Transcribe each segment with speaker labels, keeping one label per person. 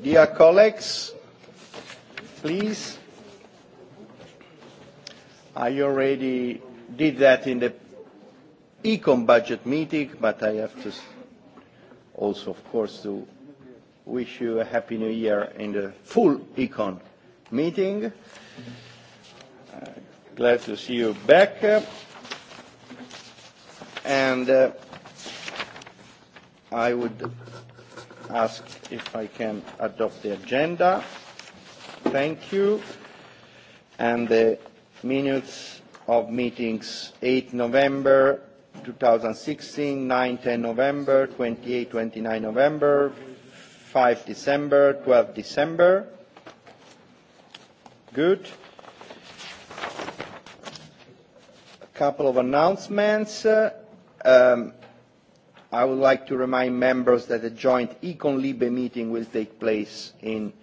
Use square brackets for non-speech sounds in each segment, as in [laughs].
Speaker 1: Dear colleagues, please, I already did that in the econ budget meeting, but I have to also, of course, to wish you a happy new year in the full econ meeting. Uh, glad to see you back. And uh, I would ask if I can adopt the agenda. Thank you. And the minutes of meetings 8 November 2016, 9, 10 November, 28, 29 November, 5 December, 12 December. Good. A couple of announcements. Um, I would like to remind members that a joint Econ Libe meeting will take place in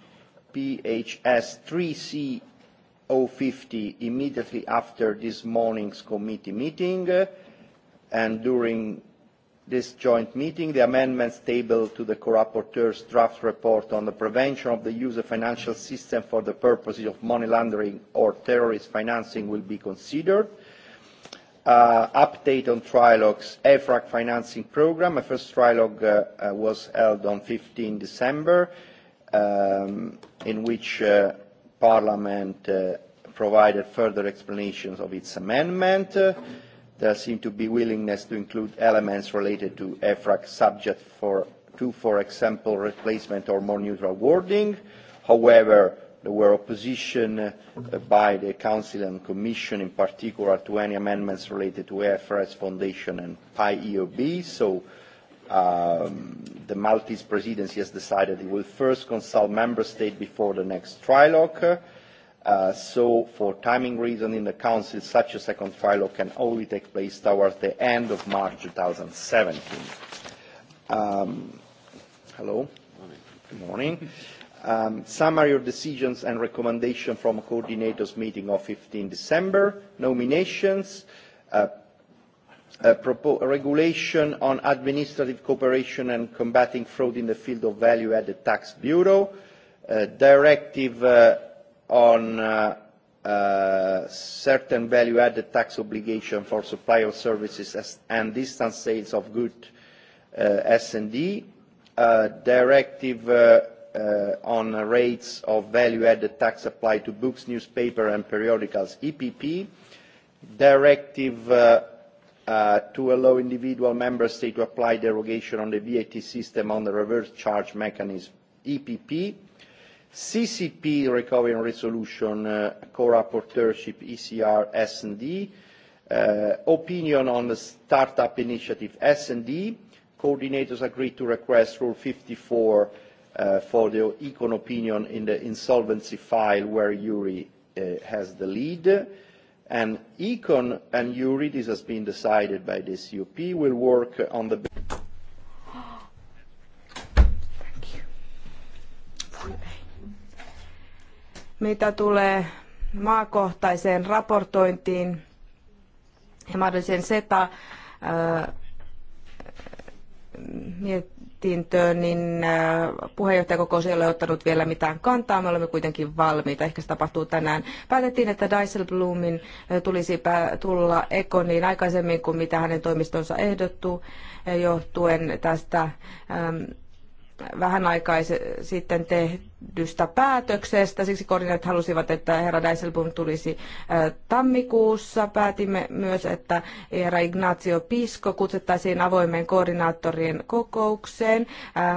Speaker 1: PHS 3C 050 immediately after this morning's committee meeting and during this joint meeting the amendments tabled to the co-rapporteur's draft report on the prevention of the use of financial system for the purposes of money laundering or terrorist financing will be considered. Uh, update on trilogues, EFRAG financing program. A first trilogue uh, uh, was held on 15 December, um, in which Parliament provided further explanations of its amendment. There seemed to be willingness to include elements related to EFRAG subject to, for example, replacement or more neutral wording. However, There were opposition uh, by the Council and Commission, in particular, to any amendments related to AFRS Foundation and PIEOB. So um, the Maltese presidency has decided it will first consult member state before the next trilogue. Uh, so for timing reason in the Council, such a second trilogue can only take place towards the end of March 2017. Um, hello. Morning. Good morning. [laughs] um, summary of decisions and recommendation from coordinators meeting of 15 December, nominations, uh, a regulation on administrative cooperation and combating fraud in the field of value-added tax bureau, a directive uh, on uh, uh, certain value-added tax obligation for supply of services as, and distance sales of goods uh, S&D, uh, directive uh, Uh, on rates of value-added tax applied to books, newspaper and periodicals, EPP, directive uh, uh, to allow individual member state to apply derogation on the VAT system on the reverse charge mechanism, EPP, CCP recovery and resolution, uh, co-rapporteurship, ECR, S&D, uh, opinion on the startup initiative, S&D, coordinators agreed to request rule 54 Uh, for the Econ opinion in the insolvency file where URI uh, has the lead. And Econ and URI, this has been decided by the CUP, will work on the...
Speaker 2: Mitä tulee maakohtaiseen raportointiin ja mahdolliseen SETA, ää, mietintöön, niin äh, puheenjohtajakokous ei ole ottanut vielä mitään kantaa. Me olemme kuitenkin valmiita. Ehkä se tapahtuu tänään. Päätettiin, että Dijsselbloomin äh, tulisi tulla Ekoniin aikaisemmin kuin mitä hänen toimistonsa ehdottuu äh, johtuen tästä ähm, vähän aikaa sitten tehdystä päätöksestä. Siksi koordinaat halusivat, että herra Dijsselbloem tulisi tammikuussa. Päätimme myös, että herra Ignacio Pisko kutsuttaisiin avoimeen koordinaattorien kokoukseen.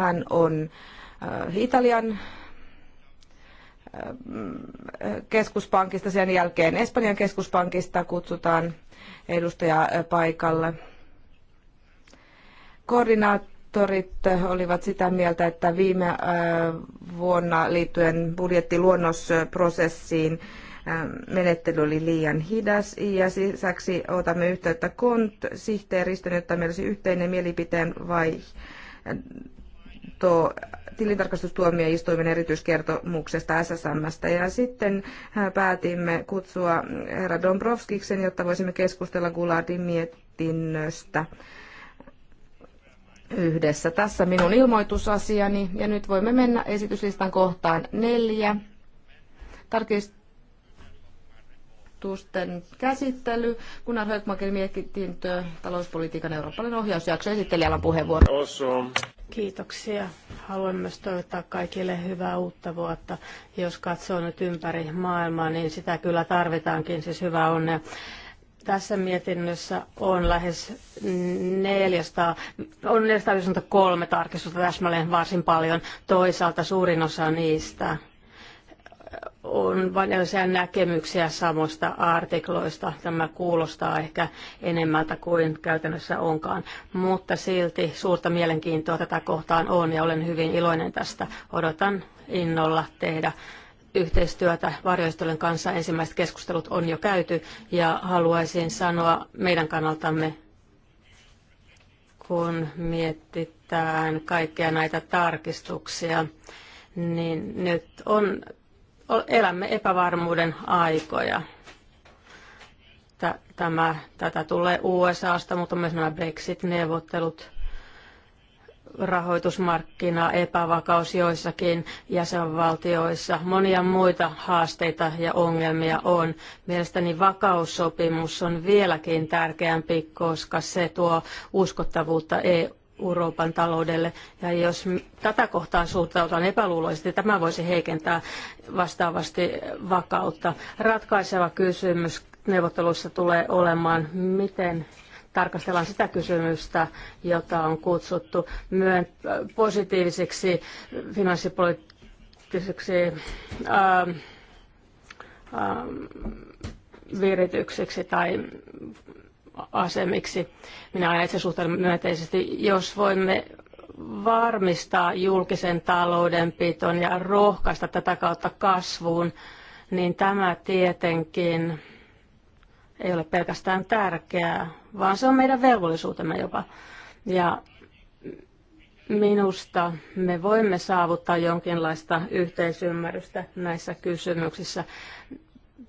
Speaker 2: Hän on Italian keskuspankista, sen jälkeen Espanjan keskuspankista kutsutaan edustaja paikalle. Koordinaat koordinaattorit olivat sitä mieltä, että viime äh, vuonna liittyen budjettiluonnosprosessiin ähm, menettely oli liian hidas ja lisäksi otamme yhteyttä KONT-sihteeristön, jotta meillä olisi yhteinen mielipiteen vai äh, tuo tilintarkastustuomioistuimen erityiskertomuksesta SSMstä ja sitten äh, päätimme kutsua herra Dombrovskiksen, jotta voisimme keskustella Gulardin mietinnöstä yhdessä. Tässä minun ilmoitusasiani ja nyt voimme mennä esityslistan kohtaan neljä. Tarkistusten käsittely. Kunnar Högmakin
Speaker 3: mietintö talouspolitiikan eurooppalainen ohjausjakso esittelijällä puheenvuoro. Kiitoksia. Haluan myös toivottaa kaikille hyvää uutta vuotta. Jos katsoo nyt ympäri maailmaa, niin sitä kyllä tarvitaankin, siis hyvää onnea. Tässä mietinnössä on lähes 400, on 493 tarkistusta täsmälleen varsin paljon. Toisaalta suurin osa niistä on vain näkemyksiä samoista artikloista. Tämä kuulostaa ehkä enemmältä kuin käytännössä onkaan, mutta silti suurta mielenkiintoa tätä kohtaan on ja olen hyvin iloinen tästä. Odotan innolla tehdä yhteistyötä varjoistojen kanssa. Ensimmäiset keskustelut on jo käyty ja haluaisin sanoa meidän kannaltamme, kun mietitään kaikkia näitä tarkistuksia, niin nyt on, elämme epävarmuuden aikoja. Tämä, tätä tulee USAsta, mutta myös nämä Brexit-neuvottelut – rahoitusmarkkina, epävakaus joissakin jäsenvaltioissa. Monia muita haasteita ja ongelmia on. Mielestäni vakaussopimus on vieläkin tärkeämpi, koska se tuo uskottavuutta Euroopan taloudelle. Ja jos tätä kohtaan suhtaudutaan epäluuloisesti, tämä voisi heikentää vastaavasti vakautta. Ratkaiseva kysymys neuvotteluissa tulee olemaan, miten tarkastellaan sitä kysymystä, jota on kutsuttu positiiviseksi finanssipoliittiseksi ähm, ähm, viritykseksi tai asemiksi. Minä ajan itse suhteen myönteisesti, jos voimme varmistaa julkisen taloudenpiton ja rohkaista tätä kautta kasvuun, niin tämä tietenkin ei ole pelkästään tärkeää, vaan se on meidän velvollisuutemme jopa. Ja minusta me voimme saavuttaa jonkinlaista yhteisymmärrystä näissä kysymyksissä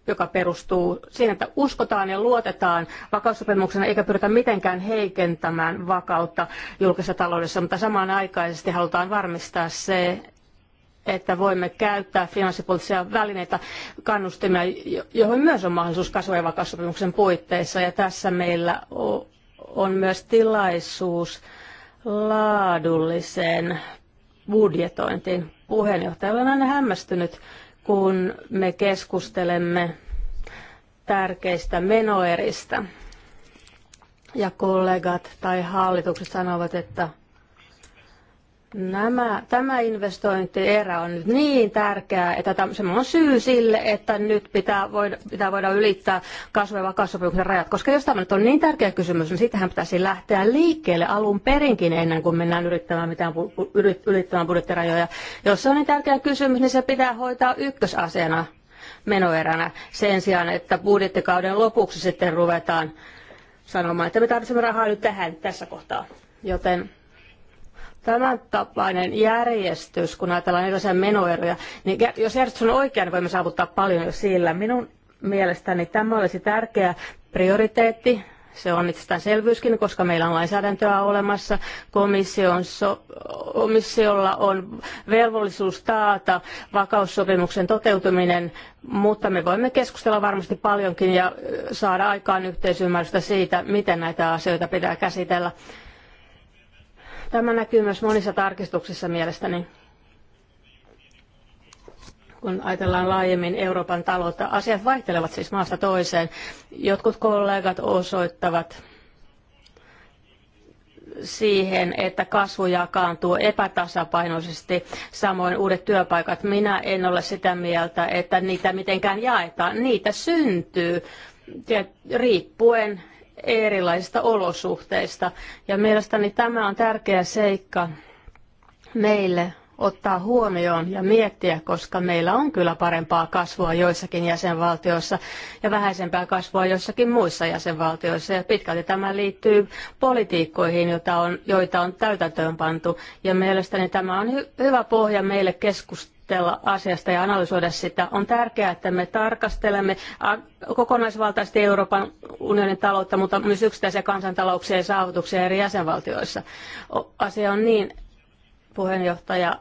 Speaker 3: joka perustuu siihen, että uskotaan ja luotetaan vakaussopimuksena eikä pyritä mitenkään heikentämään vakautta julkisessa taloudessa, mutta samanaikaisesti halutaan varmistaa se, että voimme käyttää finanssipoliittisia välineitä kannustimia, johon myös on mahdollisuus kasvu- ja vakaussopimuksen puitteissa. Ja tässä meillä on myös tilaisuus laadulliseen budjetointiin. Puheenjohtaja olen aina hämmästynyt, kun me keskustelemme tärkeistä menoeristä. Ja kollegat tai hallitukset sanovat, että Nämä, tämä investointierä on nyt niin tärkeää, että se on syy sille, että nyt pitää voida, pitää voida ylittää kasvu- ja vakaussopimuksen rajat. Koska jos tämä nyt on niin tärkeä kysymys, niin sitähän pitäisi lähteä liikkeelle alun perinkin ennen kuin mennään yrittämään mitään ylittämään budjettirajoja. Jos se on niin tärkeä kysymys, niin se pitää hoitaa ykkösasena menoeränä sen sijaan, että budjettikauden lopuksi sitten ruvetaan sanomaan, että me tarvitsemme rahaa nyt tähän tässä kohtaa. Joten Tämän tapainen järjestys, kun ajatellaan erilaisia menoeroja, niin jos järjestys on oikea, niin voimme saavuttaa paljon jo sillä. Minun mielestäni tämä olisi tärkeä prioriteetti se on itsestäänselvyyskin, koska meillä on lainsäädäntöä olemassa. Komission so, komissiolla on velvollisuus taata vakaussopimuksen toteutuminen, mutta me voimme keskustella varmasti paljonkin ja saada aikaan yhteisymmärrystä siitä, miten näitä asioita pitää käsitellä. Tämä näkyy myös monissa tarkistuksissa mielestäni. Kun ajatellaan laajemmin Euroopan taloutta, asiat vaihtelevat siis maasta toiseen. Jotkut kollegat osoittavat siihen, että kasvu jakaantuu epätasapainoisesti, samoin uudet työpaikat. Minä en ole sitä mieltä, että niitä mitenkään jaetaan. Niitä syntyy riippuen erilaisista olosuhteista. Ja mielestäni tämä on tärkeä seikka meille ottaa huomioon ja miettiä, koska meillä on kyllä parempaa kasvua joissakin jäsenvaltioissa ja vähäisempää kasvua joissakin muissa jäsenvaltioissa. Ja pitkälti tämä liittyy politiikkoihin, joita on, joita on täytäntöön pantu. Ja mielestäni tämä on hy- hyvä pohja meille keskusteluun keskustella asiasta ja analysoida sitä. On tärkeää, että me tarkastelemme kokonaisvaltaisesti Euroopan unionin taloutta, mutta myös yksittäisiä kansantalouksia ja saavutuksia eri jäsenvaltioissa. Asia on niin, puheenjohtaja,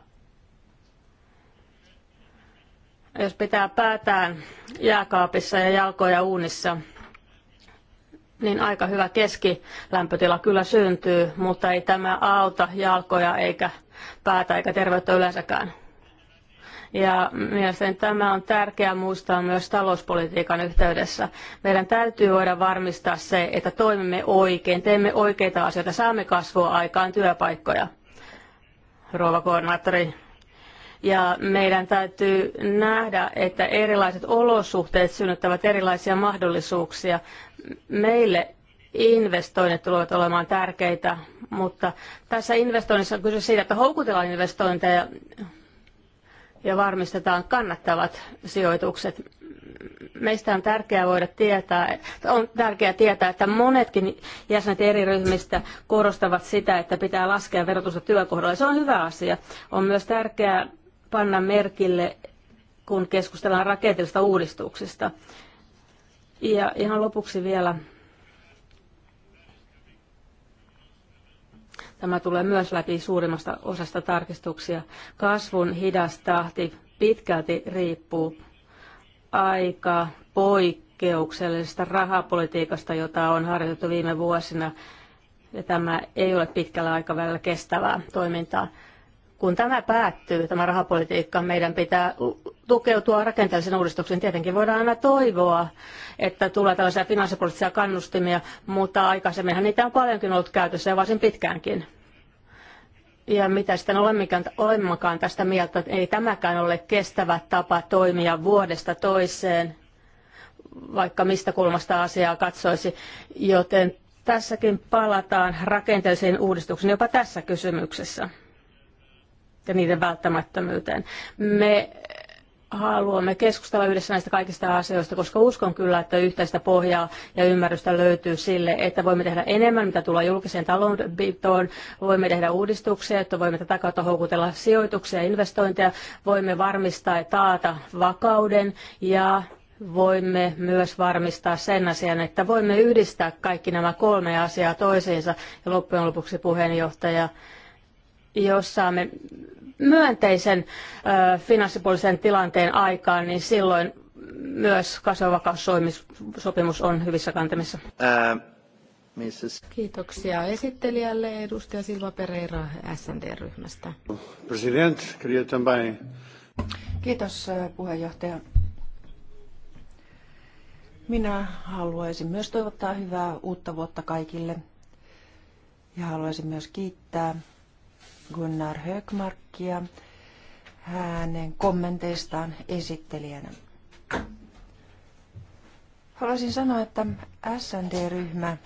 Speaker 3: jos pitää päätään jääkaapissa ja jalkoja uunissa, niin aika hyvä keskilämpötila kyllä syntyy, mutta ei tämä auta jalkoja eikä päätä eikä terveyttä yleensäkään. Ja mielestäni tämä on tärkeää muistaa myös talouspolitiikan yhteydessä. Meidän täytyy voida varmistaa se, että toimimme oikein, teemme oikeita asioita, saamme kasvua aikaan työpaikkoja. Rouva koordinaattori, ja meidän täytyy nähdä, että erilaiset olosuhteet synnyttävät erilaisia mahdollisuuksia. Meille investoinnit tulevat olemaan tärkeitä, mutta tässä investoinnissa on kyse siitä, että houkutellaan investointeja ja varmistetaan kannattavat sijoitukset. Meistä on tärkeää voida tietää, on tärkeää tietää, että monetkin jäsenet eri ryhmistä korostavat sitä, että pitää laskea verotusta työkohdalla. Se on hyvä asia. On myös tärkeää panna merkille, kun keskustellaan rakenteellisista uudistuksista. Ja ihan lopuksi vielä Tämä tulee myös läpi suurimmasta osasta tarkistuksia. Kasvun hidas tahti pitkälti riippuu aika poikkeuksellisesta rahapolitiikasta, jota on harjoitettu viime vuosina. Ja tämä ei ole pitkällä aikavälillä kestävää toimintaa kun tämä päättyy, tämä rahapolitiikka, meidän pitää tukeutua rakenteellisen uudistuksen. Tietenkin voidaan aina toivoa, että tulee tällaisia finanssipoliittisia kannustimia, mutta aikaisemminhan niitä on paljonkin ollut käytössä ja varsin pitkäänkin. Ja mitä sitten olemmekaan tästä mieltä, ei tämäkään ole kestävä tapa toimia vuodesta toiseen, vaikka mistä kulmasta asiaa katsoisi. Joten tässäkin palataan rakenteellisiin uudistuksiin jopa tässä kysymyksessä ja niiden välttämättömyyteen. Me haluamme keskustella yhdessä näistä kaikista asioista, koska uskon kyllä, että yhteistä pohjaa ja ymmärrystä löytyy sille, että voimme tehdä enemmän, mitä tulee julkiseen taloudenpitoon, voimme tehdä uudistuksia, että voimme tätä kautta houkutella sijoituksia ja investointeja, voimme varmistaa ja taata vakauden ja voimme myös varmistaa sen asian, että voimme yhdistää kaikki nämä kolme asiaa toisiinsa. Ja loppujen lopuksi puheenjohtaja, jos saamme myönteisen finanssipuolisen tilanteen aikaan, niin silloin myös kasvavakaussopimus on hyvissä kantamissa.
Speaker 1: Äh, Kiitoksia
Speaker 2: esittelijälle edustaja
Speaker 3: Silva Pereira
Speaker 1: SND-ryhmästä. President,
Speaker 2: Kiitos äh, puheenjohtaja.
Speaker 4: Minä haluaisin myös toivottaa hyvää uutta vuotta kaikille ja haluaisin myös kiittää Gunnar Högmarkia hänen kommenteistaan esittelijänä. Haluaisin sanoa, että SND-ryhmä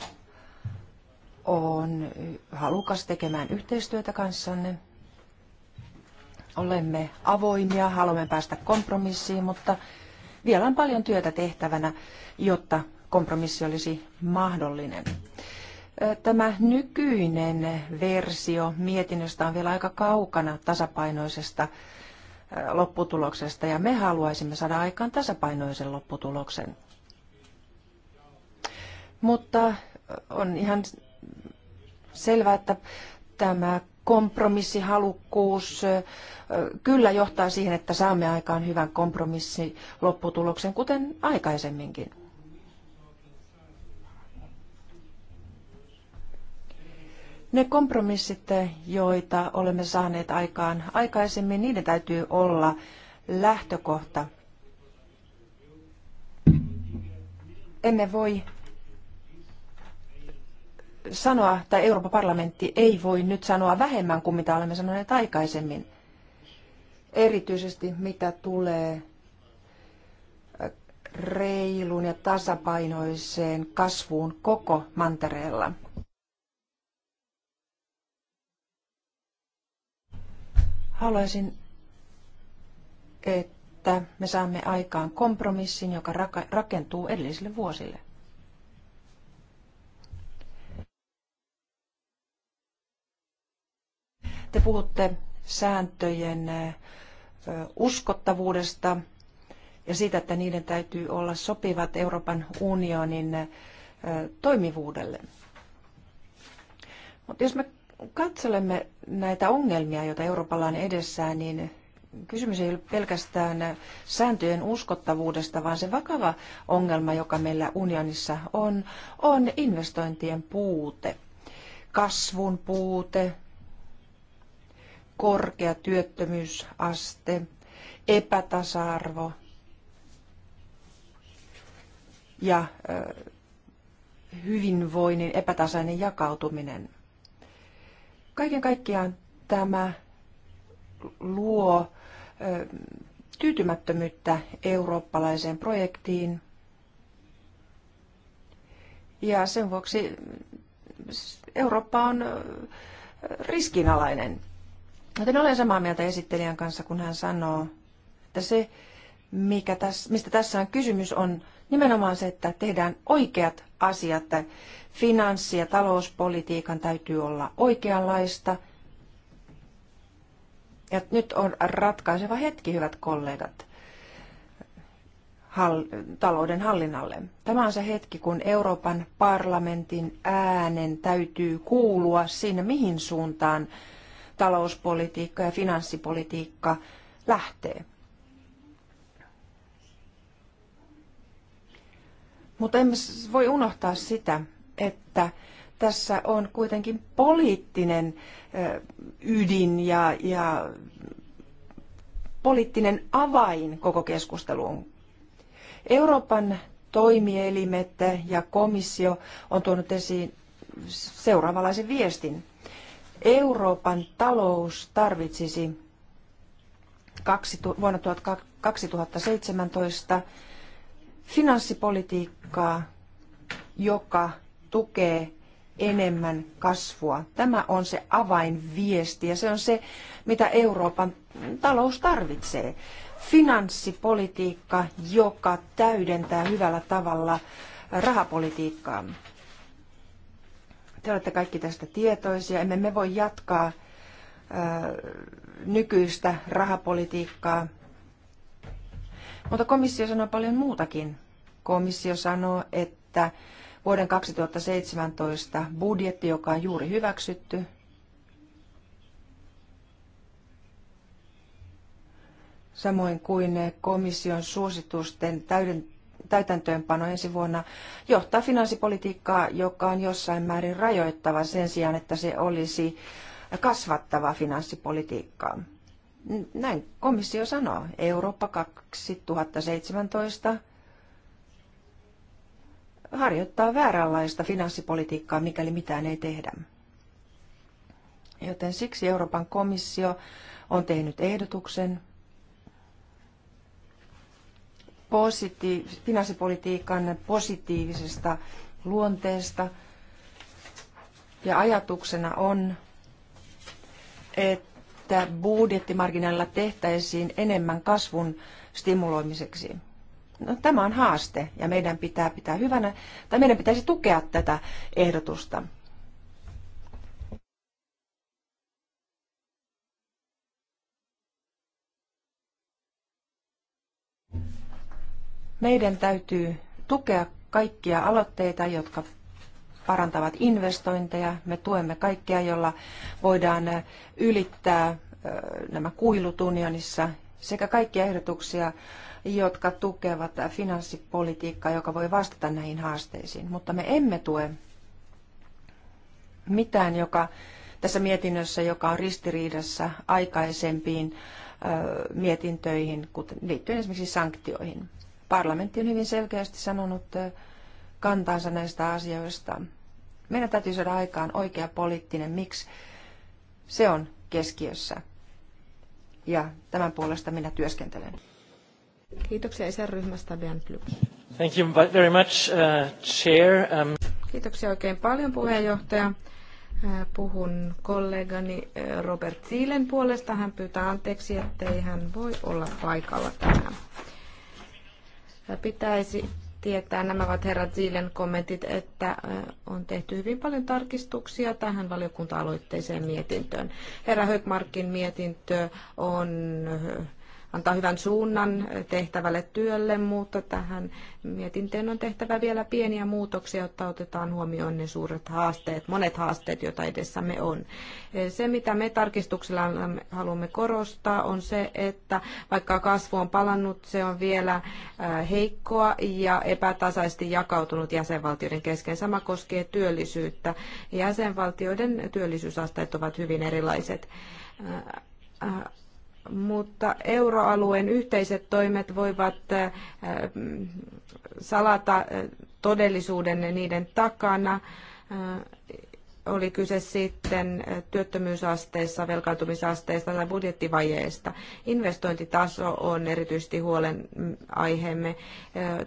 Speaker 4: on halukas tekemään yhteistyötä kanssanne. Olemme avoimia, haluamme päästä kompromissiin, mutta vielä on paljon työtä tehtävänä, jotta kompromissi olisi mahdollinen tämä nykyinen versio mietinnöstä on vielä aika kaukana tasapainoisesta lopputuloksesta ja me haluaisimme saada aikaan tasapainoisen lopputuloksen. Mutta on ihan selvää, että tämä kompromissihalukkuus kyllä johtaa siihen, että saamme aikaan hyvän kompromissilopputuloksen, lopputuloksen, kuten aikaisemminkin. Ne kompromissit, joita olemme saaneet aikaan aikaisemmin, niiden täytyy olla lähtökohta. Emme voi sanoa, tai Euroopan parlamentti ei voi nyt sanoa vähemmän kuin mitä olemme sanoneet aikaisemmin. Erityisesti mitä tulee reiluun ja tasapainoiseen kasvuun koko mantereella. Haluaisin, että me saamme aikaan kompromissin, joka rakentuu edellisille vuosille. Te puhutte sääntöjen uskottavuudesta ja siitä, että niiden täytyy olla sopivat Euroopan unionin toimivuudelle. Mutta jos me katselemme näitä ongelmia, joita Euroopalla on edessään, niin kysymys ei ole pelkästään sääntöjen uskottavuudesta, vaan se vakava ongelma, joka meillä unionissa on, on investointien puute, kasvun puute, korkea työttömyysaste, epätasa-arvo ja hyvinvoinnin epätasainen jakautuminen. Kaiken kaikkiaan tämä luo tyytymättömyyttä eurooppalaiseen projektiin. Ja sen vuoksi Eurooppa on riskinalainen. Joten olen samaa mieltä esittelijän kanssa, kun hän sanoo, että se, mikä tässä, mistä tässä on kysymys, on nimenomaan se, että tehdään oikeat asiat finanssi- ja talouspolitiikan täytyy olla oikeanlaista. Ja nyt on ratkaiseva hetki, hyvät kollegat, hall- talouden hallinnalle. Tämä on se hetki, kun Euroopan parlamentin äänen täytyy kuulua sinne, mihin suuntaan talouspolitiikka ja finanssipolitiikka lähtee. Mutta emme voi unohtaa sitä, että tässä on kuitenkin poliittinen ydin ja, ja poliittinen avain koko keskusteluun. Euroopan toimielimet ja komissio on tuonut esiin seuraavanlaisen viestin. Euroopan talous tarvitsisi vuonna 2017 finanssipolitiikkaa, joka tukee enemmän kasvua. Tämä on se avainviesti ja se on se, mitä Euroopan talous tarvitsee. Finanssipolitiikka, joka täydentää hyvällä tavalla rahapolitiikkaa. Te olette kaikki tästä tietoisia. Emme me voi jatkaa nykyistä rahapolitiikkaa. Mutta komissio sanoo paljon muutakin. Komissio sanoo, että vuoden 2017 budjetti, joka on juuri hyväksytty. Samoin kuin komission suositusten täyden, täytäntöönpano ensi vuonna johtaa finanssipolitiikkaa, joka on jossain määrin rajoittava sen sijaan, että se olisi kasvattava finanssipolitiikkaa. Näin komissio sanoo. Eurooppa 2017 harjoittaa vääränlaista finanssipolitiikkaa, mikäli mitään ei tehdä. Joten siksi Euroopan komissio on tehnyt ehdotuksen positiiv- finanssipolitiikan positiivisesta luonteesta. Ja ajatuksena on, että budjettimarginaalilla tehtäisiin enemmän kasvun stimuloimiseksi. No, tämä on haaste ja meidän pitää pitää hyvänä, tai meidän pitäisi tukea tätä ehdotusta. Meidän täytyy tukea kaikkia aloitteita, jotka parantavat investointeja. Me tuemme kaikkea, jolla voidaan ylittää nämä kuilut unionissa sekä kaikkia ehdotuksia, jotka tukevat finanssipolitiikkaa, joka voi vastata näihin haasteisiin. Mutta me emme tue mitään joka, tässä mietinnössä, joka on ristiriidassa aikaisempiin mietintöihin, kuten liittyen esimerkiksi sanktioihin. Parlamentti on hyvin selkeästi sanonut kantaansa näistä asioista. Meidän täytyy saada aikaan oikea poliittinen miksi. Se on keskiössä. Ja tämän puolesta minä työskentelen.
Speaker 2: Kiitoksia esäryhmästä Bernd Lyk.
Speaker 4: Thank you very much, uh, Chair. Um...
Speaker 2: Kiitoksia oikein paljon, puheenjohtaja. Äh, puhun kollegani äh, Robert Zielen puolesta. Hän pyytää anteeksi, ettei hän voi olla paikalla tänään. Äh, pitäisi tietää, nämä ovat herrat Zielen kommentit, että on tehty hyvin paljon tarkistuksia tähän valiokunta aloitteeseen mietintöön. Herra Högmarkin mietintö on antaa hyvän suunnan tehtävälle työlle, mutta tähän mietintöön on tehtävä vielä pieniä muutoksia, jotta otetaan huomioon ne suuret haasteet, monet haasteet, joita edessämme on. Se, mitä me tarkistuksella haluamme korostaa, on se, että vaikka kasvu on palannut, se on vielä heikkoa ja epätasaisesti jakautunut jäsenvaltioiden kesken. Sama koskee työllisyyttä. Jäsenvaltioiden työllisyysasteet ovat hyvin erilaiset mutta euroalueen yhteiset toimet voivat eh, salata eh, todellisuuden niiden takana eh, oli kyse sitten työttömyysasteessa, velkaantumisasteesta tai budjettivajeesta. Investointitaso on erityisesti huolen mm, aiheemme.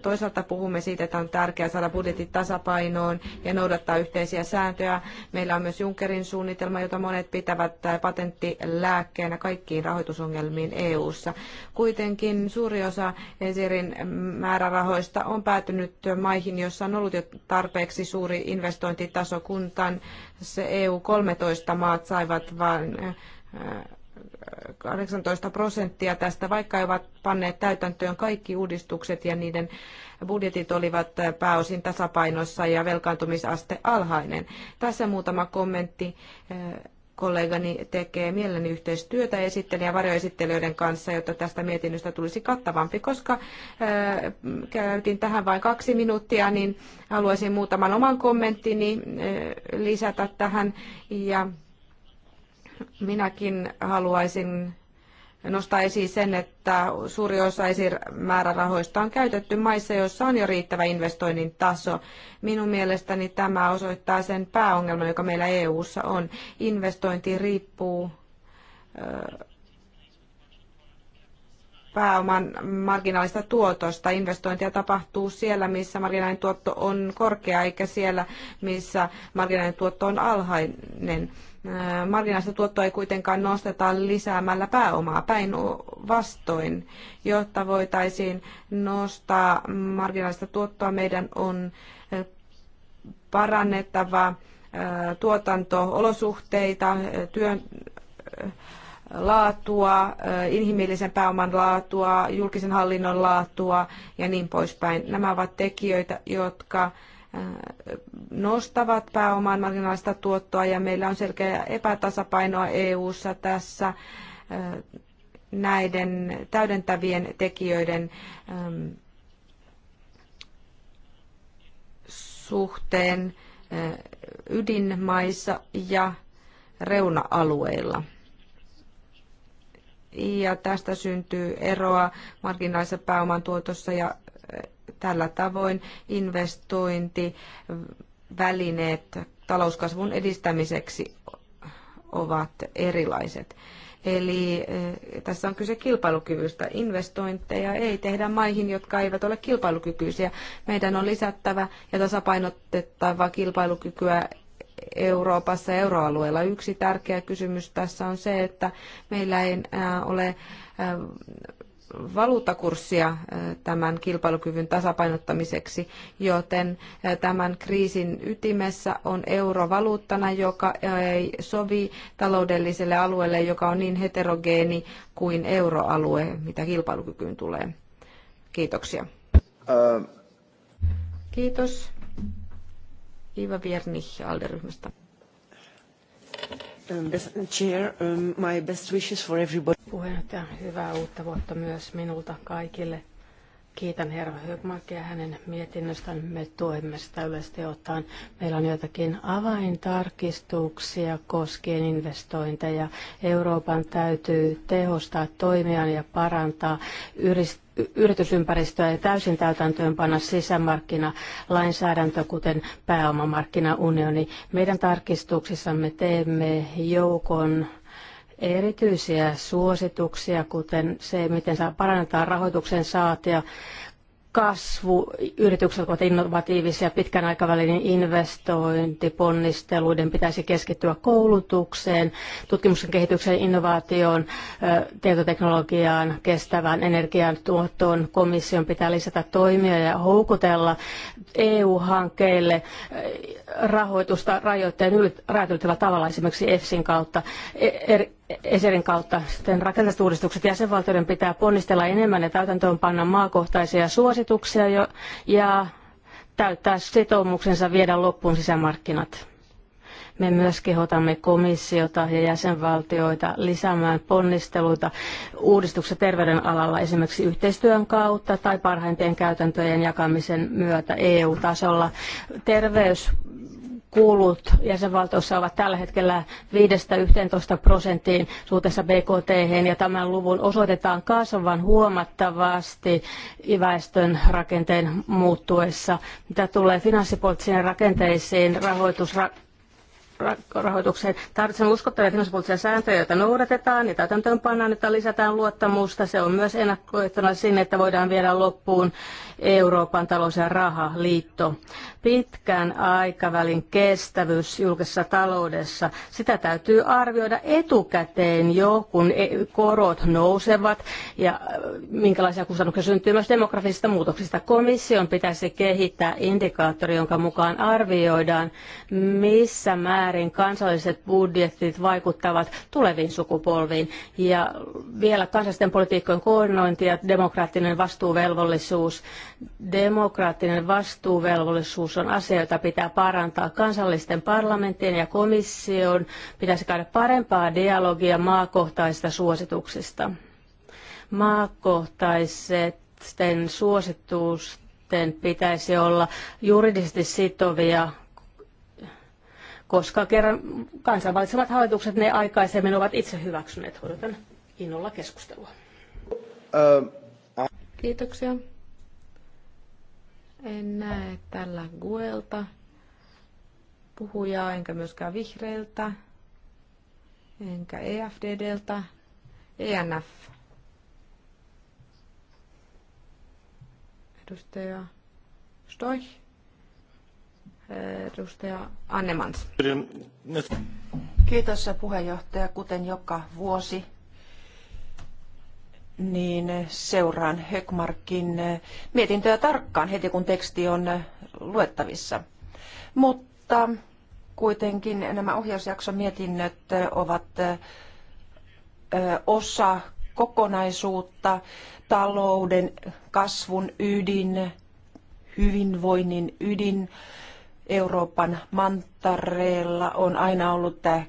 Speaker 2: Toisaalta puhumme siitä, että on tärkeää saada budjetit tasapainoon ja noudattaa yhteisiä sääntöjä. Meillä on myös Junckerin suunnitelma, jota monet pitävät patenttilääkkeenä kaikkiin rahoitusongelmiin EU-ssa. Kuitenkin suuri osa Esirin määrärahoista on päätynyt maihin, joissa on ollut jo tarpeeksi suuri investointitaso kuntaan se EU-13 maat saivat vain 18 eh, prosenttia tästä, vaikka ovat panneet täytäntöön kaikki uudistukset ja niiden budjetit olivat eh, pääosin tasapainossa ja velkaantumisaste alhainen. Tässä muutama kommentti eh, kollegani tekee mielelläni yhteistyötä esittelijä- ja varjoesittelijöiden kanssa, jotta tästä mietinnöstä tulisi kattavampi, koska ää, äh, käytin tähän vain kaksi minuuttia, niin haluaisin muutaman oman kommenttini ää, äh, lisätä tähän ja minäkin haluaisin nostaa esiin sen, että suuri osa ESIR-määrärahoista on käytetty maissa, joissa on jo riittävä investoinnin taso. Minun mielestäni tämä osoittaa sen pääongelman, joka meillä EU:ssa on. Investointi riippuu pääoman marginaalista tuotosta. Investointia tapahtuu siellä, missä marginaalinen tuotto on korkea, eikä siellä, missä marginaalinen tuotto on alhainen marginaalista tuottoa ei kuitenkaan nosteta lisäämällä pääomaa päinvastoin. Jotta voitaisiin nostaa marginaalista tuottoa, meidän on parannettava tuotanto-olosuhteita, työn laatua, inhimillisen pääoman laatua, julkisen hallinnon laatua ja niin poispäin. Nämä ovat tekijöitä, jotka Äh, nostavat pääoman marginaalista tuottoa ja meillä on selkeä epätasapainoa EU-ssa tässä äh, näiden täydentävien tekijöiden ähm, suhteen äh, ydinmaissa ja reuna-alueilla. Ja tästä syntyy eroa marginaalisen pääoman tuotossa ja Tällä tavoin investointivälineet talouskasvun edistämiseksi ovat erilaiset. Eli eh, tässä on kyse kilpailukyvystä. Investointeja ei tehdä maihin, jotka eivät ole kilpailukykyisiä. Meidän on lisättävä ja tasapainotettava kilpailukykyä Euroopassa ja euroalueella. Yksi tärkeä kysymys tässä on se, että meillä ei ole eh, valuuttakurssia eh, tämän kilpailukyvyn tasapainottamiseksi, joten eh, tämän kriisin ytimessä on euro valuuttana, joka eh, ei sovi taloudelliselle alueelle, joka on niin heterogeeni kuin euroalue, mitä kilpailukykyyn tulee. Kiitoksia. Kiitos. Iva Viernich
Speaker 3: Alderyhmästä. Um, uh, Chair, um, my best wishes for everybody. Puheenjohtaja, hyvää uutta vuotta myös minulta kaikille Kiitän herra Högmarkia hänen mietinnöstään. Me tuemme sitä yleisesti ottaen. Meillä on joitakin avaintarkistuksia koskien investointeja. Euroopan täytyy tehostaa toimiaan ja parantaa yritysympäristöä ja täysin sisämarkkina, lainsäädäntö, kuten pääomamarkkinaunioni. Meidän tarkistuksissamme teemme joukon erityisiä suosituksia, kuten se, miten saa parannetaan rahoituksen saatia, kasvu, yritykset ovat innovatiivisia, pitkän aikavälin investointiponnisteluiden pitäisi keskittyä koulutukseen, tutkimuksen kehitykseen, innovaatioon, tietoteknologiaan, kestävään energian tuottoon. Komission pitää lisätä toimia ja houkutella EU-hankkeille rahoitusta rajoitteen ylittävällä tavalla esimerkiksi EFSin kautta. E- Eserin kautta sitten rakenteelliset uudistukset jäsenvaltioiden pitää ponnistella enemmän ja täytäntöön panna maakohtaisia suosituksia jo, ja täyttää sitoumuksensa viedä loppuun sisämarkkinat. Me myös kehotamme komissiota ja jäsenvaltioita lisäämään ponnisteluita uudistuksia terveydenalalla esimerkiksi yhteistyön kautta tai parhaimpien käytäntöjen jakamisen myötä EU-tasolla. Terveys kulut jäsenvaltioissa ovat tällä hetkellä 5-11 prosenttiin suhteessa BKT, hen, ja tämän luvun osoitetaan kasvavan huomattavasti väestön rakenteen muuttuessa. Mitä tulee finanssipoliittisiin rakenteisiin, rahoitus, rahoitukseen. Tarvitsemme uskottavia finanssipoliittisia sääntöjä, joita noudatetaan ja täytäntöönpannaan, että lisätään luottamusta. Se on myös ennakkoehtona sinne, että voidaan viedä loppuun Euroopan talous- ja rahaliitto. Pitkän aikavälin kestävyys julkisessa taloudessa, sitä täytyy arvioida etukäteen jo, kun e- korot nousevat ja äh, minkälaisia kustannuksia syntyy myös demografisista muutoksista. Komission pitäisi kehittää indikaattori, jonka mukaan arvioidaan, missä määrin määrin kansalliset budjetit vaikuttavat tuleviin sukupolviin. Ja vielä kansallisten politiikkojen koordinointi ja demokraattinen vastuuvelvollisuus. Demokraattinen vastuuvelvollisuus on asia, jota pitää parantaa kansallisten parlamenttien ja komission. Pitäisi käydä parempaa dialogia maakohtaisista suosituksista. Maakohtaiset suositusten pitäisi olla juridisesti sitovia koska kerran kansainvälisemmät hallitukset ne aikaisemmin ovat itse hyväksyneet. Odotan innolla keskustelua. Kiitoksia.
Speaker 2: En näe tällä Guelta puhujaa, enkä myöskään vihreiltä, enkä EFDDltä, ENF. Edustaja Stoich. Edustaja Annemans.
Speaker 4: Kiitos puheenjohtaja. Kuten joka vuosi, niin seuraan Hökmarkin mietintöä tarkkaan heti kun teksti on luettavissa. Mutta kuitenkin nämä ohjausjakson mietinnöt ovat osa kokonaisuutta, talouden kasvun ydin, hyvinvoinnin ydin Euroopan mantareella on aina ollut tämä,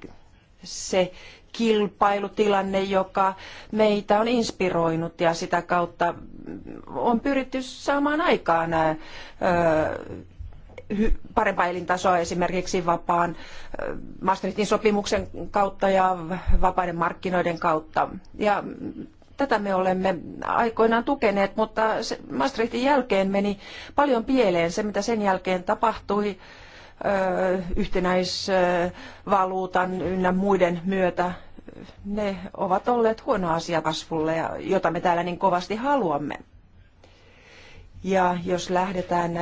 Speaker 4: se kilpailutilanne, joka meitä on inspiroinut ja sitä kautta on pyritty saamaan aikaan ö, parempaa elintasoa esimerkiksi vapaan Maastrichtin sopimuksen kautta ja vapaiden markkinoiden kautta. Ja Tätä me olemme aikoinaan tukeneet, mutta se Maastrichtin jälkeen meni paljon pieleen se, mitä sen jälkeen tapahtui yhtenäisvaluutan ynnä muiden myötä. Ne ovat olleet huono asia kasvulle, jota me täällä niin kovasti haluamme. Ja jos lähdetään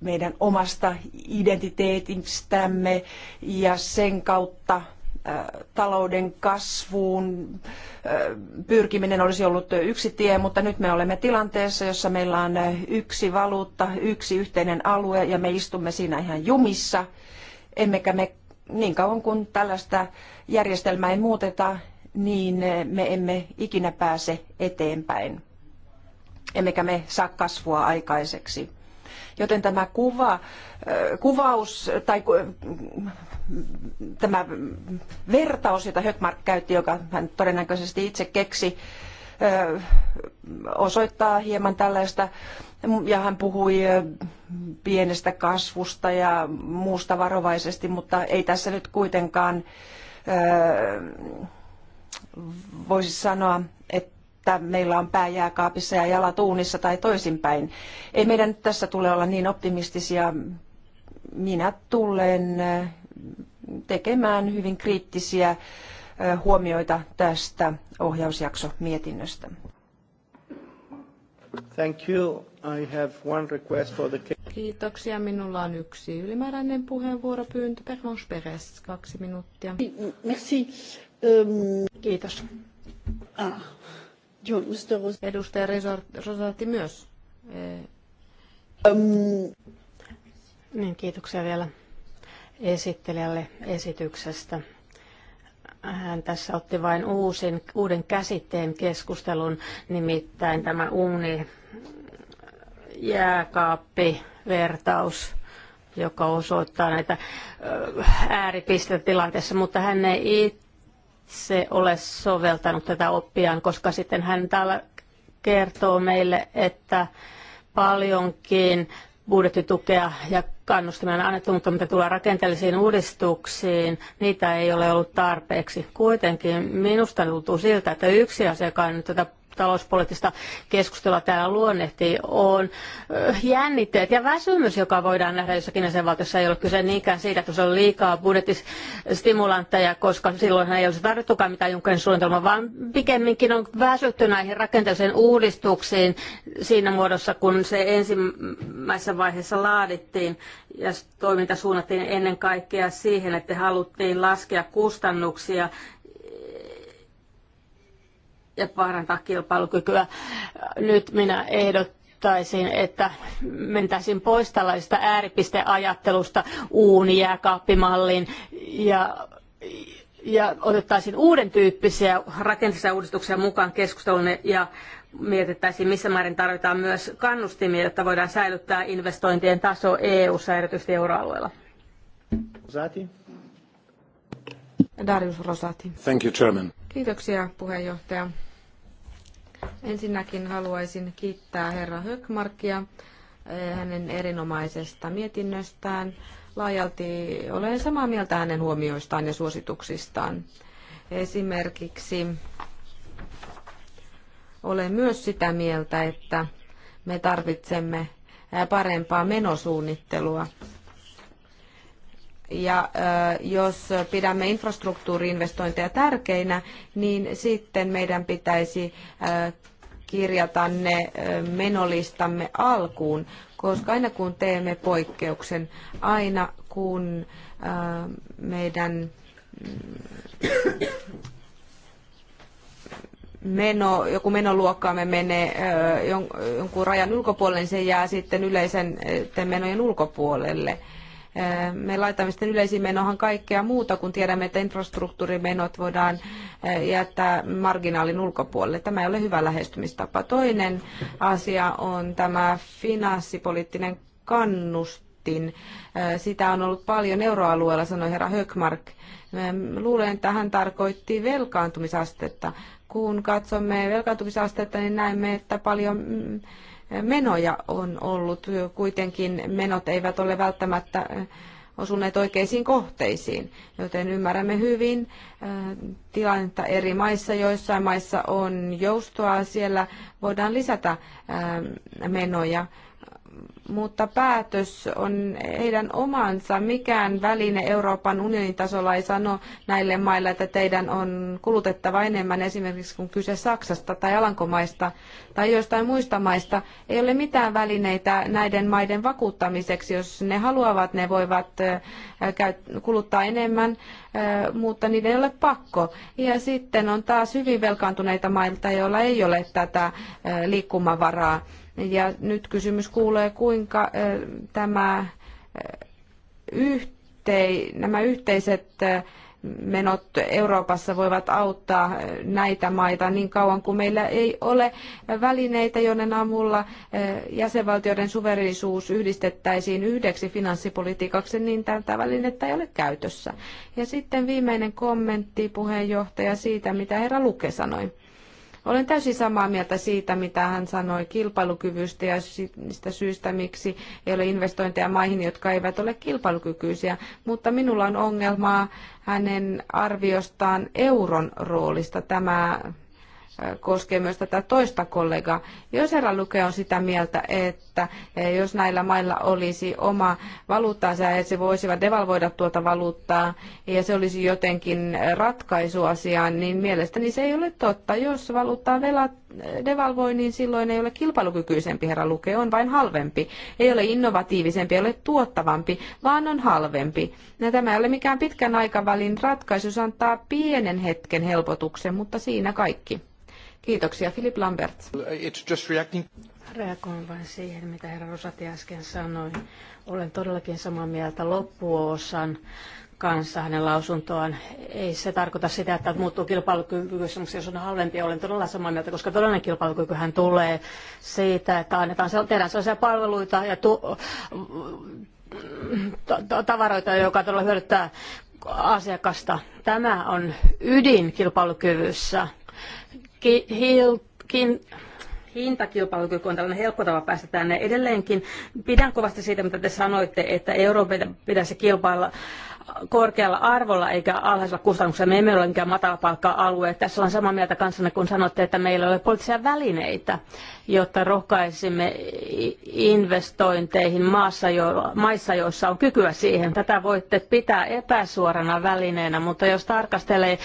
Speaker 4: meidän omasta identiteetistämme ja sen kautta talouden kasvuun pyrkiminen olisi ollut yksi tie, mutta nyt me olemme tilanteessa, jossa meillä on yksi valuutta, yksi yhteinen alue ja me istumme siinä ihan jumissa, emmekä me niin kauan kuin tällaista järjestelmää ei muuteta, niin me emme ikinä pääse eteenpäin, emmekä me saa kasvua aikaiseksi. Joten tämä kuva, kuvaus tai tämä vertaus, jota Höckmark käytti, joka hän todennäköisesti itse keksi, osoittaa hieman tällaista, ja hän puhui pienestä kasvusta ja muusta varovaisesti, mutta ei tässä nyt kuitenkaan voisi sanoa, että että meillä on pää jääkaapissa ja jalat uunissa tai toisinpäin. Ei meidän nyt tässä tule olla niin optimistisia. Minä tulen eh, tekemään hyvin kriittisiä eh, huomioita tästä ohjausjaksomietinnöstä.
Speaker 1: Thank you. I have one request for the...
Speaker 2: Kiitoksia. Minulla on yksi ylimääräinen puheenvuoropyyntö. Pervans Peres, kaksi minuuttia. Merci. Um... Kiitos. Ah. Edustaja
Speaker 3: Resortti myös. Um. Niin, kiitoksia vielä esittelijälle esityksestä. Hän tässä otti vain uusin, uuden käsitteen keskustelun, nimittäin tämä uni vertaus joka osoittaa näitä ääripistetilanteessa, mutta hän ei itse se ole soveltanut tätä oppiaan, koska sitten hän täällä kertoo meille, että paljonkin budjettitukea ja kannustimia on annettu, mutta mitä tulee rakenteellisiin uudistuksiin, niitä ei ole ollut tarpeeksi. Kuitenkin minusta tuntuu siltä, että yksi asia, joka on nyt tätä talouspoliittista keskustelua täällä luonnehtii, on äh, jännitteet ja väsymys, joka voidaan nähdä jossakin jäsenvaltiossa. Ei ole kyse niinkään siitä, että se on liikaa budjettistimulantteja, koska silloin ei olisi tarvittukaan mitään Junckerin suunnitelmaa, vaan pikemminkin on väsytty näihin rakenteellisiin uudistuksiin siinä muodossa, kun se ensimmäisessä vaiheessa laadittiin ja toiminta suunnattiin ennen kaikkea siihen, että haluttiin laskea kustannuksia ja parantaa kilpailukykyä. Nyt minä ehdottaisin, että mentäisin pois tällaisesta ääripisteajattelusta uuni ja ja otettaisiin uuden tyyppisiä rakenteellisia uudistuksia mukaan keskusteluun ja mietittäisiin, missä määrin tarvitaan myös kannustimia, jotta voidaan säilyttää investointien taso EU-ssa, erityisesti euroalueella.
Speaker 2: Rosati. Darius Rosati.
Speaker 5: Thank you, Chairman.
Speaker 2: Kiitoksia puheenjohtaja. Ensinnäkin haluaisin kiittää herra Höckmarkia eh, hänen erinomaisesta mietinnöstään. Laajalti olen samaa mieltä hänen huomioistaan ja suosituksistaan. Esimerkiksi olen myös sitä mieltä, että me tarvitsemme eh, parempaa menosuunnittelua ja äh, jos pidämme infrastruktuuriinvestointeja tärkeinä, niin sitten meidän pitäisi äh, kirjata ne äh, menolistamme alkuun, koska aina kun teemme poikkeuksen, aina kun meidän mm, meno, joku menoluokkaamme menee jonkun rajan ulkopuolelle, niin se jää sitten yleisen menojen ulkopuolelle me laitamme sitten yleisiin menohan kaikkea muuta, kun tiedämme, että infrastruktuurimenot voidaan jättää marginaalin ulkopuolelle. Tämä ei ole hyvä lähestymistapa. Toinen asia on tämä finanssipoliittinen kannustin. Sitä on ollut paljon euroalueella, sanoi herra Höckmark. Luulen, että hän tarkoitti velkaantumisastetta. Kun katsomme velkaantumisastetta, niin näemme, että paljon mm, menoja on ollut. Kuitenkin menot eivät ole välttämättä osuneet oikeisiin kohteisiin, joten ymmärrämme hyvin tilannetta eri maissa. Joissain maissa on joustoa, siellä voidaan lisätä menoja mutta päätös on heidän omansa. Mikään väline Euroopan unionin tasolla ei sano näille maille, että teidän on kulutettava enemmän esimerkiksi kun kyse Saksasta tai Alankomaista tai joistain muista maista. Ei ole mitään välineitä näiden maiden vakuuttamiseksi. Jos ne haluavat, ne voivat kuluttaa enemmän, mutta niiden ei ole pakko. Ja sitten on taas hyvin velkaantuneita mailta, joilla ei ole tätä liikkumavaraa ja nyt kysymys kuulee, kuinka tämä yhtei, nämä yhteiset menot Euroopassa voivat auttaa näitä maita niin kauan kuin meillä ei ole välineitä, joiden avulla jäsenvaltioiden suverenisuus yhdistettäisiin yhdeksi finanssipolitiikaksi, niin tältä välinettä ei ole käytössä. Ja sitten viimeinen kommentti puheenjohtaja siitä, mitä herra Luke sanoi. Olen täysin samaa mieltä siitä, mitä hän sanoi kilpailukyvystä ja niistä syistä, miksi ei ole investointeja maihin, jotka eivät ole kilpailukykyisiä. Mutta minulla on ongelmaa hänen arviostaan euron roolista. Tämä koskee myös tätä toista kollegaa. Jos herra Luke on sitä mieltä, että e, jos näillä mailla olisi oma valuuttansa, että se voisivat devalvoida tuota valuuttaa ja se olisi jotenkin ratkaisu asiaan, niin mielestäni se ei ole totta. Jos valuuttaa velat e, devalvoi, niin silloin ei ole kilpailukykyisempi herra Luke, on vain halvempi. Ei ole innovatiivisempi, ei ole tuottavampi, vaan on halvempi. Ja tämä ei ole mikään pitkän aikavälin ratkaisu, se antaa pienen
Speaker 3: hetken helpotuksen, mutta siinä kaikki. Kiitoksia, Philip Lambert.
Speaker 5: It's just reacting.
Speaker 3: Reagoin vain siihen, mitä herra Rosati äsken sanoi. Olen todellakin samaa mieltä loppuosan kanssa hänen lausuntoaan. Ei se tarkoita sitä, että muuttuu kilpailukyvyssä, mutta jos on halvempi, olen todella samaa mieltä, koska todellinen kilpailukykyhän tulee siitä, että annetaan, tehdään sellaisia palveluita ja tu- tavaroita, joka todella hyödyttää asiakasta. Tämä on ydin kilpailukyvyssä ki, hil, kin, hintakilpailukyky on tällainen helppo tapa päästä tänne. Edelleenkin pidän kovasti siitä, mitä te sanoitte, että Euroopan pitäisi kilpailla korkealla arvolla eikä alhaisella kustannuksella. Me emme ole mikään matalapalkka-alue. Tässä on samaa mieltä kanssanne, kun sanotte, että meillä ei ole poliittisia välineitä, jotta rohkaisimme investointeihin maassa, jo, maissa, joissa on kykyä siihen. Tätä voitte pitää epäsuorana välineenä, mutta jos tarkastelee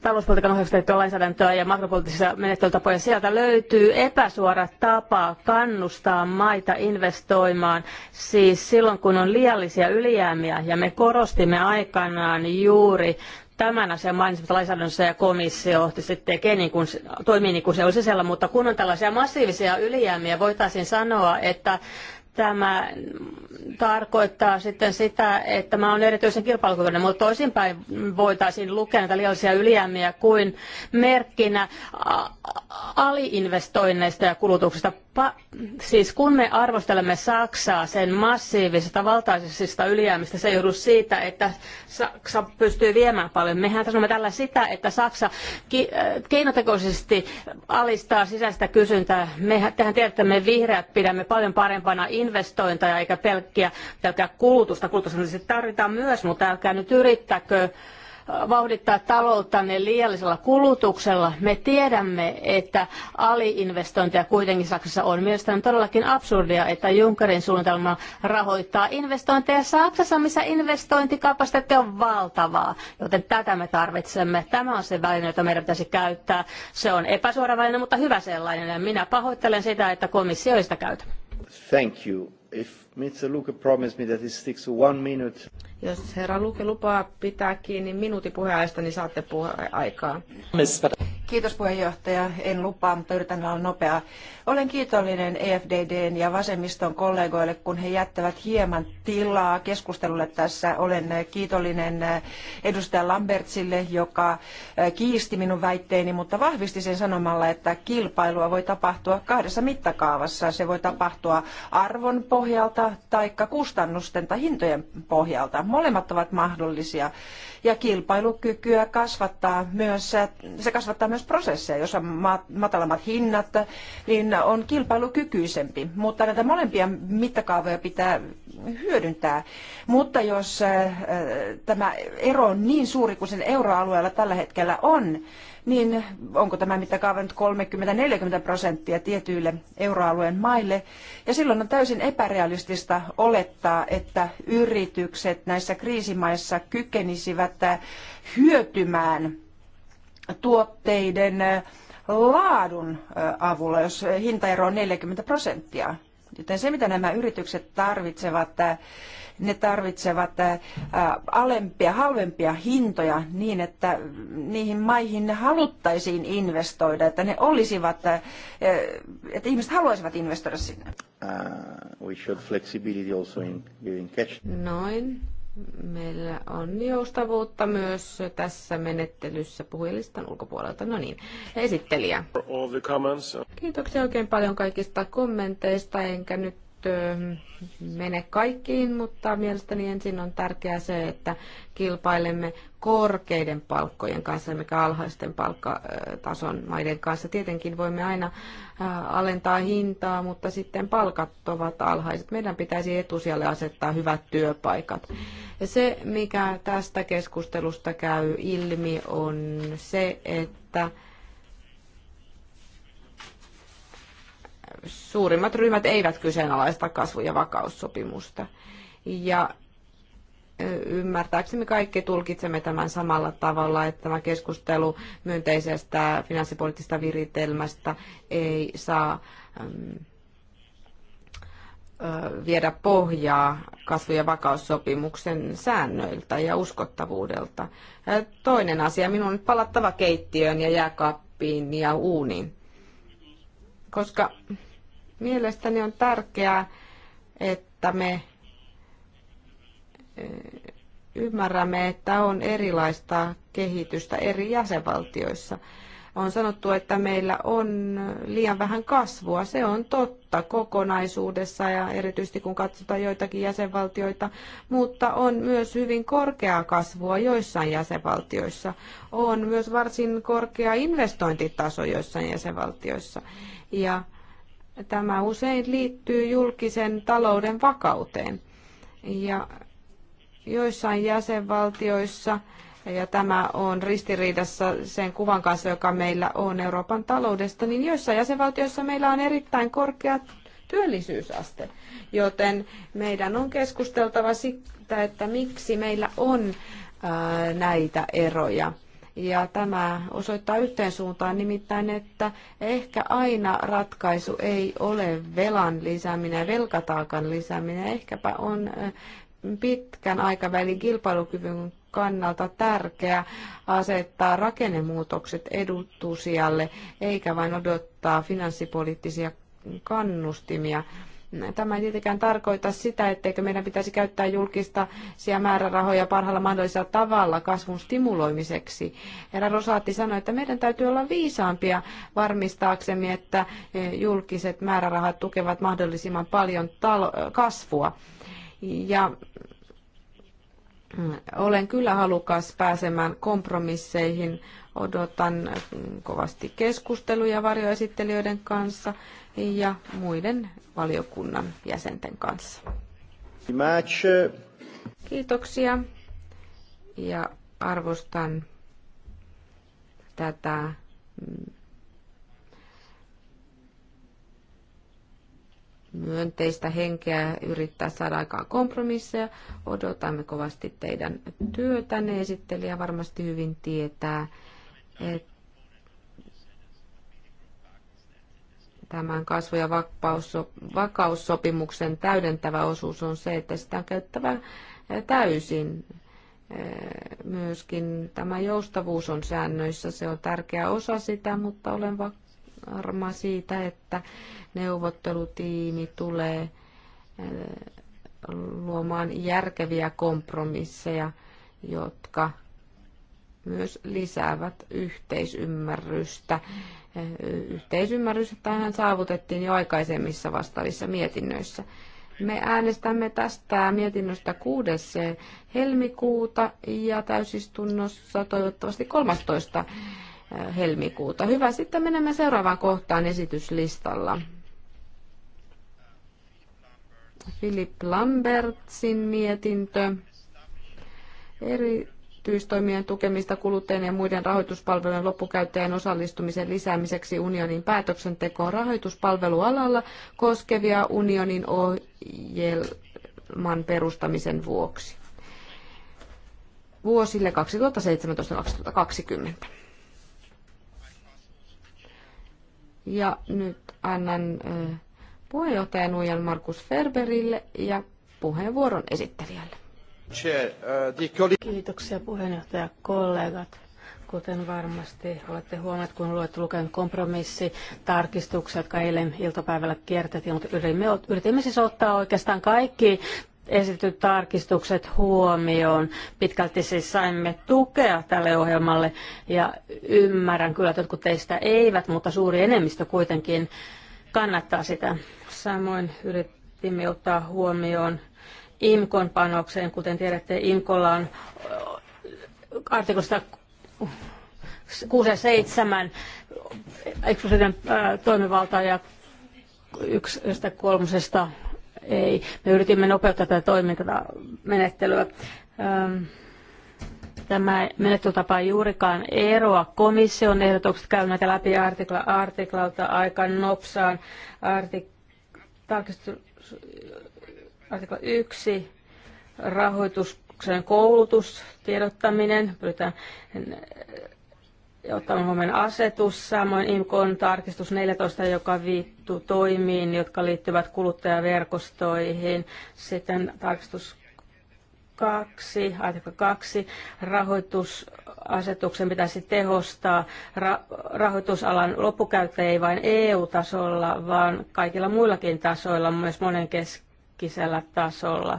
Speaker 3: talouspolitiikan ohjaustettua lainsäädäntöä ja makropoliittisia menettelytapoja, sieltä löytyy epäsuora tapa kannustaa maita investoimaan. Siis silloin, kun on liiallisia ylijäämiä ja me korostimme aikanaan juuri tämän asian mainitsemista lainsäädännössä ja komissio tekee niin kuin, toimii niin kuin se on sisällä, mutta kun on tällaisia massiivisia ylijäämiä, voitaisiin sanoa, että Tämä tarkoittaa sitten sitä, että mä on erityisen kilpailukykyinen, mutta toisinpäin voitaisiin lukea näitä liiallisia ylijäämiä kuin merkkinä aliinvestoinneista ja kulutuksista. Pa- siis kun me arvostelemme Saksaa sen massiivisista valtaisista ylijäämistä, se johdu siitä, että Saksa pystyy viemään paljon. Mehän sanomme tällä sitä, että Saksa ki- äh, keinotekoisesti alistaa sisäistä kysyntää. Mehän, tehän tiedätte, me vihreät pidämme paljon parempana in- investointeja eikä pelkkiä, tätä kulutusta. Kulutusta siis tarvitaan myös, mutta älkää nyt yrittäkö äh, vauhdittaa ne liiallisella kulutuksella. Me tiedämme, että aliinvestointeja kuitenkin Saksassa on. Mielestäni on todellakin absurdia, että Junckerin suunnitelma rahoittaa investointeja Saksassa, missä investointikapasiteetti on valtavaa. Joten tätä me tarvitsemme. Tämä on se väline, jota meidän pitäisi käyttää. Se on epäsuora väline, mutta hyvä sellainen. Ja minä pahoittelen sitä, että komissio ei sitä käytä.
Speaker 1: Thank you. If Mr. Luke promised me that he sticks to one minute.
Speaker 3: Jos herra Luke lupaa pitää kiinni minuutin puheajasta, niin saatte
Speaker 2: puheaikaa. Kiitos puheenjohtaja. En lupaa, mutta yritän olla nopeaa.
Speaker 4: Olen kiitollinen EFDDn ja vasemmiston kollegoille, kun he jättävät hieman tilaa keskustelulle tässä. Olen kiitollinen edustaja Lambertsille, joka kiisti minun väitteeni, mutta vahvisti sen sanomalla, että kilpailua voi tapahtua kahdessa mittakaavassa. Se voi tapahtua arvon pohjalta hinta- tai kustannusten tai hintojen pohjalta. Molemmat ovat mahdollisia. Ja kilpailukykyä kasvattaa myös, se kasvattaa myös prosesseja, jossa matalammat hinnat, niin on kilpailukykyisempi. Mutta näitä molempia mittakaavoja pitää hyödyntää. Mutta jos tämä ero on niin suuri kuin sen euroalueella tällä hetkellä on, niin onko tämä mittakaava nyt 30-40 prosenttia tietyille euroalueen maille. Ja silloin on täysin epärealistista olettaa, että yritykset näissä kriisimaissa kykenisivät hyötymään tuotteiden laadun avulla, jos hintaero on 40 prosenttia. Joten se, mitä nämä yritykset tarvitsevat ne tarvitsevat alempia, halvempia hintoja niin, että niihin maihin haluttaisiin investoida, että ne olisivat,
Speaker 2: että ihmiset haluaisivat investoida sinne.
Speaker 1: Uh, we should flexibility also in giving cash.
Speaker 2: Noin. Meillä on joustavuutta myös tässä menettelyssä puhujalistan ulkopuolelta. No niin, esittelijä. Kiitoksia oikein paljon kaikista kommenteista, enkä nyt mene kaikkiin, mutta mielestäni ensin on tärkeää se, että kilpailemme korkeiden palkkojen kanssa, mikä alhaisten palkkatason maiden kanssa. Tietenkin voimme aina alentaa hintaa, mutta sitten palkat ovat alhaiset. Meidän pitäisi etusijalle asettaa hyvät työpaikat. Ja se, mikä tästä keskustelusta käy ilmi, on se, että suurimmat ryhmät eivät kyseenalaista kasvu- ja vakaussopimusta. Ja ymmärtääksemme kaikki tulkitsemme tämän samalla tavalla, että tämä keskustelu myönteisestä finanssipoliittisesta viritelmästä ei saa viedä pohjaa kasvu- ja vakaussopimuksen säännöiltä ja uskottavuudelta. Toinen asia, minun on nyt palattava keittiöön ja jääkaappiin ja uuniin koska mielestäni on tärkeää, että me ymmärrämme, että on erilaista kehitystä eri jäsenvaltioissa. On sanottu, että meillä on liian vähän kasvua. Se on totta kokonaisuudessa ja erityisesti kun katsotaan joitakin jäsenvaltioita, mutta on myös hyvin korkeaa kasvua joissain jäsenvaltioissa. On myös varsin korkea investointitaso joissain jäsenvaltioissa ja tämä usein liittyy julkisen talouden vakauteen. Ja joissain jäsenvaltioissa ja tämä on ristiriidassa sen kuvan kanssa, joka meillä on Euroopan taloudesta, niin joissain jäsenvaltioissa meillä on erittäin korkea työllisyysaste. Joten meidän on keskusteltava siitä, että miksi meillä on näitä eroja. Ja tämä osoittaa yhteen suuntaan nimittäin, että ehkä aina ratkaisu ei ole velan lisääminen ja velkataakan lisääminen. Ehkäpä on eh, pitkän aikavälin kilpailukyvyn kannalta tärkeää asettaa rakennemuutokset edutusijalle, eikä vain odottaa finanssipoliittisia kannustimia. Tämä ei tietenkään tarkoita sitä, etteikö meidän pitäisi käyttää julkisia määrärahoja parhaalla mahdollisella tavalla kasvun stimuloimiseksi. Herra Rosaatti sanoi, että meidän täytyy olla viisaampia varmistaaksemme, että e, julkiset määrärahat tukevat mahdollisimman paljon kasvua. Ja mm, olen kyllä halukas pääsemään kompromisseihin. Odotan mm, kovasti keskusteluja varjoesittelijöiden kanssa ja muiden valiokunnan jäsenten kanssa. Kiitoksia ja arvostan tätä mm, myönteistä henkeä yrittää saada aikaan kompromisseja. Odotamme kovasti teidän työtänne. Esittelijä varmasti hyvin tietää, että tämän kasvu- ja vakaussopimuksen täydentävä osuus on se, että sitä on käyttävä eh, täysin. Eh, myöskin tämä joustavuus on säännöissä, se on tärkeä osa sitä, mutta olen varma siitä, että neuvottelutiimi tulee eh, luomaan järkeviä kompromisseja, jotka myös lisäävät yhteisymmärrystä yhteisymmärrys, että tähän saavutettiin jo aikaisemmissa vastaavissa mietinnöissä. Me äänestämme tästä mietinnöstä 6. helmikuuta ja täysistunnossa toivottavasti 13. Eh, helmikuuta. Hyvä, sitten menemme seuraavaan kohtaan esityslistalla. Philip Lambertsin mietintö. Eri yksityistoimien tukemista kuluttajien ja muiden rahoituspalvelujen loppukäyttäjien osallistumisen lisäämiseksi unionin päätöksentekoon rahoituspalvelualalla koskevia unionin ohjelman perustamisen vuoksi vuosille 2017-2020. Ja nyt annan puheenjohtajan Ujan Markus Ferberille ja puheenvuoron esittelijälle.
Speaker 1: Uh,
Speaker 3: Kiitoksia puheenjohtaja kollegat. Kuten varmasti olette huomanneet, kun olette lukenut kompromissi, tarkistukset, jotka eilen iltapäivällä kiertettiin, mutta yritimme, yritimme siis ottaa oikeastaan kaikki esitetyt tarkistukset huomioon. Pitkälti siis saimme tukea tälle ohjelmalle ja ymmärrän kyllä, että jotkut teistä eivät, mutta suuri enemmistö kuitenkin kannattaa sitä. Samoin yritimme ottaa huomioon IMKon panokseen. Kuten tiedätte, IMKolla on artikosta 6 ja 7 eksklusiivinen toimivalta ja yksistä kolmosesta ei. Me yritimme nopeuttaa tätä toimintamenettelyä. Tämä menettelytapa ei juurikaan eroa. Komission ehdotukset Käyn näitä läpi artikla artiklalta aika nopsaan. Artik- tarkistus Artikla 1, rahoituksen koulutus, tiedottaminen, pyritään eh, ottamaan huomioon asetus, samoin IMKon tarkistus 14, joka viittuu toimiin, jotka liittyvät kuluttajaverkostoihin, sitten tarkistus 2, artikla 2, rahoitusasetuksen pitäisi tehostaa ra- rahoitusalan loppukäyttäjiä ei vain EU-tasolla, vaan kaikilla muillakin tasoilla, myös monenkeskisellä julkisella tasolla.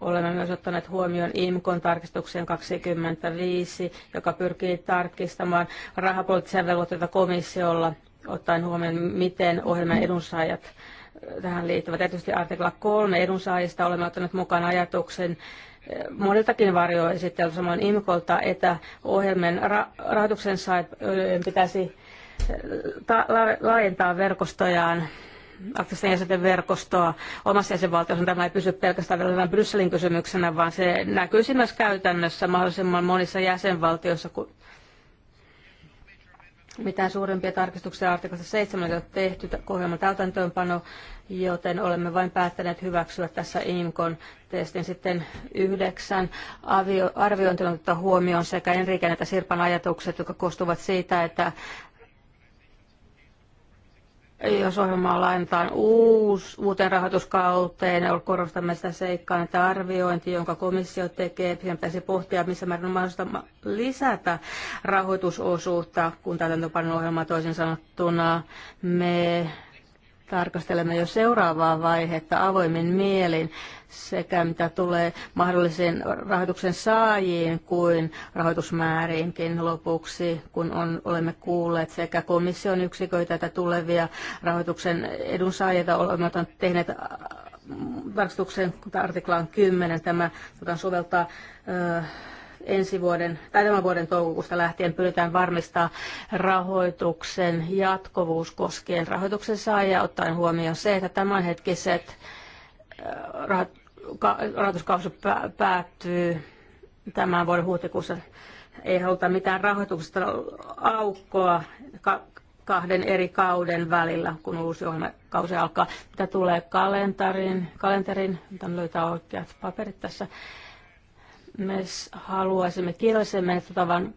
Speaker 3: Olemme myös ottaneet huomioon IMKon tarkistuksen 25, joka pyrkii tarkistamaan rahapoliittisia velvoitteita komissiolla, ottaen huomioon, miten ohjelman edunsaajat äh, tähän liittyvät. Erityisesti artikla 3 edunsaajista olemme ottaneet mukaan ajatuksen äh, moniltakin varjoesittelyä samoin IMKolta, että ohjelmien ra- rahoituksen saajien pitäisi äh, laajentaa verkostojaan arktisten jäsenten verkostoa omassa jäsenvaltiossa. Tämä ei pysy pelkästään Brysselin kysymyksenä, vaan se näkyisi myös käytännössä mahdollisimman monissa jäsenvaltioissa, kun mitään suurempia tarkistuksia artiklassa 7 ei ole tehty ohjelman täytäntöönpano, joten olemme vain päättäneet hyväksyä tässä IMKon testin sitten yhdeksän arviointi on huomioon sekä Enriken että Sirpan ajatukset, jotka koostuvat siitä, että jos ohjelmaa lainataan uusi, uuteen rahoituskauteen, korostamme sitä seikkaa, että arviointi, jonka komissio tekee, sen pitäisi pohtia, missä määrin on mahdollista lisätä rahoitusosuutta, kun täytäntöpanon ohjelma toisin sanottuna me tarkastelemme jo seuraavaa vaihetta avoimin mielin sekä mitä tulee mahdollisiin rahoituksen saajiin kuin rahoitusmääriinkin lopuksi, kun on, olemme kuulleet sekä komission yksiköitä että tulevia rahoituksen edunsaajia, olemme tehneet äh, tarkistuksen artiklaan 10. Tämä soveltaa ö, äh, ensi vuoden tai tämän vuoden toukokuusta lähtien pyritään varmistaa rahoituksen jatkuvuus koskien rahoituksen saajia, ottaen huomioon se, että tämänhetkiset rahoituskausi päättyy tämän vuoden huhtikuussa. Ei haluta mitään rahoituksesta aukkoa kahden eri kauden välillä, kun uusi kausi alkaa. Mitä tulee kalenteriin, kalenteriin tämän löytää oikeat paperit tässä. Me haluaisimme kirjallisen menettelytavan,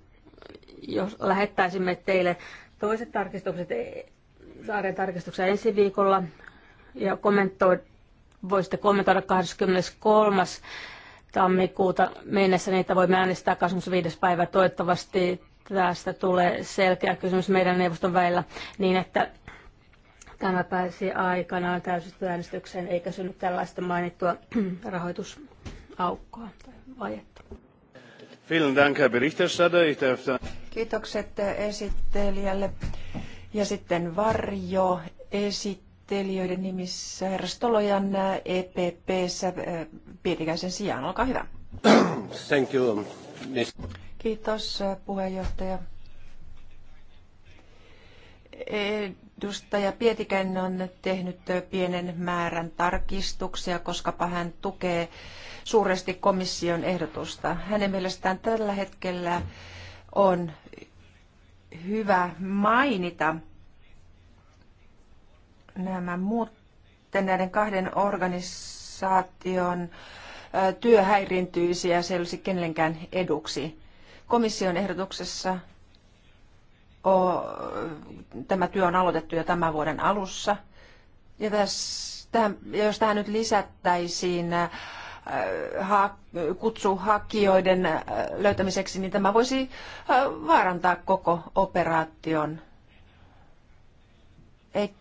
Speaker 3: jos lähettäisimme teille toiset tarkistukset, e-, saaren tarkistuksia ensi viikolla ja kommentoi, voisitte kommentoida 23. tammikuuta mennessä. Niitä voimme äänestää 25. päivä. Toivottavasti tästä tulee selkeä kysymys meidän neuvoston välillä niin, että tämä pääsi aikanaan täysistöäänestykseen eikä synny tällaista mainittua [clears throat] rahoitusaukkoa tai vajetta. Kiitokset
Speaker 4: esittelijälle. Ja sitten Varjo, esittelijä varjoesittelijöiden nimissä herra Stolojan EPP-sä Pietikäisen sijaan. Olkaa hyvä. Thank you. Kiitos puheenjohtaja. Edustaja Pietikäinen on tehnyt pienen määrän tarkistuksia, koska hän tukee suuresti komission ehdotusta. Hänen mielestään tällä hetkellä on hyvä mainita – nämä muut, näiden kahden organisaation työ häiriintyisi ja se ei olisi kenellekään eduksi. Komission ehdotuksessa tämä työ on aloitettu jo tämän vuoden alussa. Ja tässä, jos tähän nyt lisättäisiin ha, kutsuhakijoiden löytämiseksi, niin tämä voisi vaarantaa koko operaation. Ei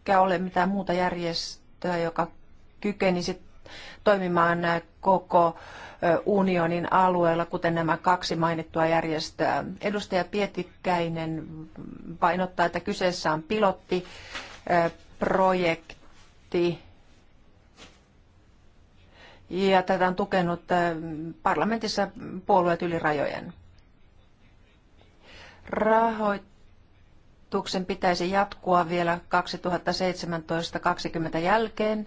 Speaker 4: eikä ole mitään muuta järjestöä, joka kykenisi toimimaan koko unionin alueella, kuten nämä kaksi mainittua järjestöä. Edustaja Pietikäinen painottaa, että kyseessä on pilottiprojekti, ja tätä on tukenut parlamentissa puolueet yli rajojen. Rahoit asetuksen pitäisi jatkua vielä 2017-2020 jälkeen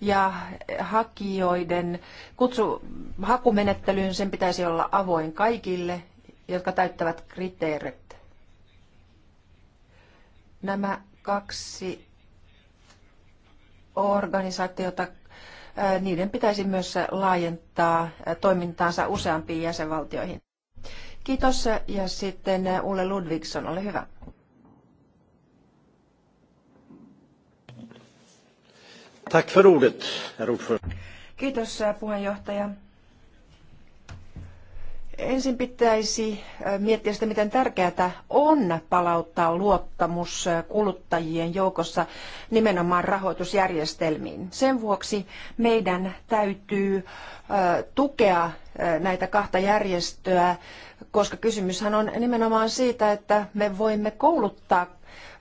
Speaker 4: ja hakijoiden kutsu, hakumenettelyyn sen pitäisi olla avoin kaikille, jotka täyttävät kriteerit. Nämä kaksi organisaatiota, niiden pitäisi myös laajentaa toimintaansa useampiin jäsenvaltioihin. Kiitos ja sitten Ulle Ludvigsson, ole hyvä. Tack för ordet, Kiitos eh, puheenjohtaja. Ensin pitäisi eh, miettiä sitä, miten tärkeää on palauttaa luottamus eh, kuluttajien joukossa nimenomaan rahoitusjärjestelmiin. Sen vuoksi meidän täytyy tukea näitä kahta järjestöä, koska kysymyshän on nimenomaan siitä, että me voimme kouluttaa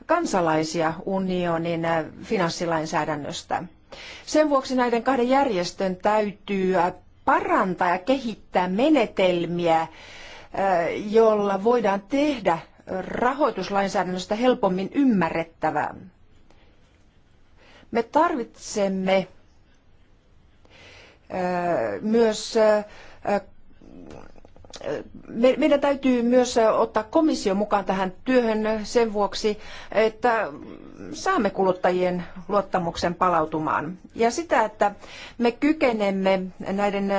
Speaker 4: kansalaisia unionin finanssilainsäädännöstä. Sen vuoksi näiden kahden järjestön täytyy parantaa ja kehittää menetelmiä, jolla voidaan tehdä rahoituslainsäädännöstä helpommin ymmärrettävää. Me tarvitsemme myös meidän täytyy myös ottaa komissio mukaan tähän työhön sen vuoksi, että saamme kuluttajien luottamuksen palautumaan. Ja sitä, että me kykenemme, näiden,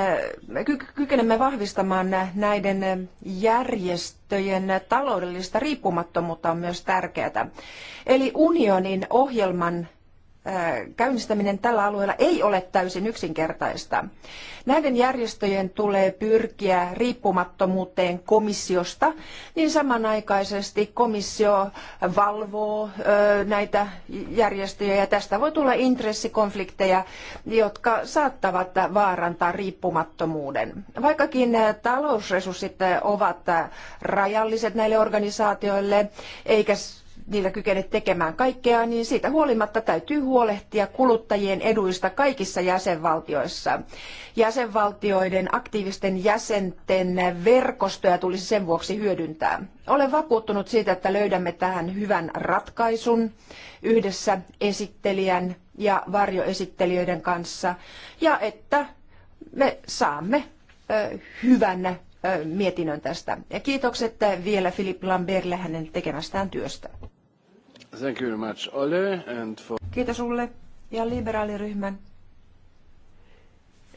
Speaker 4: kykenemme vahvistamaan näiden järjestöjen taloudellista riippumattomuutta on myös tärkeää. Eli unionin ohjelman käynnistäminen tällä alueella ei ole täysin yksinkertaista. Näiden järjestöjen tulee pyrkiä riippumattomuuteen komissiosta, niin samanaikaisesti komissio valvoo näitä järjestöjä ja tästä voi tulla intressikonflikteja, jotka saattavat vaarantaa riippumattomuuden. Vaikkakin talousresurssit ovat rajalliset näille organisaatioille, eikä niillä kykene tekemään kaikkea, niin siitä huolimatta täytyy huolehtia kuluttajien eduista kaikissa jäsenvaltioissa. Jäsenvaltioiden aktiivisten jäsenten verkostoja tulisi sen vuoksi hyödyntää. Olen vakuuttunut siitä, että löydämme tähän hyvän ratkaisun yhdessä esittelijän ja varjoesittelijöiden kanssa ja että me saamme hyvän mietinnön tästä. Ja kiitokset vielä Filip Lamberille hänen tekemästään työstä.
Speaker 6: Thank you very much, Ole, and for...
Speaker 4: Kiitos Ulle ja liberaaliryhmän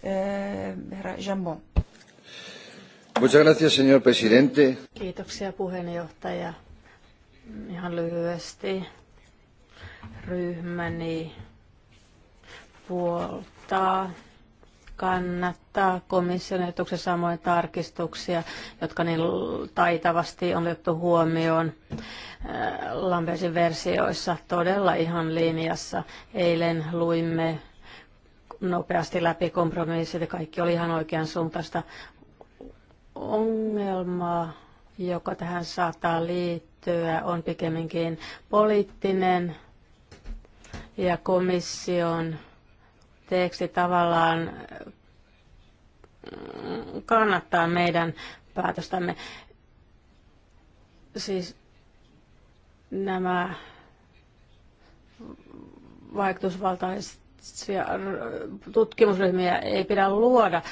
Speaker 4: eh,
Speaker 3: herra Jambon.
Speaker 1: Muchas gracias, señor presidente.
Speaker 3: Kiitoksia puheenjohtaja. Ihan lyhyesti ryhmäni puoltaa kannattaa komission ehdotuksen samoin tarkistuksia, jotka niin taitavasti on otettu huomioon äh, Lambertin versioissa todella ihan linjassa. Eilen luimme nopeasti läpi kompromissit ja kaikki oli ihan oikean suuntaista ongelmaa, joka tähän saattaa liittyä, on pikemminkin poliittinen ja komission teeksi tavallaan mm, kannattaa meidän päätöstämme. Siis nämä vaikutusvaltaisia tutkimusryhmiä ei pidä luoda,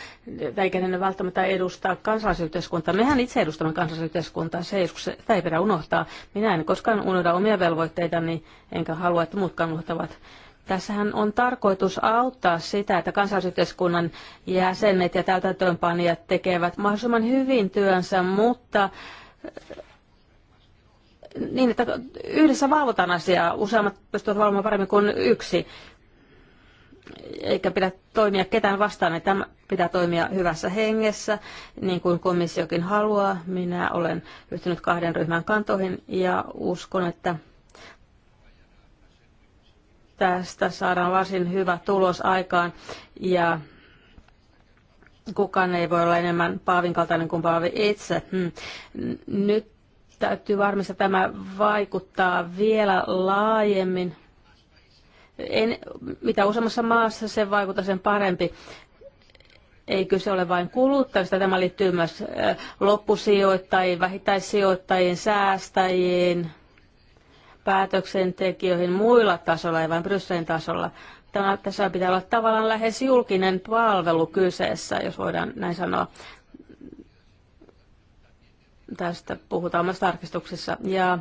Speaker 3: eikä ne välttämättä edustaa kansalaisyhteiskuntaa. Mehän itse edustamme kansalaisyhteiskuntaa, se ei sitä ei pidä unohtaa. Minä en koskaan unohda omia velvoitteitani, enkä halua, että muutkaan unohtavat Tässähän on tarkoitus auttaa sitä, että kansalaisyhteiskunnan jäsenet ja täytäntöönpanijat tekevät mahdollisimman hyvin työnsä, mutta eh, niin, että yhdessä valvotaan asiaa. Useammat pystyvät valvomaan paremmin kuin yksi. Eikä pidä toimia ketään vastaan, että pitää toimia hyvässä hengessä, niin kuin komissiokin haluaa. Minä olen yhtynyt kahden ryhmän kantoihin ja uskon, että Tästä saadaan varsin hyvä tulos aikaan ja kukaan ei voi olla enemmän Paavin kaltainen kuin Paavi itse. Hmm. Nyt täytyy varmistaa, että tämä vaikuttaa vielä laajemmin. En, mitä useammassa maassa se vaikuttaa, sen parempi. Ei kyse ole vain kuluttajista, tämä liittyy myös loppusijoittajiin, vähittäissijoittajiin, säästäjiin – päätöksentekijöihin muilla tasolla, ei vain Brysselin tasolla. Tämä, tässä pitää olla tavallaan lähes julkinen palvelu kyseessä, jos voidaan näin sanoa. Tästä puhutaan myös tarkistuksissa. Ja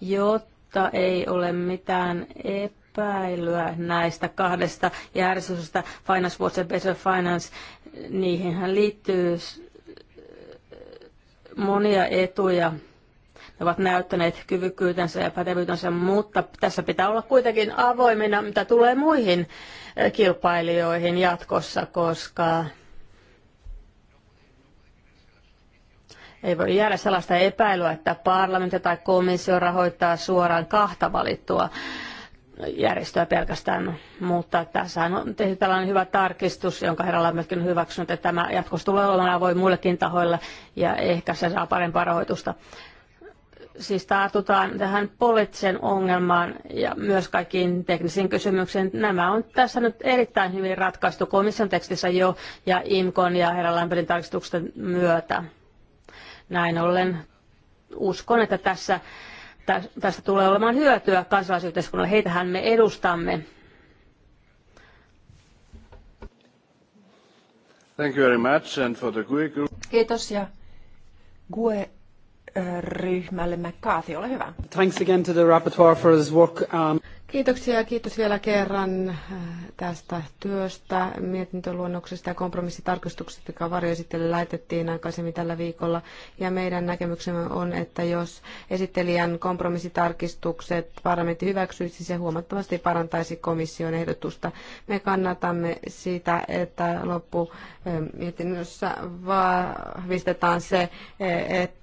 Speaker 3: jotta ei ole mitään epäilyä näistä kahdesta järjestöstä, Finance Watch ja Better Finance, niihin liittyy monia etuja he ovat näyttäneet kyvykkyytensä ja pätevyytensä, mutta tässä pitää olla kuitenkin avoimena, mitä tulee muihin eh, kilpailijoihin jatkossa, koska ei voi jäädä sellaista epäilyä, että parlamentti tai komissio rahoittaa suoraan kahta valittua järjestöä pelkästään, mutta tässä on tehty tällainen hyvä tarkistus, jonka herralla on myöskin hyväksynyt, että tämä jatkossa tulee olemaan voi muillekin tahoille ja ehkä se saa parempaa rahoitusta siis tartutaan tähän poliittiseen ongelmaan ja myös kaikkiin teknisiin kysymyksiin. Nämä on tässä nyt erittäin hyvin ratkaistu komission tekstissä jo ja IMKon ja herran Lämpelin tarkistuksen myötä. Näin ollen uskon, että tässä, tästä tulee olemaan hyötyä kansalaisyhteiskunnalle. Heitähän me edustamme.
Speaker 5: Thank you very much and for the
Speaker 4: Kiitos ja GUE ryhmälle
Speaker 2: McCarthy, ole hyvä.
Speaker 5: Thanks again to the rapporteur for his work. Um...
Speaker 2: Kiitoksia ja kiitos vielä kerran äh, tästä työstä, mietintöluonnoksesta ja kompromissitarkistuksesta, joka varjoesittely laitettiin aikaisemmin tällä viikolla. Ja meidän näkemyksemme on, että jos esittelijän kompromissitarkistukset parlamentti hyväksyisi, se huomattavasti parantaisi komission ehdotusta. Me kannatamme sitä, että loppu äh, mietinnössä vahvistetaan se, äh, että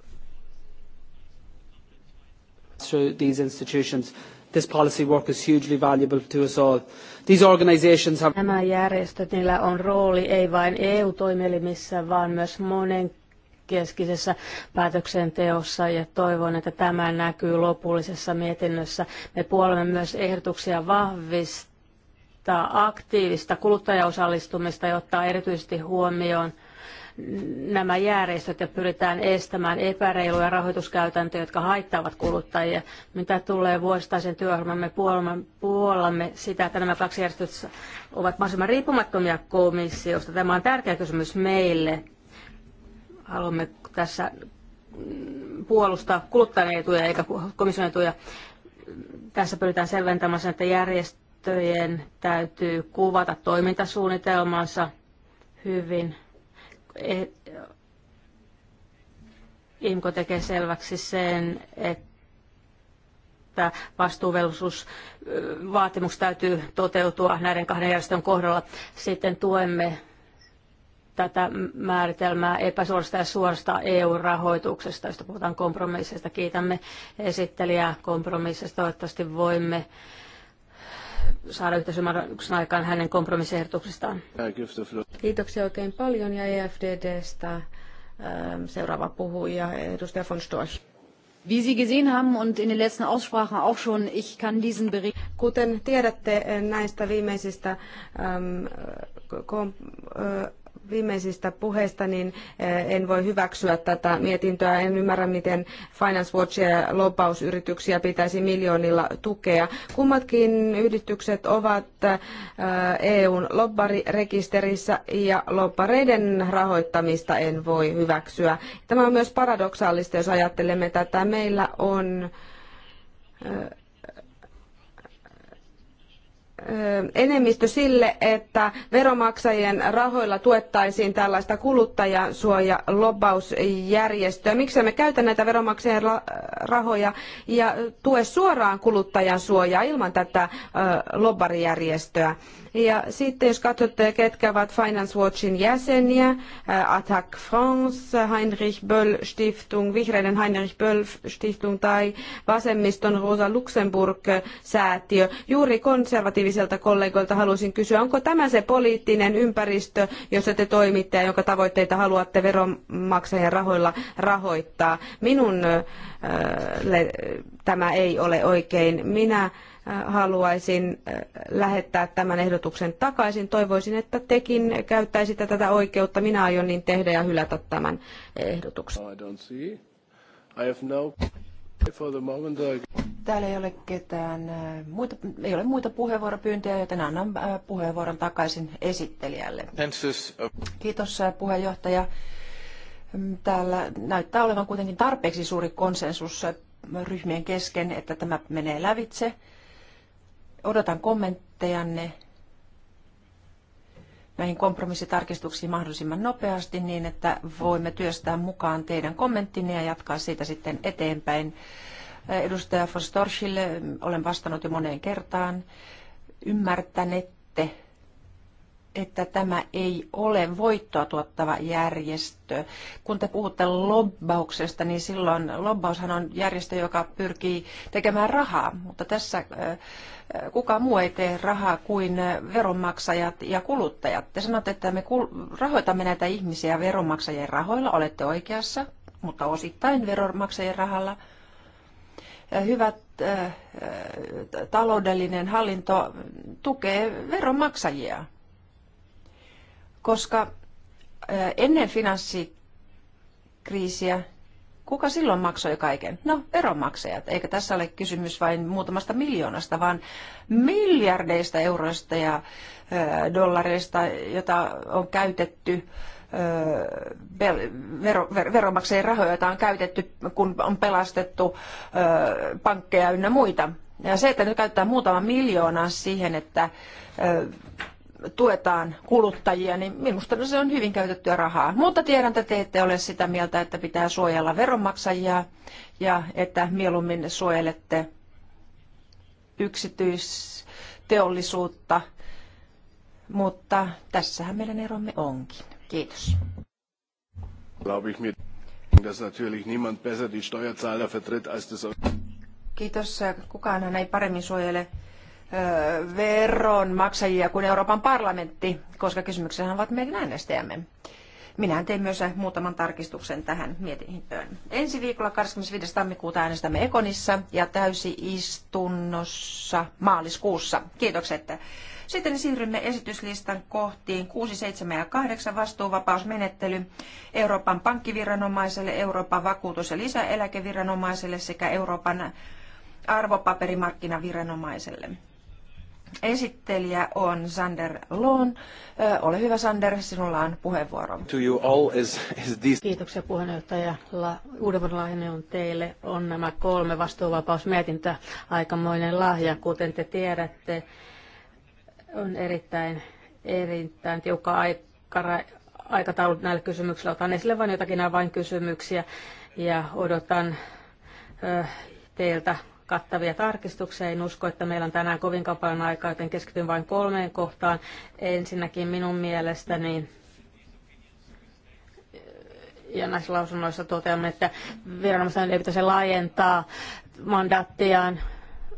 Speaker 5: through these institutions. This policy work is hugely valuable to us all. These organizations have... Nämä
Speaker 3: järjestöt, niillä on rooli ei vain EU-toimielimissä, vaan myös monen keskisessä päätöksenteossa ja toivon, että tämä näkyy lopullisessa mietinnössä. Me puolemme myös ehdotuksia vahvistaa aktiivista kuluttajaosallistumista ja ottaa erityisesti huomioon – nämä järjestöt ja pyritään estämään epäreiluja rahoituskäytäntöjä, jotka haittaavat kuluttajia. Mitä tulee vuosittaisen työohjelmamme puolellamme sitä, että nämä kaksi järjestöt ovat mahdollisimman riippumattomia komissiosta. Tämä on tärkeä kysymys meille. Haluamme tässä puolustaa kuluttajien etuja eikä komission etuja. Tässä pyritään selventämään sen, että järjestöjen täytyy kuvata toimintasuunnitelmansa hyvin E- IMKO tekee selväksi sen, että vastuuvelvollisuusvaatimus täytyy toteutua näiden kahden järjestön kohdalla. Sitten tuemme tätä määritelmää epäsuorasta ja suorasta EU-rahoituksesta, josta puhutaan kompromisseista. Kiitämme esittelijää kompromisseista. Toivottavasti voimme saada yhteisymmärryksen aikaan hänen kompromissiehdotuksestaan. Kiitoksia oikein paljon ja
Speaker 2: EFDDstä ähm, seuraava puhuja, edustaja von Storch. Wie Sie gesehen haben und in den letzten Aussprachen auch schon, ich kann diesen Bericht. Kuten tiedätte äh, näistä viimeisistä ähm, äh, kom, äh, viimeisistä puheista, niin eh, en voi hyväksyä tätä mietintöä. En ymmärrä, miten Finance Watchia ja lobbausyrityksiä pitäisi miljoonilla tukea. Kummatkin yhdistykset ovat eh, EUn lobbarirekisterissä ja lobbareiden rahoittamista en voi hyväksyä. Tämä on myös paradoksaalista, jos ajattelemme tätä. Meillä on eh, enemmistö sille, että veromaksajien rahoilla tuettaisiin tällaista kuluttajansuojalobbausjärjestöä. Miksi me käytä näitä veromaksajien rahoja ja tue suoraan kuluttajansuojaa ilman tätä lobbarijärjestöä? Ja sitten jos katsotte, ketkä ovat Finance Watchin jäseniä, äh, Attack France, Heinrich Böll Stiftung, Vihreiden Heinrich Böll Stiftung tai Vasemmiston Rosa Luxemburg säätiö. Juuri konservatiiviselta kollegoilta haluaisin kysyä, onko tämä se poliittinen ympäristö, jossa te toimitte ja jonka tavoitteita haluatte veronmaksajien rahoilla rahoittaa? Minun äh, tämä ei ole oikein. Minä äh, haluaisin äh, lähettää tämän ehdotuksen takaisin. Toivoisin, että tekin käyttäisitte tätä oikeutta. Minä aion niin tehdä ja hylätä tämän
Speaker 6: ehdotuksen. No,
Speaker 4: no täällä ei ole ketään äh, muita, ei ole muita puheenvuoropyyntöjä, joten annan puheenvuoron takaisin esittelijälle. Kiitos puheenjohtaja. Mm, täällä näyttää olevan kuitenkin tarpeeksi suuri konsensus ryhmien kesken, että tämä menee lävitse. Odotan kommenttejanne näihin kompromissitarkistuksiin mahdollisimman nopeasti niin, että voimme työstää mukaan teidän kommenttinne ja jatkaa siitä sitten eteenpäin. Edustaja Fostorsille olen vastannut jo moneen kertaan. Ymmärtänette, että tämä ei ole voittoa tuottava järjestö. Kun te puhutte lobbauksesta, niin silloin lobbaushan on järjestö, joka pyrkii tekemään rahaa, mutta tässä kuka muu ei tee rahaa kuin veronmaksajat ja kuluttajat. Te sanotte, että me rahoitamme näitä ihmisiä veronmaksajien rahoilla, olette oikeassa, mutta osittain veronmaksajien rahalla. Hyvät taloudellinen hallinto tukee veronmaksajia koska ennen finanssikriisiä kuka silloin maksoi kaiken? No, veronmaksajat. Eikä tässä ole kysymys vain muutamasta miljoonasta, vaan miljardeista euroista ja dollareista, jota on käytetty vero, veronmaksajien rahoja, joita on käytetty, kun on pelastettu pankkeja ynnä muita. Ja se, että nyt käytetään muutama miljoona siihen, että tuetaan kuluttajia, niin minusta se on hyvin käytettyä rahaa. Mutta tiedän, että te ette ole sitä mieltä, että pitää suojella veronmaksajia ja että mieluummin suojelette yksityisteollisuutta. Mutta tässähän meidän eromme onkin. Kiitos. Kiitos. Kukaan ei paremmin suojele veronmaksajia kuin Euroopan parlamentti, koska kysymyksessä ovat meidän äänestäjämme. Minähän tein myös muutaman tarkistuksen tähän mietintöön. Ensi viikolla 25. tammikuuta äänestämme Ekonissa ja täysiistunnossa maaliskuussa. Kiitokset. Sitten siirrymme esityslistan kohtiin 6, 7 ja 8 vastuuvapausmenettely Euroopan pankkiviranomaiselle, Euroopan vakuutus- ja lisäeläkeviranomaiselle sekä Euroopan arvopaperimarkkinaviranomaiselle. Esittelijä on Sander Loon. Ole hyvä Sander, sinulla on puheenvuoro.
Speaker 1: To you
Speaker 5: all is, is this...
Speaker 3: Kiitoksia puheenjohtaja. La, on teille. On nämä kolme vastuuvapausmietintä aikamoinen lahja, kuten te tiedätte. On erittäin, erittäin tiukka aikara, aikataulu näillä kysymyksillä. Otan esille vain jotakin avainkysymyksiä ja odotan ö, teiltä kattavia tarkistuksia. En usko, että meillä on tänään kovin paljon aikaa, joten keskityn vain kolmeen kohtaan. Ensinnäkin minun mielestäni ja näissä lausunnoissa toteamme, että viranomaisen ei pitäisi laajentaa mandaattiaan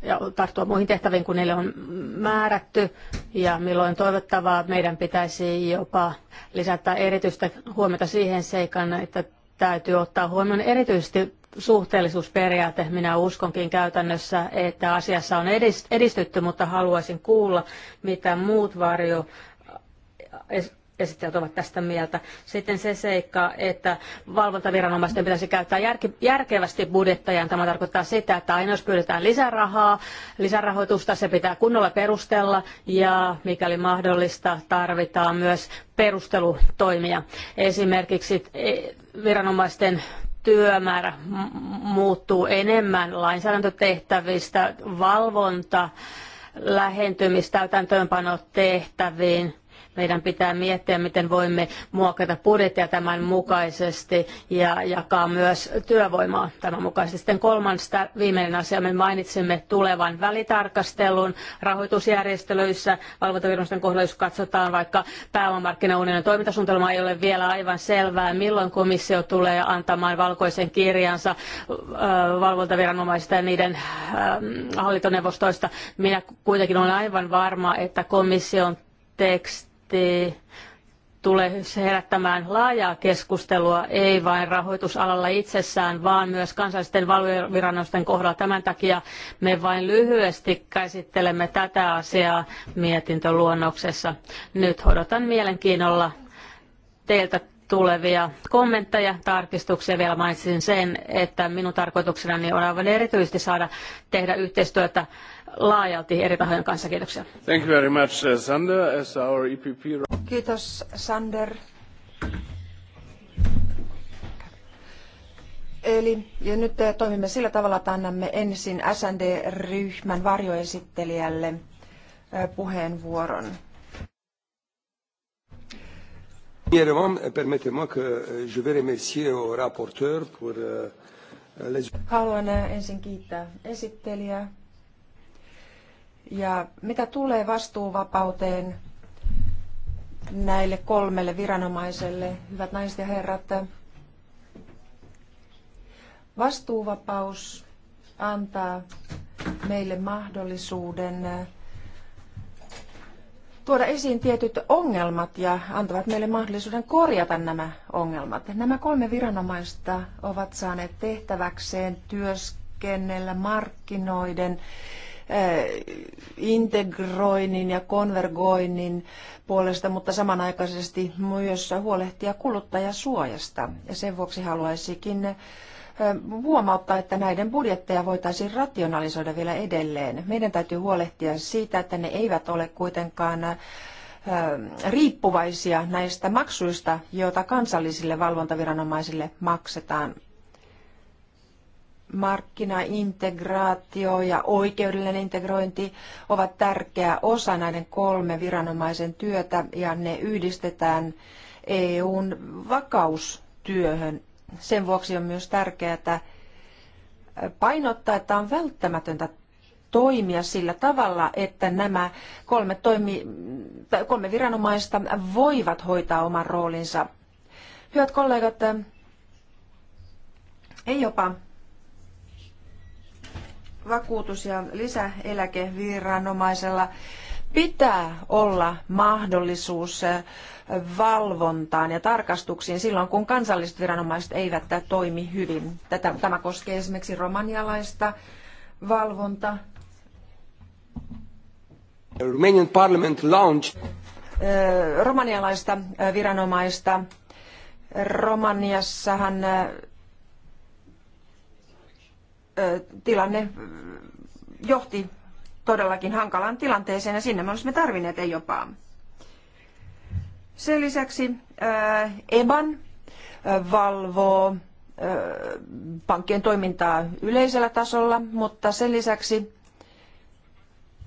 Speaker 3: ja tarttua muihin tehtäviin, kun niille on määrätty. Ja milloin toivottavaa, meidän pitäisi jopa lisätä erityistä huomiota siihen seikan, että täytyy ottaa huomioon erityisesti suhteellisuusperiaate. Minä uskonkin käytännössä, että asiassa on edistytty, mutta haluaisin kuulla, mitä muut varjo esittäjät ovat tästä mieltä. Sitten se seikka, että valvontaviranomaisten pitäisi käyttää järkevästi budjettajan. Tämä tarkoittaa sitä, että aina jos pyydetään lisärahaa, lisärahoitusta, se pitää kunnolla perustella ja mikäli mahdollista, tarvitaan myös perustelutoimia. Esimerkiksi e, viranomaisten työmäärä muuttuu enemmän lainsäädäntötehtävistä, valvonta, lähentymistä täytäntöönpanotehtäviin meidän pitää miettiä, miten voimme muokata budjettia tämän mukaisesti ja jakaa myös työvoimaa tämän mukaisesti. Sitten kolmas viimeinen asia, me mainitsimme tulevan välitarkastelun rahoitusjärjestelyissä. Valvontaviranomaisten kohdalla, jos katsotaan vaikka pääomamarkkinaunionin toimintasuunnitelma, ei ole vielä aivan selvää, milloin komissio tulee antamaan valkoisen kirjansa äh, valvontaviranomaisista ja niiden ähm, hallintoneuvostoista. Minä kuitenkin olen aivan varma, että komission teksti budjetti tulee herättämään laajaa keskustelua, ei vain rahoitusalalla itsessään, vaan myös kansallisten valviranomisten kohdalla. Tämän takia me vain lyhyesti käsittelemme tätä asiaa mietintöluonnoksessa. Nyt odotan mielenkiinnolla teiltä tulevia kommentteja, tarkistuksia. Vielä mainitsin sen, että minun tarkoituksenani on aivan erityisesti saada tehdä yhteistyötä laajalti eri tahojen kanssa. Kiitoksia.
Speaker 5: Thank you very much, uh, Sander, as our EPP...
Speaker 3: Kiitos,
Speaker 4: Sander. Eli ja nyt uh, toimimme sillä tavalla, että annamme ensin SND-ryhmän varjoesittelijälle uh, puheenvuoron. Haluan ensin kiittää esittelijää ja mitä tulee vastuuvapauteen näille kolmelle viranomaiselle, hyvät naiset ja herrat, vastuuvapaus antaa meille mahdollisuuden tuoda esiin tietyt ongelmat ja antavat meille mahdollisuuden korjata nämä ongelmat. Nämä kolme viranomaista ovat saaneet tehtäväkseen työskennellä markkinoiden Eh, integroinnin ja konvergoinnin puolesta, mutta samanaikaisesti myös huolehtia kuluttajasuojasta. Ja sen vuoksi haluaisikin eh, huomauttaa, että näiden budjetteja voitaisiin rationalisoida vielä edelleen. Meidän täytyy huolehtia siitä, että ne eivät ole kuitenkaan eh, riippuvaisia näistä maksuista, joita kansallisille valvontaviranomaisille maksetaan markkinaintegraatio ja oikeudellinen integrointi ovat tärkeä osa näiden kolme viranomaisen työtä ja ne yhdistetään EUn vakaustyöhön. Sen vuoksi on myös tärkeää painottaa, että on välttämätöntä toimia sillä tavalla, että nämä kolme, toimi, kolme viranomaista voivat hoitaa oman roolinsa. Hyvät kollegat, ei jopa vakuutus- ja lisäeläkeviranomaisella pitää olla mahdollisuus äh, valvontaan ja tarkastuksiin silloin, kun kansalliset viranomaiset eivät toimi hyvin. Tätä, tämä koskee esimerkiksi romanialaista valvonta.
Speaker 6: Romanian Parliament launched äh,
Speaker 4: romanialaista äh, viranomaista. Romaniassahan tilanne johti todellakin hankalaan tilanteeseen ja sinne me olisimme tarvinneet EIOPAa. Sen lisäksi EBAN valvoo pankkien toimintaa yleisellä tasolla, mutta sen lisäksi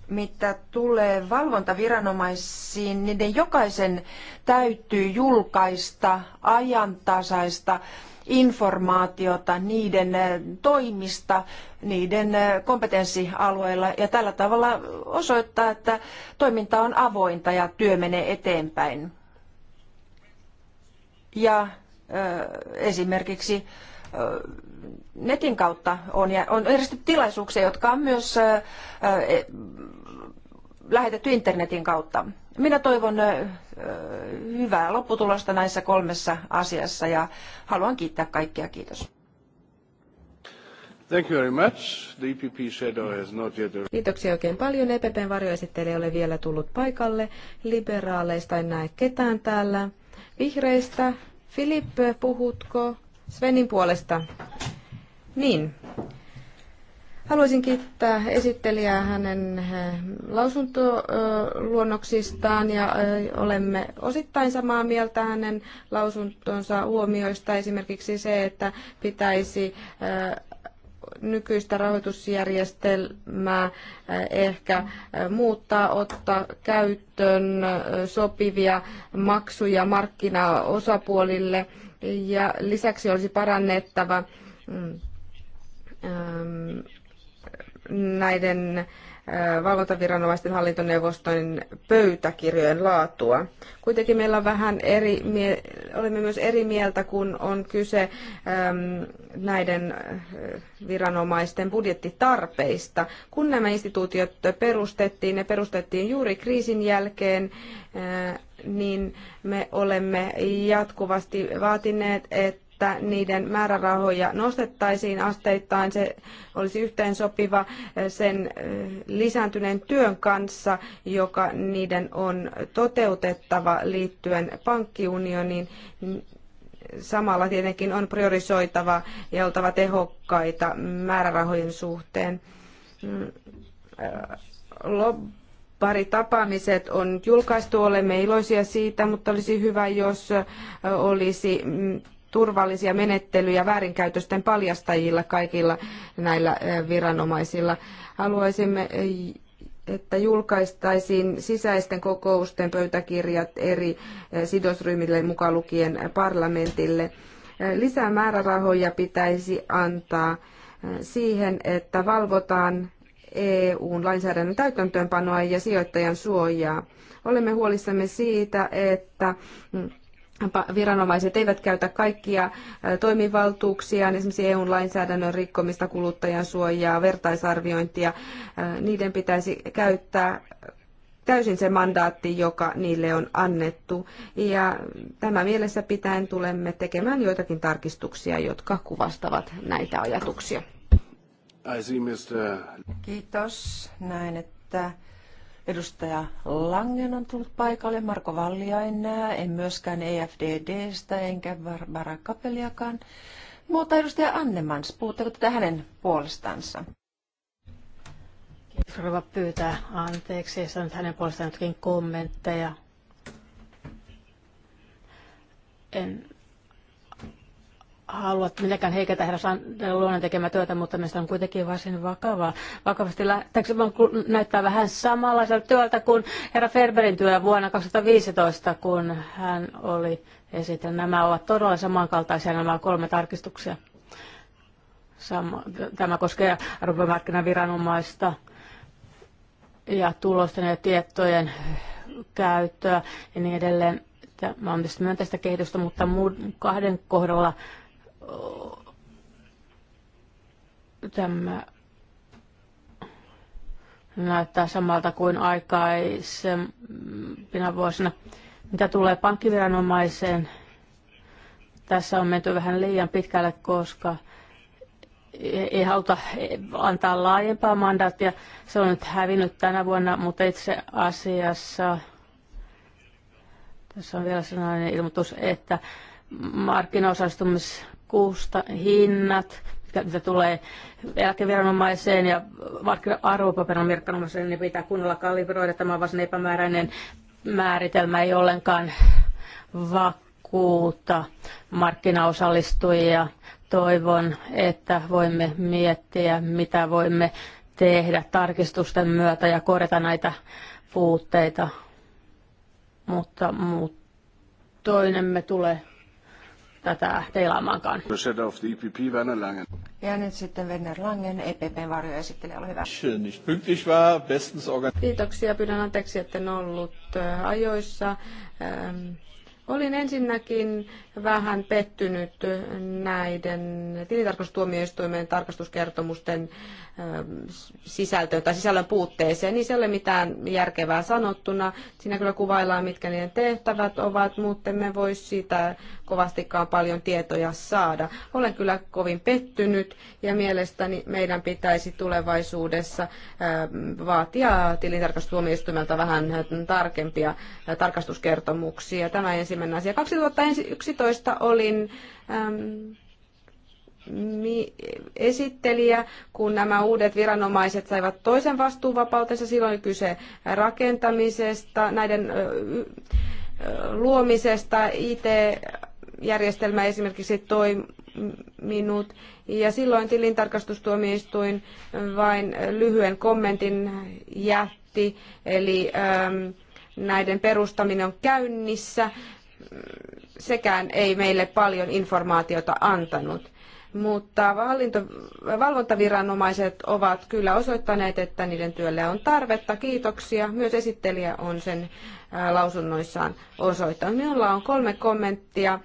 Speaker 4: mitä tulee valvontaviranomaisiin, niiden jokaisen täytyy julkaista ajantasaista äh, informaatiota niiden eh, toimista, niiden eh, kompetenssialueilla ja tällä tavalla osoittaa, että toiminta on avointa ja työ menee eteenpäin. Ja eh, esimerkiksi netin kautta on, on järjestetty tilaisuuksia, jotka on myös lähetetty internetin kautta. Minä toivon hyvää lopputulosta näissä kolmessa asiassa ja haluan kiittää kaikkia. Kiitos.
Speaker 6: Thank you very much. The EPP shadow has not yet...
Speaker 2: Kiitoksia oikein paljon. EPPn varjoesittelijä ei ole vielä tullut paikalle. Liberaaleista en näe ketään täällä. Vihreistä. Filippe, puhutko Svenin puolesta? Niin. Haluaisin kiittää esittelijää hänen eh, lausuntoluonnoksistaan ja eh, olemme osittain samaa mieltä hänen lausuntonsa huomioista. Esimerkiksi se, että pitäisi eh, nykyistä rahoitusjärjestelmää ehkä muuttaa, ottaa käyttöön sopivia maksuja markkinaosapuolille ja lisäksi olisi parannettava mm, ehm, näiden valvontaviranomaisten hallintoneuvoston pöytäkirjojen laatua. Kuitenkin meillä on vähän eri, olemme myös eri mieltä, kun on kyse näiden viranomaisten budjettitarpeista. Kun nämä instituutiot perustettiin, ne perustettiin juuri kriisin jälkeen, niin me olemme jatkuvasti vaatineet, että että niiden määrärahoja nostettaisiin asteittain. Se olisi yhteensopiva eh, sen eh, lisääntyneen työn kanssa, joka niiden on toteutettava liittyen pankkiunioniin samalla tietenkin on priorisoitava ja oltava tehokkaita määrärahojen suhteen. Mm, eh, tapaamiset on julkaistu, olemme iloisia siitä, mutta olisi hyvä, jos olisi mm, turvallisia menettelyjä väärinkäytösten paljastajilla kaikilla näillä viranomaisilla. Haluaisimme että julkaistaisiin sisäisten kokousten pöytäkirjat eri sidosryhmille mukaan lukien parlamentille. Lisää määrärahoja pitäisi antaa siihen, että valvotaan EUn lainsäädännön täytäntöönpanoa ja sijoittajan suojaa. Olemme huolissamme siitä, että mm, viranomaiset eivät käytä kaikkia toimivaltuuksiaan, niin esimerkiksi EU-lainsäädännön rikkomista, kuluttajan suojaa, vertaisarviointia. Niiden pitäisi käyttää täysin se mandaatti, joka niille on annettu. Ja tämä mielessä pitäen tulemme tekemään joitakin tarkistuksia, jotka kuvastavat näitä ajatuksia. Kiitos. Näin, että Edustaja
Speaker 4: Langen on tullut paikalle, Marko Vallia en näe, en myöskään EFDDstä enkä Barbara Kapeliakaan. Mutta edustaja Annemans, puhutteko tätä hänen puolestansa?
Speaker 3: Kiitos, rouva pyytää anteeksi, ei saanut hänen puolestaan jotakin kommentteja. En halua mitenkään heikätä herra luonnon tekemää työtä, mutta mielestäni on kuitenkin varsin vakavaa. Vakavasti lähtee, näyttää vähän samanlaiselta työltä kuin herra Ferberin työ vuonna 2015, kun hän oli esitellyt. Nämä ovat todella samankaltaisia nämä kolme tarkistuksia. Sama, tämä koskee arvomarkkinaviranomaista ja tulosten ja tietojen käyttöä ja niin edelleen. Tämä on tietysti myönteistä kehitystä, mutta muun kahden kohdalla tämä näyttää samalta kuin aikaisempina vuosina. Mitä tulee pankkiviranomaiseen, tässä on menty vähän liian pitkälle, koska ei haluta antaa laajempaa mandaattia. Se on nyt hävinnyt tänä vuonna, mutta itse asiassa tässä on vielä sellainen ilmoitus, että markkinaosallistumis kusta, hinnat, mitä tulee eläkeviranomaiseen ja vaikka arvopaperon viranomaiseen, niin pitää kunnolla kalibroida. Tämä on varsin epämääräinen määritelmä, ei ollenkaan vakuuta markkinaosallistujia. Toivon, että voimme miettiä, mitä voimme tehdä tarkistusten myötä ja korjata näitä puutteita. Mutta mutta toinen me tulee tätä teilaamankaan. E ja nyt sitten Werner Langen, EPPn
Speaker 2: esittelee, ole hyvä. Kiitoksia, pyydän anteeksi, että en ollut äh, ajoissa. Ähm Olin ensinnäkin vähän pettynyt näiden tilintarkastustuomioistuimen tarkastuskertomusten ähm, sisältöön tai sisällön puutteeseen. Niin se ei ole mitään järkevää sanottuna. Siinä kyllä kuvaillaan, mitkä niiden tehtävät ovat, mutta emme voi siitä kovastikaan paljon tietoja saada. Olen kyllä kovin pettynyt ja mielestäni meidän pitäisi tulevaisuudessa ähm, vaatia tilintarkastustuomioistuimelta vähän tarkempia äh, tarkastuskertomuksia. Tämä ensin ensimmäinen asia. 2011 olin äm, esittelijä, kun nämä uudet viranomaiset saivat toisen vastuuvapautensa. Silloin kyse rakentamisesta, näiden luomisesta, IT-järjestelmä esimerkiksi minut Ja silloin tilintarkastustuomioistuin vain lyhyen kommentin jätti, eli näiden perustaminen on käynnissä sekään ei meille paljon informaatiota antanut. Mutta hallinto, valvontaviranomaiset ovat kyllä osoittaneet, että niiden työlle on tarvetta. Kiitoksia. Myös esittelijä on sen lausunnoissaan osoittanut. Minulla on kolme kommenttia,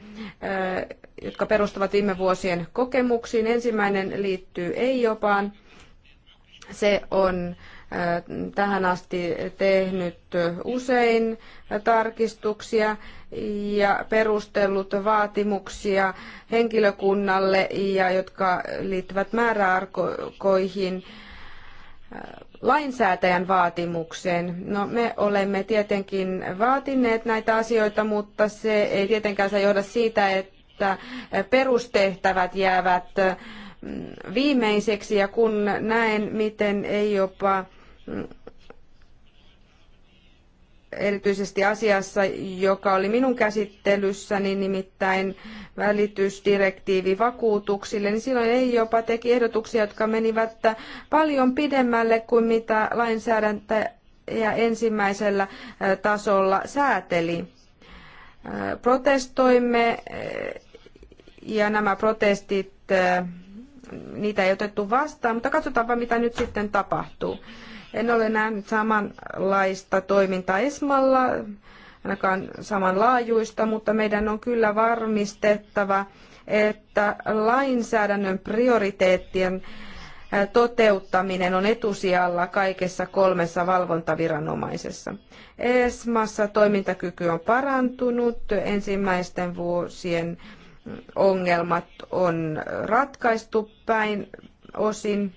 Speaker 2: jotka perustuvat viime vuosien kokemuksiin. Ensimmäinen liittyy ei jopaan. Se on äh, tähän asti tehnyt usein tarkistuksia ja perustellut vaatimuksia henkilökunnalle ja jotka liittyvät määräarkoihin äh, lainsäätäjän vaatimukseen. No, me olemme tietenkin vaatineet näitä asioita, mutta se ei tietenkään saa johda siitä, että perustehtävät jäävät mm, viimeiseksi ja kun näen, miten ei jopa erityisesti asiassa, joka oli minun käsittelyssäni, niin nimittäin välitysdirektiivi vakuutuksille, niin silloin ei jopa teki ehdotuksia, jotka menivät paljon pidemmälle kuin mitä lainsäädäntö ja ensimmäisellä tasolla sääteli. Protestoimme ja nämä protestit, niitä ei otettu vastaan, mutta katsotaanpa mitä nyt sitten tapahtuu. En ole nähnyt samanlaista toimintaa Esmalla, ainakaan samanlaajuista, mutta meidän on kyllä varmistettava, että lainsäädännön prioriteettien toteuttaminen on etusijalla kaikessa kolmessa valvontaviranomaisessa. ESMassa toimintakyky on parantunut, ensimmäisten vuosien ongelmat on ratkaistu päin osin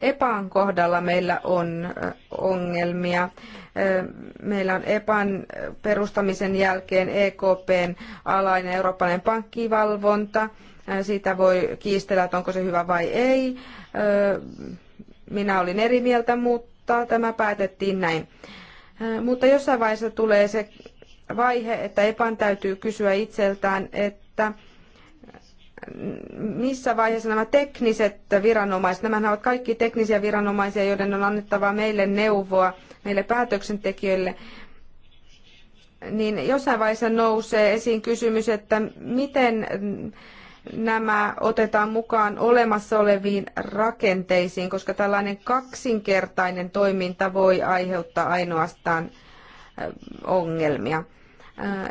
Speaker 2: EPAn kohdalla meillä on äh, ongelmia. Äh, meillä on EPAn perustamisen jälkeen EKPn alainen eurooppalainen pankkivalvonta. Äh, siitä voi kiistellä, että onko se hyvä vai ei. Minä olin eri mieltä, mutta tämä päätettiin näin. Mutta jossain vaiheessa tulee se vaihe, että EPAn täytyy kysyä itseltään, että missä vaiheessa nämä tekniset viranomaiset, nämä ovat kaikki teknisiä viranomaisia, joiden on annettava meille neuvoa, meille päätöksentekijöille, niin jossain vaiheessa nousee esiin kysymys, että miten nämä otetaan mukaan olemassa oleviin rakenteisiin, koska tällainen kaksinkertainen toiminta voi aiheuttaa ainoastaan ongelmia.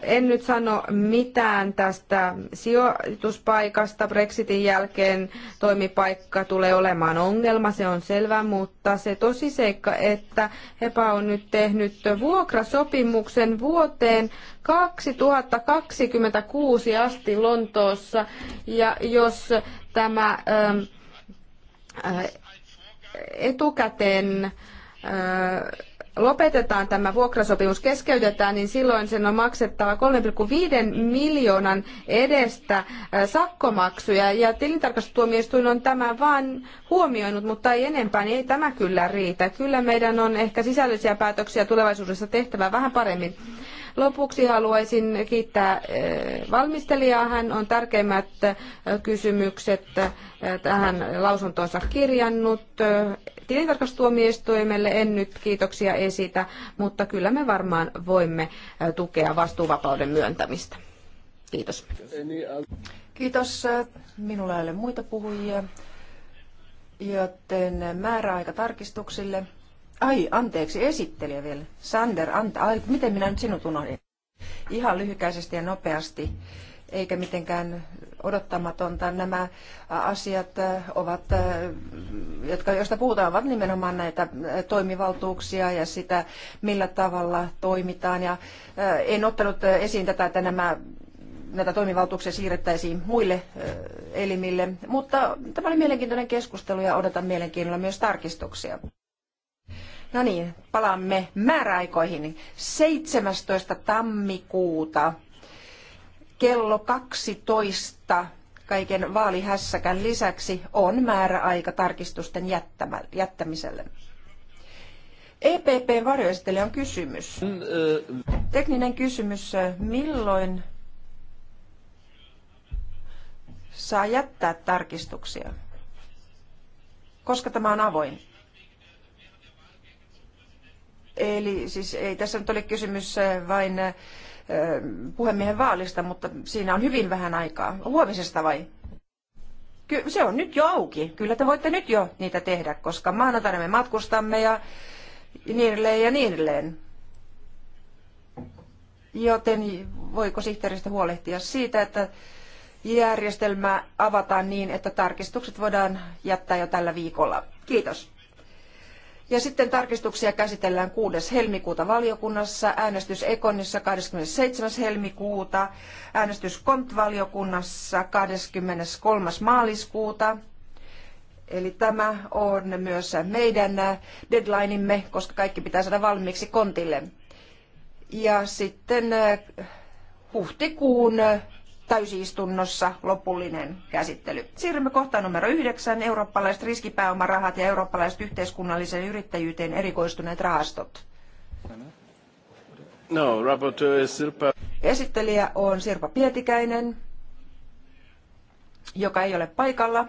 Speaker 2: En nyt sano mitään tästä sijoituspaikasta. Brexitin jälkeen toimipaikka tulee olemaan ongelma, se on selvä, mutta se tosiseikka, että HEPA on nyt tehnyt vuokrasopimuksen vuoteen 2026 asti Lontoossa. Ja jos tämä etukäteen lopetetaan tämä vuokrasopimus, keskeytetään, niin silloin sen on maksettava 3,5 miljoonan edestä äh, sakkomaksuja. Ja tilintarkastustuomioistuin on tämä vain huomioinut, mutta ei enempää, niin ei tämä kyllä riitä. Kyllä meidän on ehkä sisällöllisiä päätöksiä tulevaisuudessa tehtävä vähän paremmin. Lopuksi haluaisin kiittää äh, valmistelijaa. Hän on tärkeimmät äh, kysymykset tähän lausuntoonsa kirjannut tilintarkastustuomioistuimelle en nyt kiitoksia esitä, mutta kyllä me varmaan voimme tukea vastuuvapauden myöntämistä. Kiitos.
Speaker 4: Kiitos. Minulla ei ole muita puhujia, joten määräaika tarkistuksille. Ai, anteeksi, esittelijä vielä. Sander, anta, ai, miten minä nyt sinut unohdin? Ihan lyhykäisesti ja nopeasti, eikä mitenkään odottamatonta. Nämä asiat, ovat, jotka, joista puhutaan, ovat nimenomaan näitä toimivaltuuksia ja sitä, millä tavalla toimitaan. Ja eh, en ottanut esiin tätä, että nämä näitä toimivaltuuksia siirrettäisiin muille eh, elimille, mutta tämä oli mielenkiintoinen keskustelu ja odotan mielenkiinnolla myös tarkistuksia. No niin, palaamme määräaikoihin. 17. tammikuuta kello 12 kaiken vaalihässäkän lisäksi on määräaika tarkistusten jättämiselle. EPPn varjoesittelijä on kysymys. Mm, Tekninen kysymys, milloin saa jättää tarkistuksia? Koska tämä on avoin. Eli siis ei tässä nyt ole kysymys vain puhemiehen vaalista, mutta siinä on hyvin vähän aikaa. Huomisesta vai? Ky- se on nyt jo auki. Kyllä te voitte nyt jo niitä tehdä, koska maanantaina me matkustamme ja niin edelleen ja niin edelleen. Joten voiko sihteeristä huolehtia siitä, että järjestelmä avataan niin, että tarkistukset voidaan jättää jo tällä viikolla. Kiitos. Ja sitten tarkistuksia käsitellään 6. helmikuuta valiokunnassa, äänestys Ekonissa 27. helmikuuta, äänestys KONT-valiokunnassa 23. maaliskuuta. Eli tämä on myös meidän deadlineimme, koska kaikki pitää saada valmiiksi kontille. Ja sitten eh, huhtikuun täysistunnossa lopullinen käsittely. Siirrymme kohtaan numero yhdeksän, eurooppalaiset riskipääomarahat ja eurooppalaiset yhteiskunnalliseen yrittäjyyteen erikoistuneet rahastot.
Speaker 6: No, Sirpa.
Speaker 4: Esittelijä on Sirpa Pietikäinen, joka ei ole paikalla.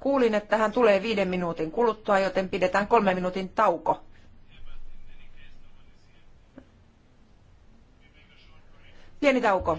Speaker 4: Kuulin, että hän tulee viiden minuutin kuluttua, joten pidetään kolmen minuutin tauko. Pieni tauko.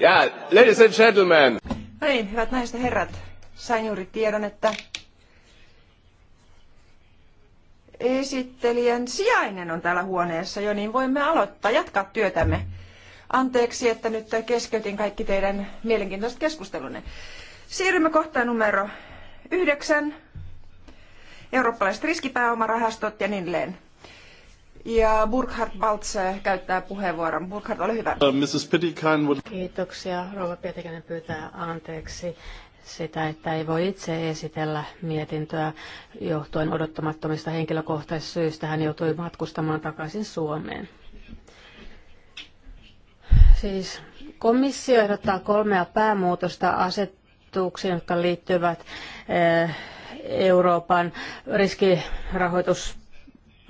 Speaker 5: Yeah, ladies and gentlemen.
Speaker 4: No niin, hyvät naiset ja herrat. Sain juuri tiedon, että esittelijän sijainen on täällä huoneessa jo, niin voimme aloittaa, jatkaa työtämme. Anteeksi, että nyt keskeytin kaikki teidän mielenkiintoiset keskustelunne. Siirrymme kohtaan numero yhdeksän. Eurooppalaiset riskipääomarahastot ja niin edelleen.
Speaker 3: Ja Burkhard Baltz käyttää puheenvuoron. Burkhard, ole hyvä.
Speaker 1: Uh, Mrs. would... Kiitoksia.
Speaker 3: Rouva Pietikäinen pyytää anteeksi sitä, että ei voi itse esitellä mietintöä johtuen odottamattomista henkilökohtaisista syistä. Hän joutui matkustamaan takaisin Suomeen. Siis komissio ehdottaa kolmea päämuutosta aset ehdotuksiin, jotka liittyvät eh, Euroopan riskirahoitus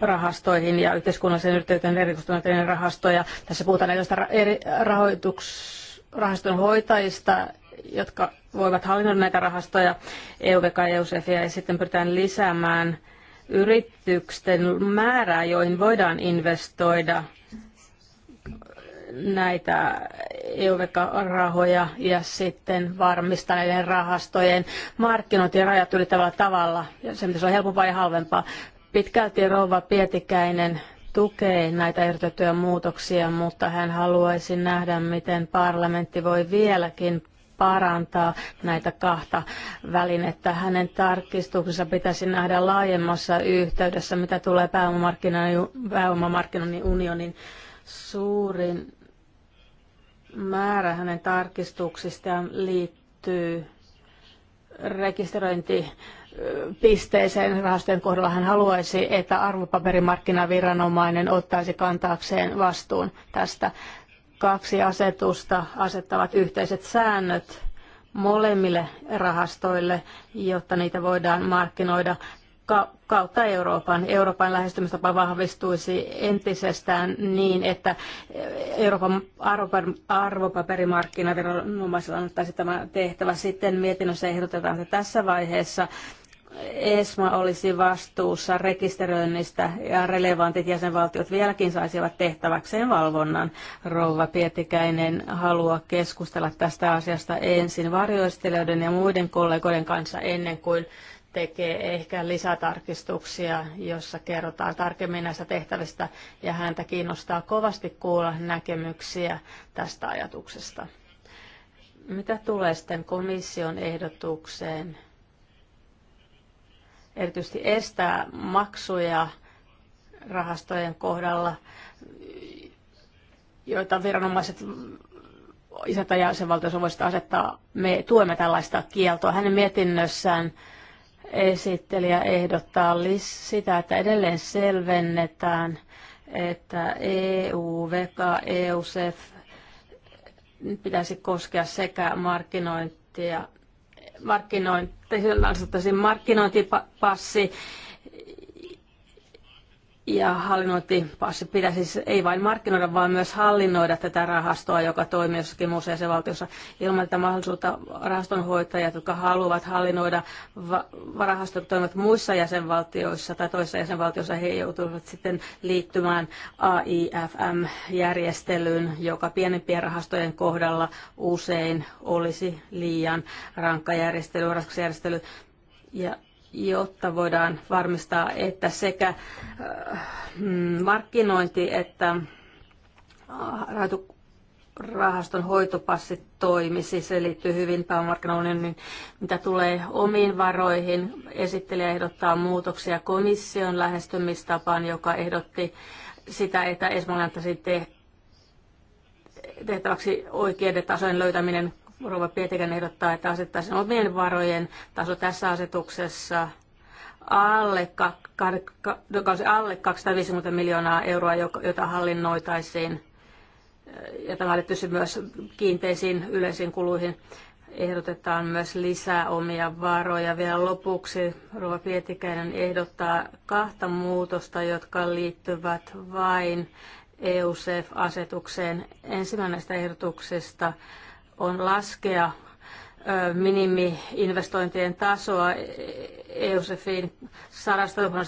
Speaker 3: rahastoihin ja yhteiskunnallisen yhteyteen erikoistuneiden rahastoja. Tässä puhutaan näistä rahoituksrahaston hoitajista, jotka voivat hallinnoida näitä rahastoja, EUVK ja EUSEF, ja sitten pyritään lisäämään yritysten määrää, joihin voidaan investoida – näitä EU-rahoja ja sitten varmistaa näiden rahastojen markkinointi rajat ylittävällä tavalla. Ja se se on helpompaa ja halvempaa. Pitkälti Rouva Pietikäinen tukee näitä ehdotettuja muutoksia, mutta hän haluaisi nähdä, miten parlamentti voi vieläkin parantaa näitä kahta välinettä. Hänen tarkistuksensa pitäisi nähdä laajemmassa yhteydessä, mitä tulee pääomamarkkinoinnin unionin suurin määrä hänen tarkistuksistaan liittyy rekisteröintipisteeseen rahastojen kohdalla. Hän haluaisi, että arvopaperimarkkinaviranomainen ottaisi kantaakseen vastuun tästä. Kaksi asetusta asettavat yhteiset säännöt molemmille rahastoille, jotta niitä voidaan markkinoida kautta Euroopan. Euroopan lähestymistapa vahvistuisi entisestään niin, että Euroopan arvopaperimarkkinaviranomaisilla annettaisi tämä tehtävä. Sitten mietinnössä ehdotetaan, että tässä vaiheessa ESMA olisi vastuussa rekisteröinnistä ja relevantit jäsenvaltiot vieläkin saisivat tehtäväkseen valvonnan. Rouva Pietikäinen haluaa keskustella tästä asiasta ensin varjoistelijoiden ja muiden kollegoiden kanssa ennen kuin tekee ehkä lisätarkistuksia, jossa kerrotaan tarkemmin näistä tehtävistä, ja häntä kiinnostaa kovasti kuulla näkemyksiä tästä ajatuksesta. Mitä tulee sitten komission ehdotukseen? Erityisesti estää maksuja rahastojen kohdalla, joita viranomaiset isäntä ja sen voisivat asettaa, me tuemme tällaista kieltoa. Hänen mietinnössään esittelijä ehdottaa sitä, että edelleen selvennetään, että EU, VECA, EUSEF pitäisi koskea sekä markkinointia, markkinointi, siis markkinointipassi ja hallinnointi pitäisi siis ei vain markkinoida, vaan myös hallinnoida tätä rahastoa, joka toimii jossakin muussa jäsenvaltiossa. Ilman tätä mahdollisuutta rahastonhoitajat, jotka haluavat hallinnoida varahastot toimivat muissa jäsenvaltioissa tai toisissa jäsenvaltioissa, he joutuvat sitten liittymään AIFM-järjestelyyn, joka pienempien rahastojen kohdalla usein olisi liian rankka järjestely, raskas järjestely. Ja jotta voidaan varmistaa, että sekä äh, mm, markkinointi että äh, rahaston hoitopassi toimisi. Se liittyy hyvin pääomarkkinoinnin, mitä tulee omiin varoihin. Esittelijä ehdottaa muutoksia komission lähestymistapaan, joka ehdotti sitä, että esimerkiksi tehtäväksi oikeiden tasojen löytäminen Rova Pietikän ehdottaa, että asettaisiin omien varojen taso tässä asetuksessa alle, alle 250 miljoonaa euroa, jota hallinnoitaisiin. Ja tämä liittyisi myös kiinteisiin yleisiin kuluihin. Ehdotetaan myös lisää omia varoja. Vielä lopuksi Rova Pietikäinen ehdottaa kahta muutosta, jotka liittyvät vain EUSEF-asetukseen. Ensimmäisestä ehdotuksesta on laskea minimiinvestointien tasoa EUSEFin 100 000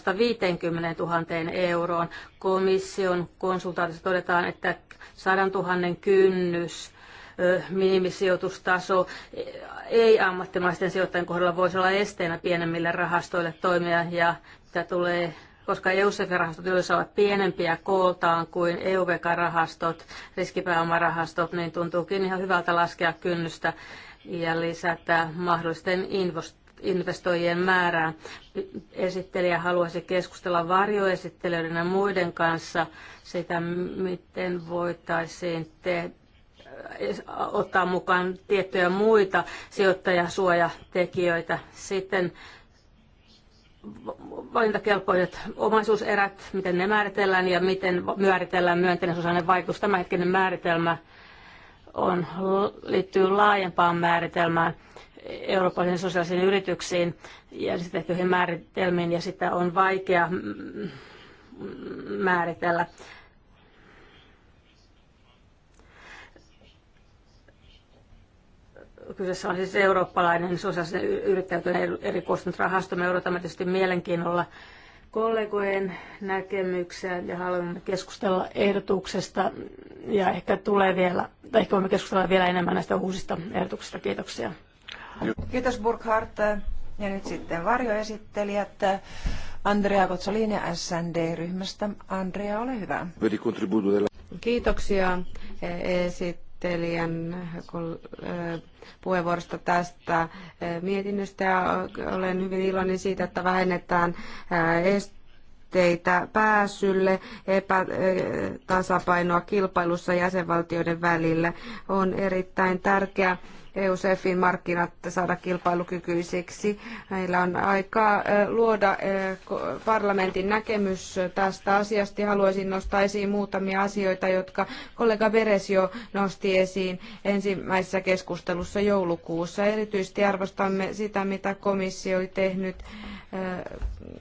Speaker 3: 000 euroon. Komission konsultaatissa todetaan, että 100 000 kynnys minimisijoitustaso ei-ammattimaisten sijoittajien kohdalla voisi olla esteenä pienemmille rahastoille toimia ja mitä tulee koska EUSEF-rahastot yleensä ovat pienempiä kooltaan kuin EUVK-rahastot, riskipääomarahastot, niin tuntuukin ihan hyvältä laskea kynnystä ja lisätä mahdollisten investoijien määrää. Esittelijä haluaisi keskustella varjoesittelijöiden ja muiden kanssa sitä, miten voitaisiin tehdä ottaa mukaan tiettyjä muita sijoittajasuojatekijöitä. Sitten valintakelpoiset omaisuuserät, miten ne määritellään ja miten määritellään myönteinen sosiaalinen vaikutus. Tämänhetkinen määritelmä on, liittyy laajempaan määritelmään eurooppalaisiin sosiaalisiin yrityksiin ja sitten tehtyihin määritelmiin, ja sitä on vaikea määritellä. Kyseessä on siis eurooppalainen sosiaalisen siis yrittäjyyden erikoistunut rahasto. Me odotamme tietysti mielenkiinnolla kollegojen näkemyksiä ja haluamme keskustella ehdotuksesta ja ehkä tulee vielä, tai ehkä voimme keskustella vielä enemmän näistä uusista ehdotuksista. Kiitoksia.
Speaker 4: Kiitos Burkhardt. Ja nyt sitten varjoesittelijät. Andrea Kotsolini SND-ryhmästä. Andrea, ole hyvä.
Speaker 2: Kiitoksia e- esit esittelijän puheenvuorosta tästä mietinnöstä olen hyvin iloinen siitä, että vähennetään esteitä pääsylle, epätasapainoa kilpailussa jäsenvaltioiden välillä. On erittäin tärkeää EUSEFin markkinat saada kilpailukykyisiksi. Meillä on aikaa luoda parlamentin näkemys tästä asiasta. Haluaisin nostaa esiin muutamia asioita, jotka kollega Veresio jo nosti esiin ensimmäisessä keskustelussa joulukuussa. Erityisesti arvostamme sitä, mitä komissio on tehnyt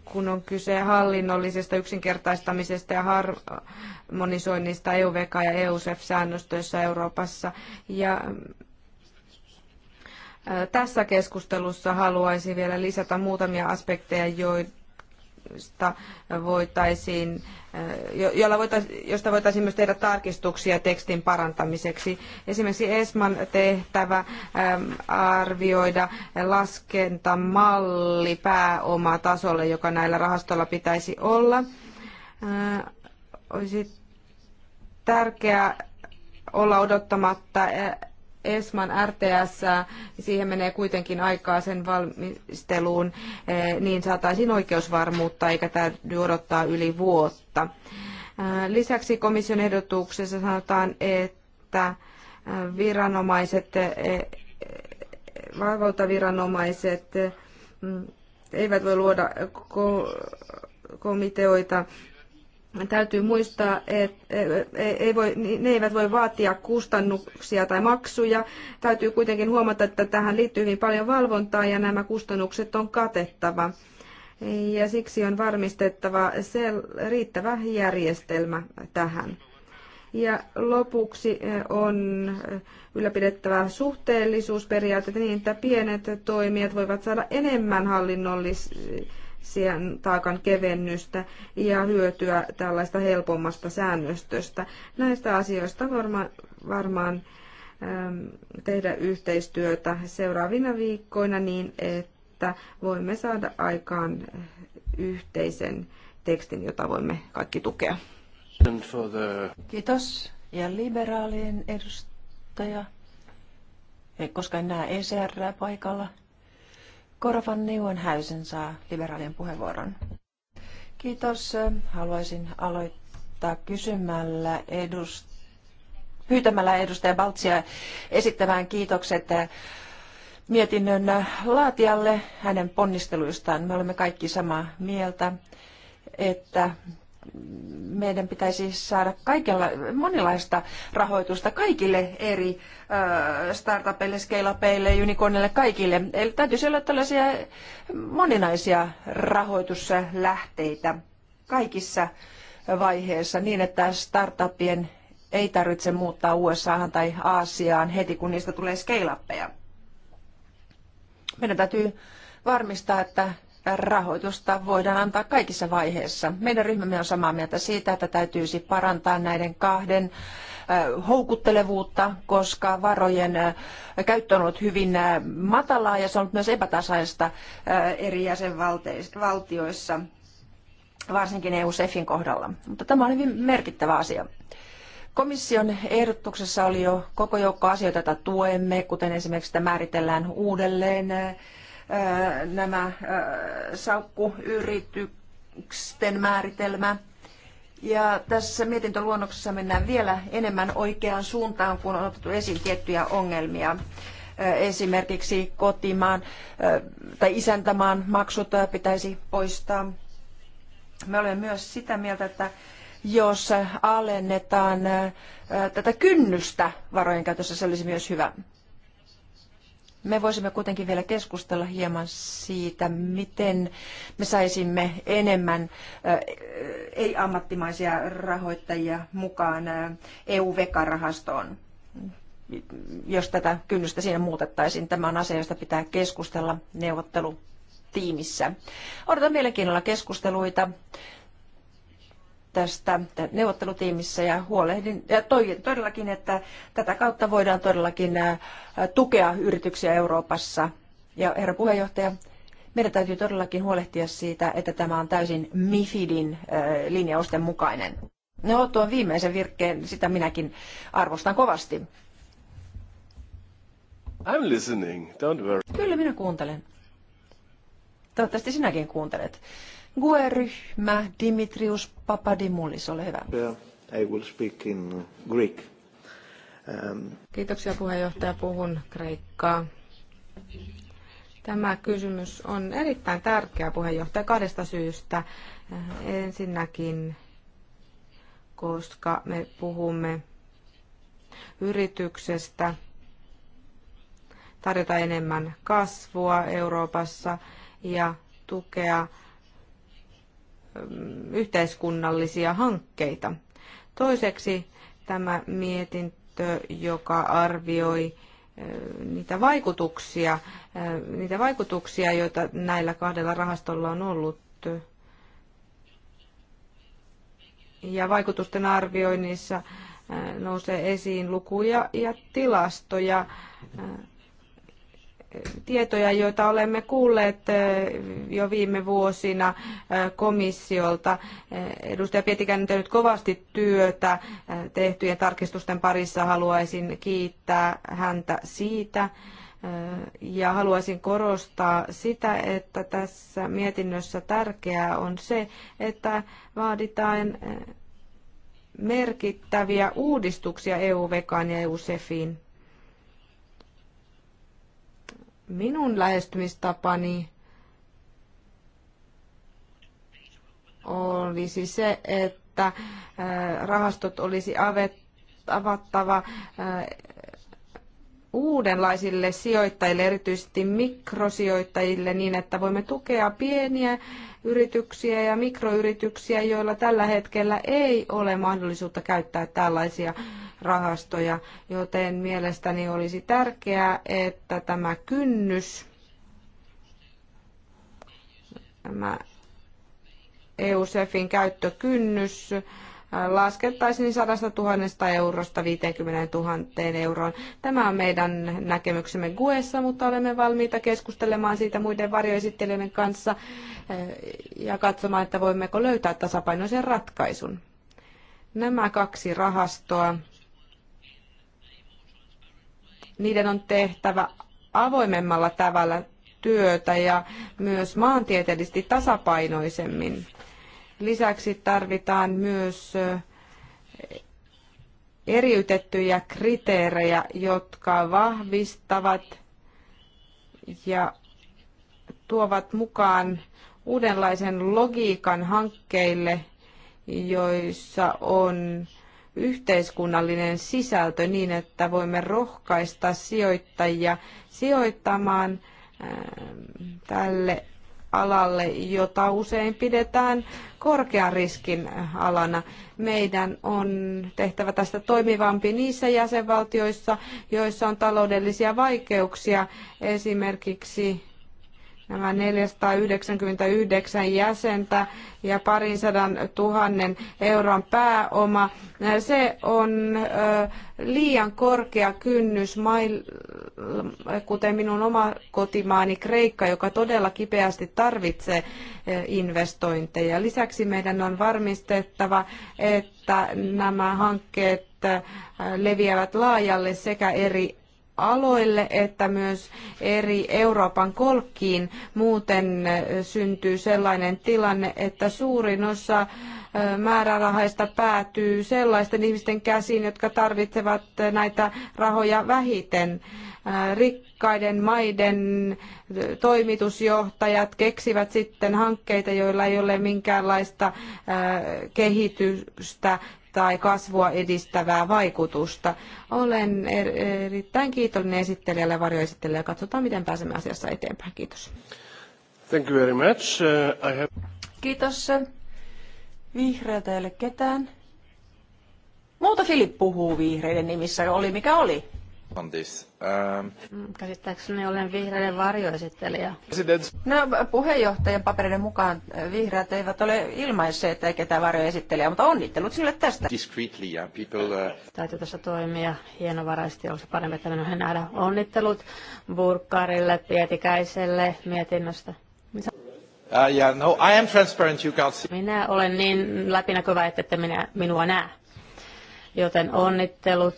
Speaker 2: kun on kyse hallinnollisesta yksinkertaistamisesta ja harmonisoinnista EUVK ja EUSEF-säännöstöissä Euroopassa. Ja tässä keskustelussa haluaisin vielä lisätä muutamia aspekteja, joista voitaisiin, joilla voitaisiin, josta voitaisiin myös tehdä tarkistuksia tekstin parantamiseksi. Esimerkiksi ESMAN tehtävä arvioida laskentamalli pääomatasolle, joka näillä rahastoilla pitäisi olla. Olisi tärkeää olla odottamatta ESMAN RTS, siihen menee kuitenkin aikaa sen valmisteluun, eh, niin saataisiin oikeusvarmuutta eikä täytyy odottaa yli vuotta. Eh, lisäksi komission ehdotuksessa sanotaan, että eh, viranomaiset, valvontaviranomaiset mm, eivät voi luoda komiteoita täytyy muistaa, että e, e, ei voi, ne eivät voi vaatia kustannuksia tai maksuja. Täytyy kuitenkin huomata, että tähän liittyy hyvin paljon valvontaa ja nämä kustannukset on katettava. Ja siksi on varmistettava riittävä järjestelmä tähän. Ja lopuksi e, on ylläpidettävä suhteellisuusperiaate niin, että pienet toimijat voivat saada enemmän hallinnollisia taakan kevennystä ja hyötyä tällaista helpommasta säännöstöstä. Näistä asioista varma, varmaan äm, tehdä yhteistyötä seuraavina viikkoina niin, että voimme saada aikaan yhteisen tekstin, jota voimme kaikki tukea. Kiitos. Ja
Speaker 4: liberaalien edustaja, koska en näe ECR paikalla. Korovan Neuenhäysen saa liberaalien puheenvuoron. Kiitos. Haluaisin aloittaa kysymällä edust- pyytämällä edustaja Baltsia esittämään kiitokset mietinnön laatijalle hänen ponnisteluistaan. Me olemme kaikki samaa mieltä, että meidän pitäisi saada kaikella, monilaista rahoitusta kaikille eri startupeille, scale-upeille, unicornille, kaikille. Eli täytyisi olla tällaisia moninaisia rahoituslähteitä kaikissa vaiheissa niin, että startupien ei tarvitse muuttaa USAhan tai Aasiaan heti, kun niistä tulee scale upeja Meidän täytyy varmistaa, että rahoitusta voidaan antaa kaikissa vaiheissa. Meidän ryhmämme on samaa mieltä siitä, että täytyisi parantaa näiden kahden houkuttelevuutta, koska varojen käyttö on ollut hyvin matalaa ja se on ollut myös epätasaista eri jäsenvaltioissa, varsinkin EU-SEFin kohdalla. Mutta tämä on hyvin merkittävä asia. Komission ehdotuksessa oli jo koko joukko asioita, joita tuemme, kuten esimerkiksi, että määritellään uudelleen nämä salkkuyritysten määritelmä. Ja tässä mietintöluonnoksessa mennään vielä enemmän oikeaan suuntaan, kun on otettu esiin tiettyjä ongelmia. Esimerkiksi kotimaan tai isäntämaan maksut pitäisi poistaa. Me olemme myös sitä mieltä, että jos alennetaan tätä kynnystä varojen käytössä, se olisi myös hyvä me voisimme kuitenkin vielä keskustella hieman siitä, miten me saisimme enemmän ei-ammattimaisia rahoittajia mukaan EU-vekarahastoon, jos tätä kynnystä siinä muutettaisiin. Tämä on asia, josta pitää keskustella neuvottelutiimissä. Odotan mielenkiinnolla keskusteluita tästä neuvottelutiimissä ja huolehdin ja todellakin, että tätä kautta voidaan todellakin tukea yrityksiä Euroopassa. Ja herra puheenjohtaja, meidän täytyy todellakin huolehtia siitä, että tämä on täysin MIFIDin linjausten mukainen. No tuon viimeisen virkkeen, sitä minäkin arvostan kovasti.
Speaker 6: I'm listening, don't worry.
Speaker 4: Kyllä minä kuuntelen. Toivottavasti sinäkin kuuntelet. GUE-ryhmä, Dimitrius Papadimulis, ole hyvä.
Speaker 1: I will speak in Greek. Um...
Speaker 2: Kiitoksia puheenjohtaja, puhun kreikkaa. Tämä kysymys on erittäin tärkeä puheenjohtaja kahdesta syystä. Ensinnäkin, koska me puhumme yrityksestä tarjota enemmän kasvua Euroopassa ja tukea Mm, yhteiskunnallisia hankkeita. Toiseksi tämä mietintö, joka arvioi eh, niitä vaikutuksia, eh, niitä vaikutuksia, joita näillä kahdella rahastolla on ollut. Ja vaikutusten arvioinnissa eh, nousee esiin lukuja ja tilastoja tietoja, joita olemme kuulleet eh, jo viime vuosina eh, komissiolta. Eh, edustaja Pietikäinen tehnyt kovasti työtä tehtyjen tarkistusten parissa. Haluaisin kiittää häntä siitä. Ja haluaisin korostaa sitä, että tässä mietinnössä tärkeää on se, että vaaditaan merkittäviä uudistuksia EU-vekaan ja EU-sefiin minun lähestymistapani olisi se, että äh, rahastot olisi avattava äh, uudenlaisille sijoittajille, erityisesti mikrosijoittajille, niin että voimme tukea pieniä yrityksiä ja mikroyrityksiä, joilla tällä hetkellä ei ole mahdollisuutta käyttää tällaisia rahastoja, joten mielestäni olisi tärkeää, että tämä kynnys, tämä EU-SEFin käyttökynnys, äh, laskettaisiin 100 000 eurosta 50 000 euroon. Tämä on meidän näkemyksemme GUEssa, mutta olemme valmiita keskustelemaan siitä muiden varjoesittelijöiden kanssa äh, ja katsomaan, että voimmeko löytää tasapainoisen ratkaisun. Nämä kaksi rahastoa niiden on tehtävä avoimemmalla tavalla työtä ja myös maantieteellisesti tasapainoisemmin. Lisäksi tarvitaan myös eriytettyjä kriteerejä, jotka vahvistavat ja tuovat mukaan uudenlaisen logiikan hankkeille, joissa on yhteiskunnallinen sisältö niin, että voimme rohkaista sijoittajia sijoittamaan ähm, tälle alalle, jota usein pidetään korkean riskin alana. Meidän on tehtävä tästä toimivampi niissä jäsenvaltioissa, joissa on taloudellisia vaikeuksia, esimerkiksi nämä 499 jäsentä ja parin sadan tuhannen euron pääoma. Se on liian korkea kynnys kuten minun oma kotimaani Kreikka, joka todella kipeästi tarvitsee investointeja. Lisäksi meidän on varmistettava, että nämä hankkeet leviävät laajalle sekä eri aloille että myös eri Euroopan kolkkiin. Muuten syntyy sellainen tilanne, että suurin osa määrärahaista päätyy sellaisten ihmisten käsiin, jotka tarvitsevat näitä rahoja vähiten. Rikkaiden maiden toimitusjohtajat keksivät sitten hankkeita, joilla ei ole minkäänlaista kehitystä tai kasvua edistävää vaikutusta. Olen er, erittäin kiitollinen esittelijälle ja varjoesittelijälle. Katsotaan, miten pääsemme asiassa eteenpäin. Kiitos.
Speaker 6: Thank you very much. Uh,
Speaker 1: I have...
Speaker 2: Kiitos. Vihreätä ei ole ketään.
Speaker 4: Muuta Filip puhuu vihreiden nimissä, oli mikä oli
Speaker 1: on this. Um...
Speaker 3: Mm, käsittääkseni olen vihreiden varjoesittelijä.
Speaker 4: No, puheenjohtajan papereiden
Speaker 3: mukaan äh, vihreät eivät ole ilmaisseet äh, ketään varjoesittelijää,
Speaker 4: mutta onnittelut sinulle tästä. Discreetly,
Speaker 1: yeah. People, uh...
Speaker 3: Täytyy tässä toimia hienovaraisesti, olisi parempi, että minä nähdä onnittelut Burkkarille, Pietikäiselle mietinnöstä.
Speaker 1: Uh, yeah, no, I am transparent, you can't see. Minä
Speaker 3: olen niin läpinäkyvä, että minä, minua näe. Joten onnittelut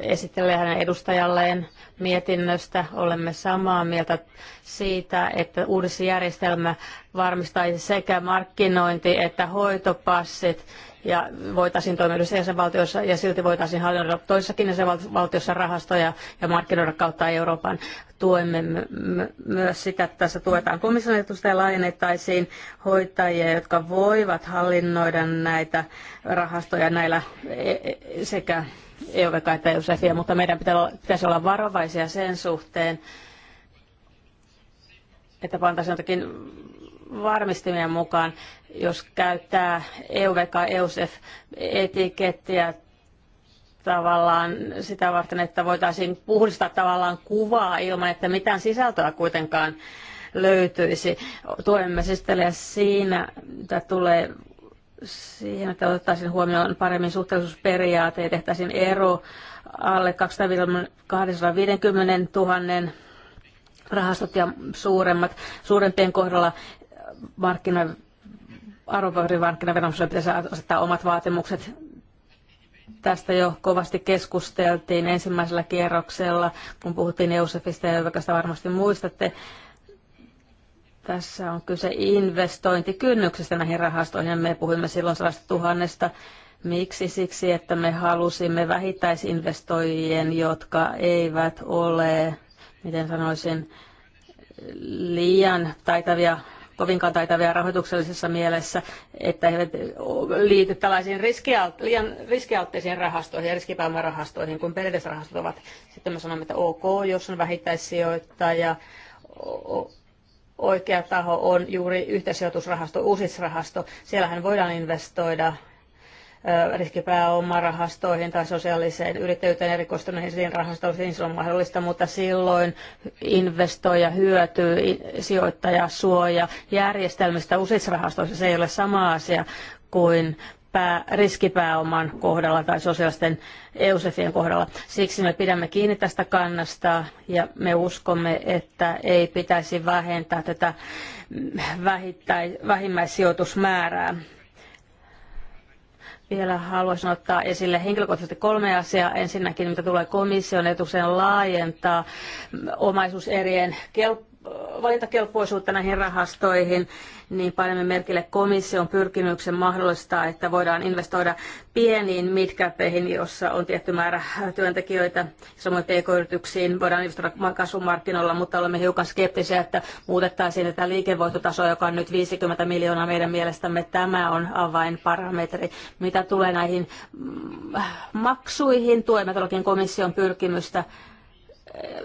Speaker 3: esittelee hänen edustajalleen mietinnöstä. Olemme samaa mieltä siitä, että uusi järjestelmä varmistaisi sekä markkinointi että hoitopassit ja voitaisiin toimia yhdessä jäsenvaltiossa ja silti voitaisiin hallinnoida toisessakin jäsenvaltiossa rahastoja ja markkinoida kautta Euroopan. Tuemme myös sitä, että tässä tuetaan komission ajatusta ja laajennettaisiin hoitajia, jotka voivat hallinnoida näitä rahastoja näillä e, e, sekä ole kai Josefia, mutta meidän pitäisi olla varovaisia sen suhteen, että pantaisiin jotakin varmistimien mukaan, jos käyttää EUVK, EUSEF etikettiä tavallaan sitä varten, että voitaisiin puhdistaa tavallaan kuvaa ilman, että mitään sisältöä kuitenkaan löytyisi. Tuemme siis siinä, mitä tulee siihen, että otettaisiin huomioon paremmin suhteellisuusperiaate ja tehtäisiin ero alle 250 000 rahastot ja suuremmat, suurempien kohdalla markkina, arvopaperimarkkinaviranomaisille pitäisi asettaa omat vaatimukset. Tästä jo kovasti keskusteltiin ensimmäisellä kierroksella, kun puhuttiin Eusefista ja vaikka varmasti muistatte tässä on kyse investointikynnyksestä näihin rahastoihin, ja me puhuimme silloin sellaista tuhannesta. Miksi? Siksi, että me halusimme vähittäisinvestoijien, jotka eivät ole, miten sanoisin, liian taitavia kovinkaan taitavia rahoituksellisessa mielessä, että he liity tällaisiin riskialt- liian riskialtteisiin rahastoihin ja riskipääomarahastoihin, kun perinteiset rahastot ovat. Sitten me sanomme, että ok, jos on vähittäissijoittaja, oikea taho on juuri yhteisijoitusrahasto, uusisrahasto. Siellähän voidaan investoida riskipääomarahastoihin tai sosiaaliseen yrittäjyyteen erikoistuneisiin rahastoihin, se on mahdollista, mutta silloin investoija hyötyy, sijoittaja järjestelmistä uusissa rahastoissa. Se ei ole sama asia kuin pää, riskipääoman kohdalla tai sosiaalisten EUSEFien kohdalla. Siksi me pidämme kiinni tästä kannasta ja me uskomme, että ei pitäisi vähentää tätä vähimmäissijoitusmäärää. Vielä haluaisin ottaa esille henkilökohtaisesti kolme asiaa. Ensinnäkin, mitä tulee komission etukseen laajentaa omaisuuserien kelpoisuutta valintakelpoisuutta näihin rahastoihin, niin painamme merkille komission pyrkimyksen mahdollistaa, että voidaan investoida pieniin midcapeihin, jossa on tietty määrä työntekijöitä, samoin pk-yrityksiin voidaan investoida kasvumarkkinoilla, mutta olemme hiukan skeptisiä, että muutettaisiin tätä liikevoittotasoa, joka on nyt 50 miljoonaa meidän mielestämme. Tämä on avainparametri. Mitä tulee näihin mm, maksuihin, tuemme todellakin komission pyrkimystä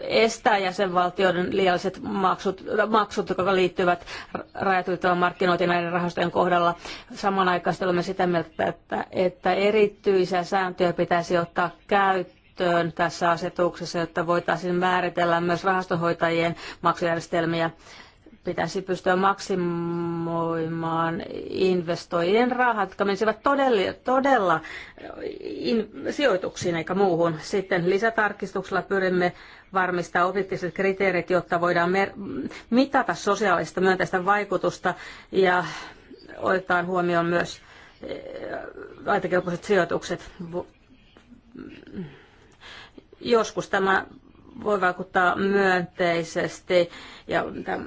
Speaker 3: estää jäsenvaltioiden liialliset maksut, maksut jotka liittyvät rajatyltävän markkinointiin näiden rahastojen kohdalla. Samanaikaisesti olemme sitä mieltä, että, että erityisiä sääntöjä pitäisi ottaa käyttöön tässä asetuksessa, jotta voitaisiin määritellä myös rahastonhoitajien maksujärjestelmiä pitäisi pystyä maksimoimaan investoijien rahat, jotka menisivät todella, todella in, sijoituksiin eikä muuhun. Sitten lisätarkistuksella pyrimme varmistaa objektiiviset kriteerit, jotta voidaan mitata sosiaalista myönteistä vaikutusta ja otetaan huomioon myös eh, laitakelpoiset sijoitukset. Joskus tämä voi vaikuttaa myönteisesti ja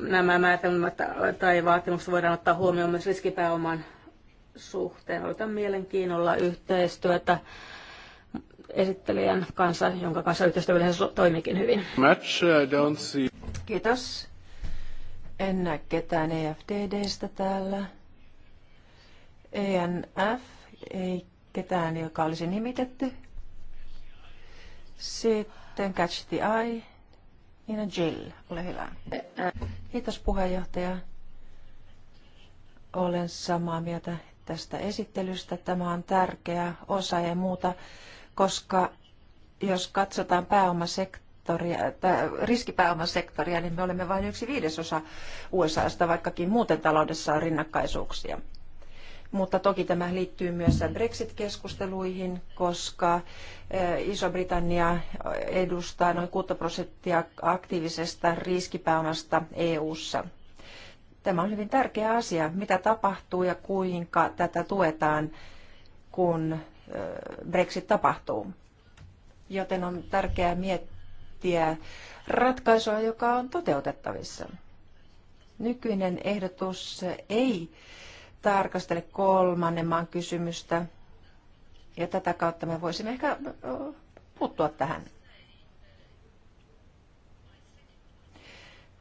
Speaker 3: nämä määritelmät tai vaatimukset voidaan ottaa huomioon myös riskipääoman suhteen. Odotan mielenkiinnolla yhteistyötä esittelijän kanssa, jonka kanssa yhteistyö yleensä toimikin hyvin. don't see. Kiitos. En näe ketään EFDDstä
Speaker 4: täällä. ENF, ei ketään, joka olisi nimitetty. Sitten Catch the Eye, Nina Jill, ole hyvä. Kiitos puheenjohtaja. Olen samaa mieltä tästä esittelystä. Tämä on tärkeä osa ja muuta koska jos katsotaan pääomasektoria, riskipääomasektoria, niin me olemme vain yksi viidesosa USAsta, vaikkakin muuten taloudessa on rinnakkaisuuksia. Mutta toki tämä liittyy myös Brexit-keskusteluihin, koska eh, Iso-Britannia edustaa noin 6 prosenttia aktiivisesta riskipääomasta EU:ssa. Tämä on hyvin tärkeä asia, mitä tapahtuu ja kuinka tätä tuetaan, kun Brexit tapahtuu. Joten on tärkeää miettiä ratkaisua, joka on toteutettavissa. Nykyinen ehdotus ei tarkastele kolmannen maan kysymystä, ja tätä kautta me voisimme ehkä puuttua tähän.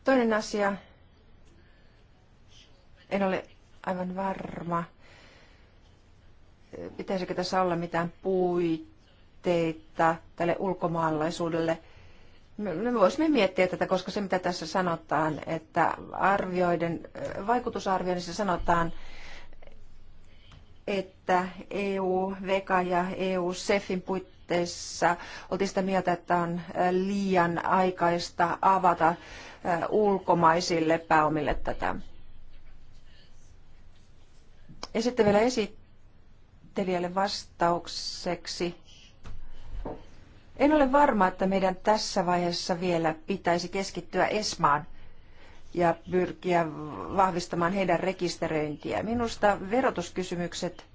Speaker 4: Toinen asia, en ole aivan varma, pitäisikö tässä olla mitään puitteita tälle ulkomaalaisuudelle? Me voisimme miettiä tätä, koska se mitä tässä sanotaan, että arvioiden, vaikutusarvioinnissa sanotaan, että EU-VEKA ja EU-SEFin puitteissa oltiin sitä mieltä, että on liian aikaista avata ulkomaisille pääomille tätä. Ja sitten vielä esit esittelijälle vastaukseksi. En ole varma, että meidän tässä vaiheessa vielä pitäisi keskittyä ESMAan ja pyrkiä vahvistamaan heidän rekisteröintiä. Minusta verotuskysymykset,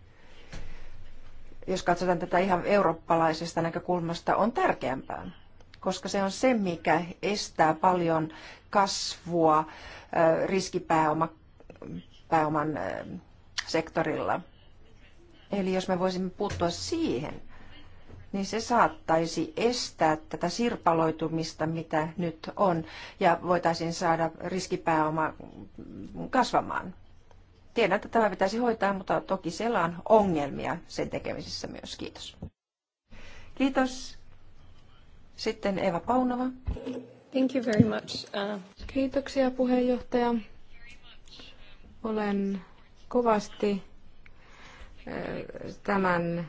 Speaker 4: jos katsotaan tätä ihan eurooppalaisesta näkökulmasta, on tärkeämpää, koska se on se, mikä estää paljon kasvua äh, riskipääoman äh, sektorilla. Eli jos me voisimme puuttua siihen, niin se saattaisi estää tätä sirpaloitumista, mitä nyt on, ja voitaisiin saada riskipääoma kasvamaan. Tiedän, että tämä pitäisi hoitaa, mutta toki siellä on ongelmia sen tekemisessä myös. Kiitos. Kiitos. Sitten Eva Paunova.
Speaker 2: Thank you very much. Uh... Kiitoksia puheenjohtaja. Olen kovasti tämän eh,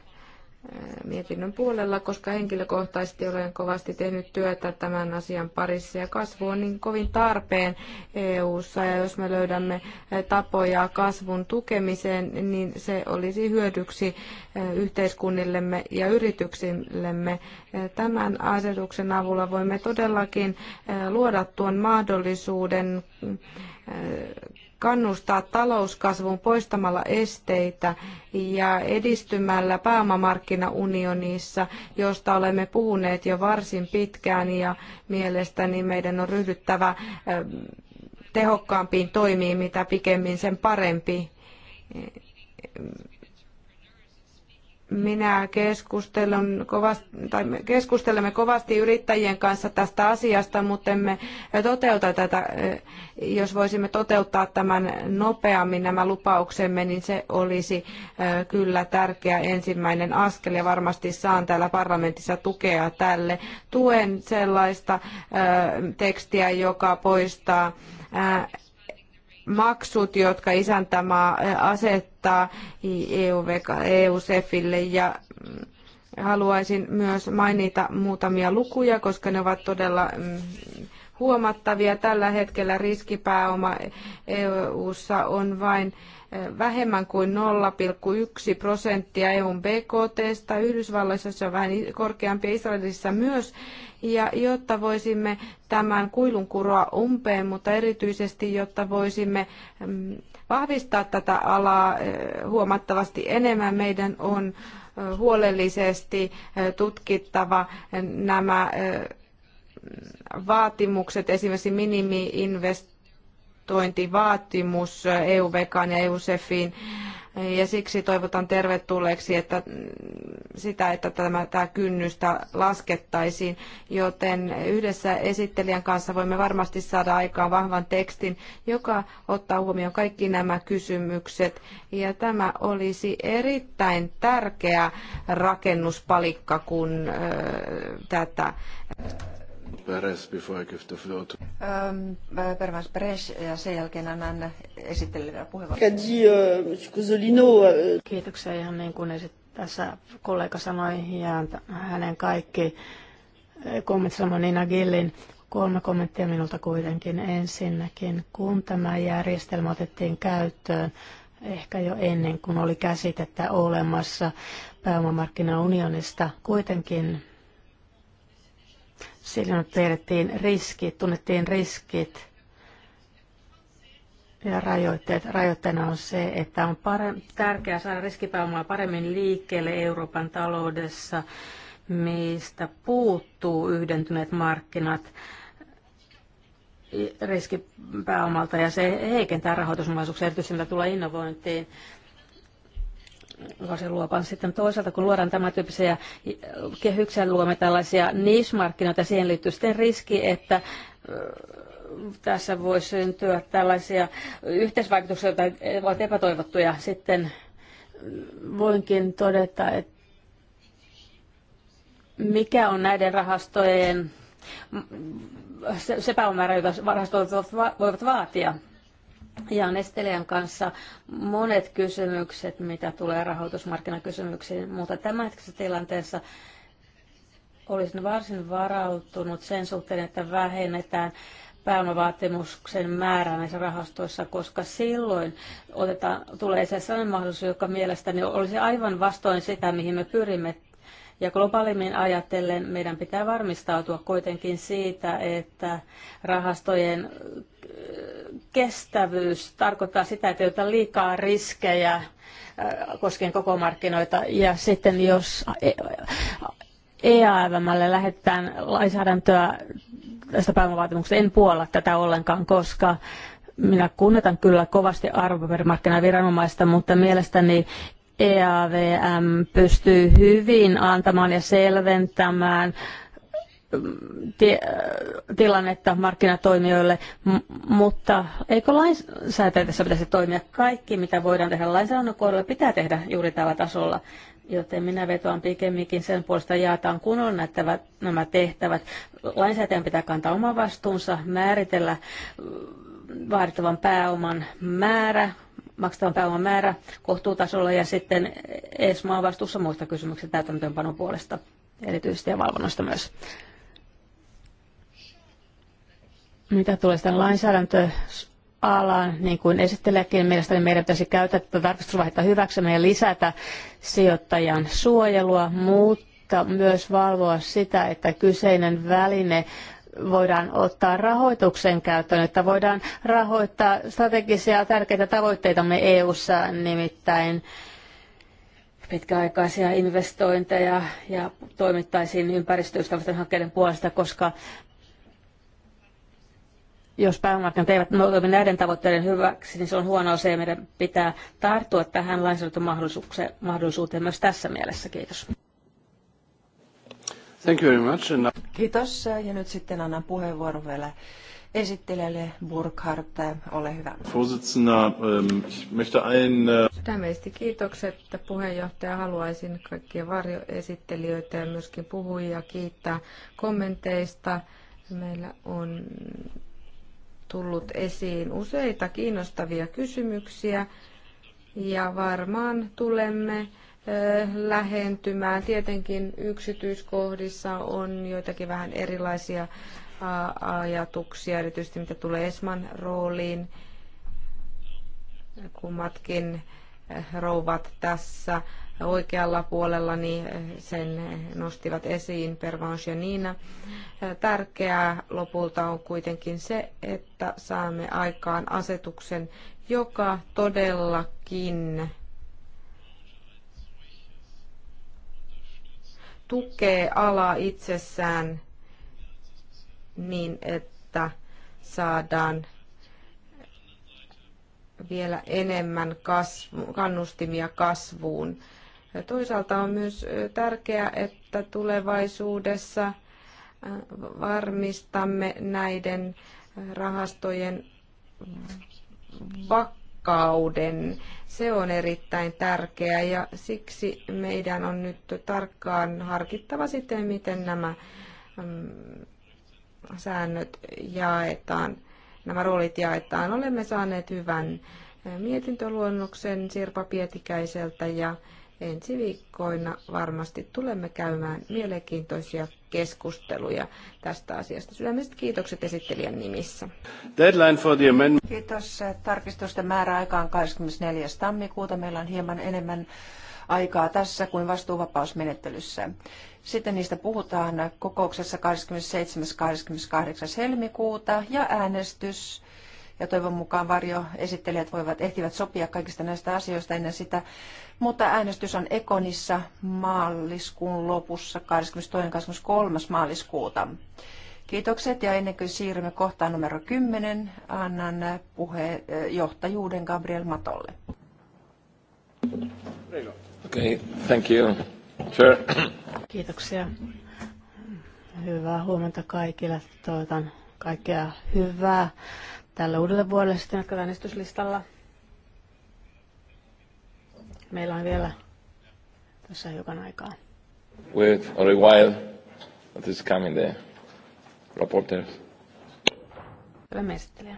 Speaker 2: mietinnön puolella, koska henkilökohtaisesti olen kovasti tehnyt työtä tämän asian parissa ja kasvu on niin kovin tarpeen EU-ssa ja jos me löydämme eh, tapoja kasvun tukemiseen, niin se olisi hyödyksi eh, yhteiskunnillemme ja yrityksillemme. Tämän asetuksen avulla voimme todellakin luoda tuon mahdollisuuden kannustaa talouskasvun poistamalla esteitä ja edistymällä pääomamarkkinaunionissa, josta olemme puhuneet jo varsin pitkään ja mielestäni meidän on ryhdyttävä ähm, tehokkaampiin toimiin, mitä pikemmin sen parempi minä keskustelen kovasti, tai me keskustelemme kovasti yrittäjien kanssa tästä asiasta, mutta emme toteuta tätä. Jos voisimme toteuttaa tämän nopeammin nämä lupauksemme, niin se olisi kyllä tärkeä ensimmäinen askel ja varmasti saan täällä parlamentissa tukea tälle. Tuen sellaista tekstiä, joka poistaa maksut, jotka isäntämaa asettaa EU-SEFille ja mm, haluaisin myös mainita muutamia lukuja, koska ne ovat todella mm, huomattavia. Tällä hetkellä riskipääoma EU:ssa on vain vähemmän kuin 0,1 prosenttia EUn BKTstä. Yhdysvalloissa se on vähän korkeampi ja Israelissa myös ja jotta voisimme tämän kuilun kuroa umpeen, mutta erityisesti jotta voisimme mm, vahvistaa tätä alaa eh, huomattavasti enemmän, meidän on eh, huolellisesti eh, tutkittava nämä vaatimukset, esimerkiksi minimiinvestointivaatimus EU-vekaan e ja EU-sefiin ja siksi toivotan tervetulleeksi että sitä, että tämä, tämä kynnystä laskettaisiin, joten yhdessä esittelijän kanssa voimme varmasti saada aikaan vahvan tekstin, joka ottaa huomioon kaikki nämä kysymykset. Ja tämä olisi erittäin tärkeä rakennuspalikka, kun tätä
Speaker 6: Peres, before I give the floor to...
Speaker 4: Ähm, Peres ja sen jälkeen annan esittelyä
Speaker 3: puheenvuoron. Euh, euh. Kiitoksia ihan niin kuin tässä kollega sanoi ja hänen kaikki eh, kommentit Nina Gillin. Kolme kommenttia minulta kuitenkin. Ensinnäkin, kun tämä järjestelmä otettiin käyttöön, ehkä jo ennen kuin oli käsitettä olemassa pääomamarkkinaunionista, kuitenkin Silloin tiedettiin riskit, tunnettiin riskit ja rajoitteet. Rajoitteena on se, että on parempi tärkeää saada riskipääomaa paremmin liikkeelle Euroopan taloudessa, mistä puuttuu yhdentyneet markkinat riskipääomalta ja se heikentää rahoitusmahdollisuuksia, erityisesti mitä tulee innovointiin luopan. Sitten toisaalta, kun luodaan tämän tyyppisiä eh, kehyksiä, luomme tällaisia niche-markkinoita, siihen liittyy sitten riski, että eh, tässä voi syntyä tällaisia yhteisvaikutuksia, joita ovat epätoivottuja. Sitten mm, voinkin todeta, että mikä on näiden rahastojen mm, se, se pääomäärä, jota rahastot voivat vaatia ja Nestelian kanssa monet kysymykset, mitä tulee rahoitusmarkkinakysymyksiin, mutta hetkessä tilanteessa olisin varsin varautunut sen suhteen, että vähennetään pääomavaatimuksen määrää näissä rahastoissa, koska silloin otetaan, tulee se sellainen mahdollisuus, joka mielestäni olisi aivan vastoin sitä, mihin me pyrimme. Ja globaalimmin ajatellen meidän pitää varmistautua kuitenkin siitä, että rahastojen kestävyys tarkoittaa sitä, että ei ota liikaa riskejä äh, koskien koko markkinoita. Ja sitten jos EAVMlle e lähetetään lainsäädäntöä tästä pääomavaatimuksesta, en puolla tätä ollenkaan, koska minä kunnetan kyllä kovasti arvopaperimarkkinaviranomaista, mutta mielestäni EAVM pystyy hyvin antamaan ja selventämään tilannetta markkinatoimijoille, mutta eikö lainsäätäjässä pitäisi toimia kaikki, mitä voidaan tehdä lainsäädännön kohdalla, pitää tehdä juuri tällä tasolla. Joten minä vetoan pikemminkin sen puolesta jaetaan kunnolla näyttävät nämä tehtävät. Lainsäätäjän pitää kantaa oma vastuunsa, määritellä vaadittavan pääoman määrä, maksettavan pääoman määrä kohtuutasolla ja sitten ESMA on vastuussa muista kysymyksistä täytäntöönpanon puolesta erityisesti ja valvonnasta myös. Mitä tulee sitten lainsäädäntöalaan, niin kuin esittelijäkin, mielestäni meidän pitäisi käyttää tätä tarkastusvaihetta hyväksemme ja lisätä sijoittajan suojelua, mutta myös valvoa sitä, että kyseinen väline voidaan ottaa rahoituksen käyttöön, että voidaan rahoittaa strategisia tärkeitä tavoitteitamme EU-ssa, nimittäin pitkäaikaisia investointeja ja toimittaisiin ympäristöystävällisten hankkeiden puolesta, koska jos pääomamarkkinat eivät toimi näiden tavoitteiden hyväksi, niin se on huono se, ja meidän pitää tarttua tähän lainsäädäntömahdollisuuteen myös tässä mielessä. Kiitos.
Speaker 5: Thank you
Speaker 4: very much.
Speaker 3: Kiitos. Ja nyt sitten annan puheenvuoron
Speaker 2: vielä esittelijälle Burkhardt. Ole hyvä. Um,
Speaker 5: uh-
Speaker 2: Sydämellisesti kiitokset puheenjohtaja. Haluaisin kaikkia varjoesittelijöitä ja myöskin puhujia kiittää kommenteista. Meillä on tullut esiin useita kiinnostavia kysymyksiä ja varmaan tulemme lähentymään. Tietenkin yksityiskohdissa on joitakin vähän erilaisia ajatuksia, erityisesti mitä tulee Esman rooliin. Kummatkin rouvat tässä oikealla puolella niin sen nostivat esiin pervaus ja Niina. Tärkeää lopulta on kuitenkin se, että saamme aikaan asetuksen, joka todellakin tukee alaa itsessään niin, että saadaan vielä enemmän kasvu, kannustimia kasvuun Toisaalta on myös tärkeää, että tulevaisuudessa varmistamme näiden rahastojen vakauden. Se on erittäin tärkeää ja siksi meidän on nyt tarkkaan harkittava sitten, miten nämä mm, säännöt jaetaan, nämä roolit jaetaan. Olemme saaneet hyvän mietintöluonnoksen Sirpa Pietikäiseltä ja ensi viikkoina varmasti tulemme käymään mielenkiintoisia keskusteluja tästä asiasta. Sydämiset kiitokset esittelijän nimissä.
Speaker 6: Deadline for the amendment.
Speaker 2: Kiitos. Tarkistusten määräaika on
Speaker 4: 24. tammikuuta. Meillä on hieman enemmän aikaa tässä kuin vastuuvapausmenettelyssä. Sitten niistä puhutaan kokouksessa 27.–28. helmikuuta ja äänestys ja toivon mukaan varjoesittelijät voivat, ehtivät sopia kaikista näistä asioista ennen sitä mutta äänestys on Ekonissa maaliskuun lopussa 22. maaliskuuta. Kiitokset ja ennen kuin siirrymme kohtaan numero 10, annan puheenjohtajuuden eh, Gabriel Matolle.
Speaker 5: Okay, thank you. Sure.
Speaker 3: Kiitoksia. Hyvää huomenta kaikille. Toivotan kaikkea hyvää Tällä uudelle vuodelle sitten äänestyslistalla. Meillä on vielä tässä hiukan aikaa.
Speaker 5: Wait a while. What is coming there? Reporters. mestelijä.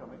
Speaker 5: coming.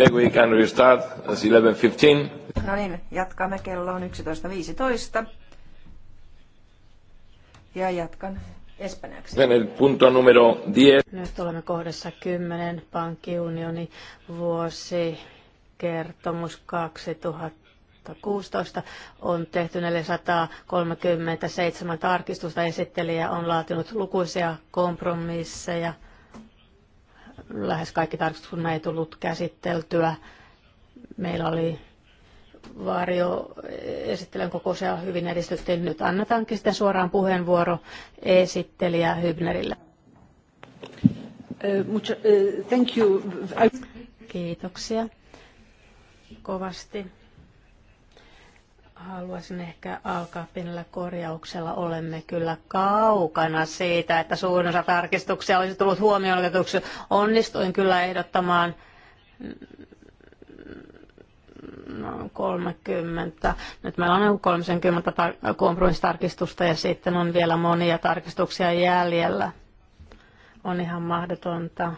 Speaker 1: Okay, we can restart as 11.15.
Speaker 4: No niin, jatkamme kello on 11.15.
Speaker 3: Ja jatkan espanjaksi.
Speaker 1: Punto numero 10.
Speaker 3: Nyt olemme kohdassa 10, pankkiunioni vuosi kertomus 16 on tehty 437 tarkistusta. Esittelijä on laatinut lukuisia kompromisseja lähes kaikki tarkastukset, kun ei tullut käsiteltyä. Meillä oli varjo esittelen kokoisia hyvin edistyttiin. Nyt annetaankin sitten suoraan puheenvuoro esittelijä Hybnerille. Kiitoksia kovasti Haluaisin ehkä alkaa pienellä korjauksella. Olemme kyllä kaukana siitä, että suurin osa tarkistuksia olisi tullut huomioon otetuksi. Onnistuin kyllä ehdottamaan noin 30. Nyt meillä on noin 30 tar- kompromissitarkistusta ja sitten on vielä monia tarkistuksia jäljellä. On ihan mahdotonta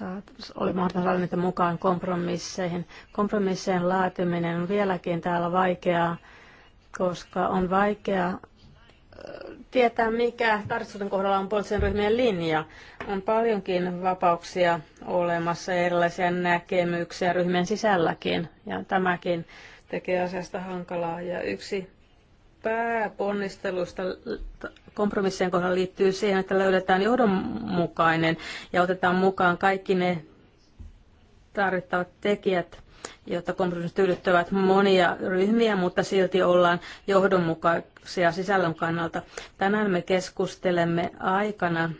Speaker 3: saat, oli mahdollista niitä mukaan kompromisseihin. Kompromissien laatiminen on vieläkin täällä vaikeaa, koska on vaikea tietää, mikä tarkistuksen kohdalla on poliittisen ryhmien linja. On paljonkin vapauksia olemassa erilaisia näkemyksiä ryhmien sisälläkin, ja tämäkin tekee asiasta hankalaa. Ja yksi pääponnistelusta kompromissien kohdalla liittyy siihen, että löydetään johdonmukainen ja otetaan mukaan kaikki ne tarvittavat tekijät, jotta kompromissit tyydyttävät monia ryhmiä, mutta silti ollaan johdonmukaisia sisällön kannalta. Tänään me keskustelemme aikana,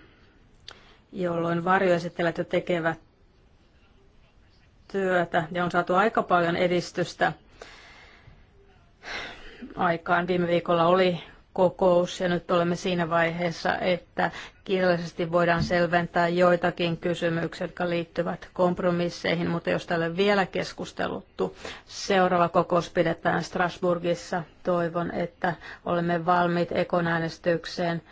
Speaker 3: jolloin varjoesittelijät jo tekevät työtä ja on saatu aika paljon edistystä – aikaan. Viime viikolla oli kokous ja nyt olemme siinä vaiheessa, että kirjallisesti voidaan selventää joitakin kysymyksiä, jotka liittyvät kompromisseihin, mutta jos tälle vielä keskusteluttu, seuraava kokous pidetään Strasburgissa. Toivon, että olemme valmiit ekonäänestykseen äänestykseen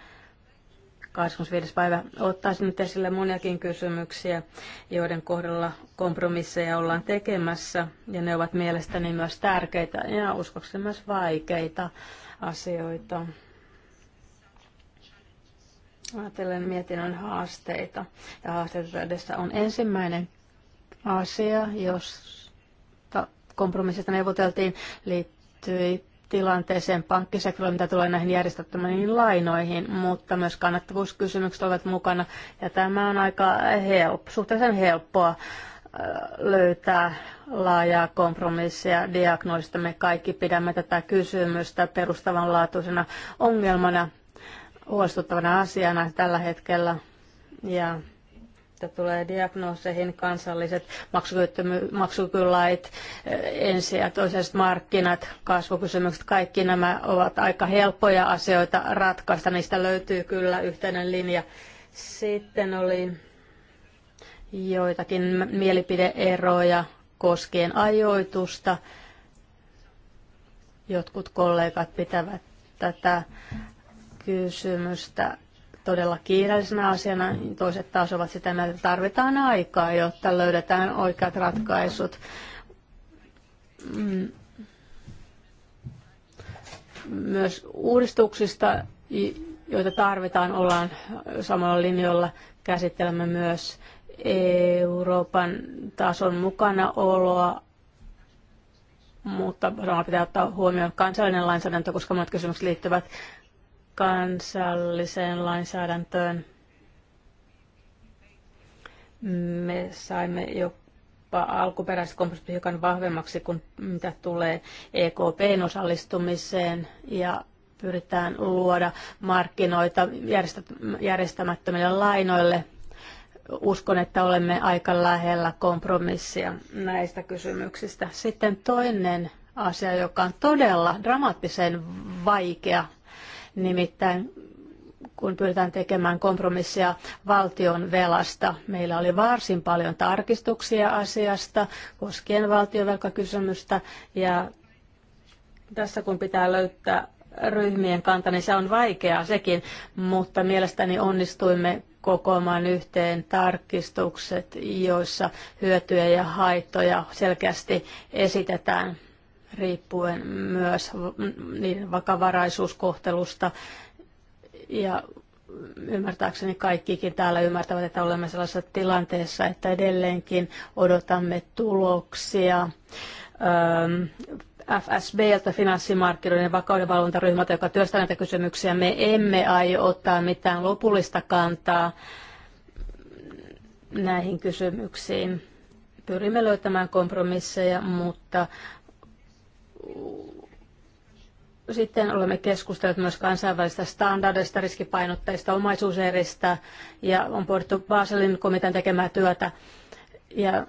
Speaker 3: 25. päivä. ottaisi nyt esille moniakin kysymyksiä, joiden kohdalla kompromisseja ollaan tekemässä, ja ne ovat mielestäni myös tärkeitä ja uskokseni myös vaikeita asioita. Ajattelen mietinnön haasteita, ja haasteita edessä on ensimmäinen asia, josta kompromissista neuvoteltiin, liittyi tilanteeseen pankkisektorilla, mitä tulee näihin järjestettömiin lainoihin, mutta myös kannattavuuskysymykset ovat mukana. Ja tämä on aika help, suhteellisen helppoa äh, löytää laajaa kompromissia diagnoosista. Me kaikki pidämme tätä kysymystä perustavanlaatuisena ongelmana, huolestuttavana asiana tällä hetkellä. Ja että tulee diagnooseihin, kansalliset maksukyllait, eh, ensi- ja toiset markkinat, kasvukysymykset, kaikki nämä ovat aika helppoja asioita ratkaista. Niistä löytyy kyllä yhteinen linja. Sitten oli joitakin mielipideeroja koskien ajoitusta. Jotkut kollegat pitävät tätä kysymystä todella kiireellisenä asiana, niin toiset taas ovat sitä mieltä, että tarvitaan aikaa, jotta löydetään oikeat ratkaisut. Mm. Myös uudistuksista, joita tarvitaan, ollaan samalla linjalla Käsittelemme myös Euroopan tason oloa, mutta samalla pitää ottaa huomioon kansallinen lainsäädäntö, koska monet kysymykset liittyvät kansalliseen lainsäädäntöön. Me saimme jo alkuperäiset kompromissit hiukan vahvemmaksi kuin mitä tulee EKPn osallistumiseen ja pyritään luoda markkinoita järjestämättömille lainoille. Uskon, että olemme aika lähellä kompromissia näistä kysymyksistä. Sitten toinen asia, joka on todella dramaattisen vaikea Nimittäin kun pyritään tekemään kompromissia valtion velasta. Meillä oli varsin paljon tarkistuksia asiasta koskien valtionvelkakysymystä ja tässä kun pitää löytää ryhmien kanta, niin se on vaikeaa sekin, mutta mielestäni onnistuimme kokoamaan yhteen tarkistukset, joissa hyötyjä ja haittoja selkeästi esitetään riippuen myös niiden vakavaraisuuskohtelusta. Ja ymmärtääkseni kaikkikin täällä ymmärtävät, että olemme sellaisessa tilanteessa, että edelleenkin odotamme tuloksia. FSB ja finanssimarkkinoiden vakaudenvalvontaryhmältä, joka työstää näitä kysymyksiä. Me emme aio ottaa mitään lopullista kantaa näihin kysymyksiin. Pyrimme löytämään kompromisseja, mutta sitten olemme keskustelleet myös kansainvälistä standardeista, riskipainotteista, omaisuuseristä ja on pohdittu Baselin komitean tekemää työtä. Ja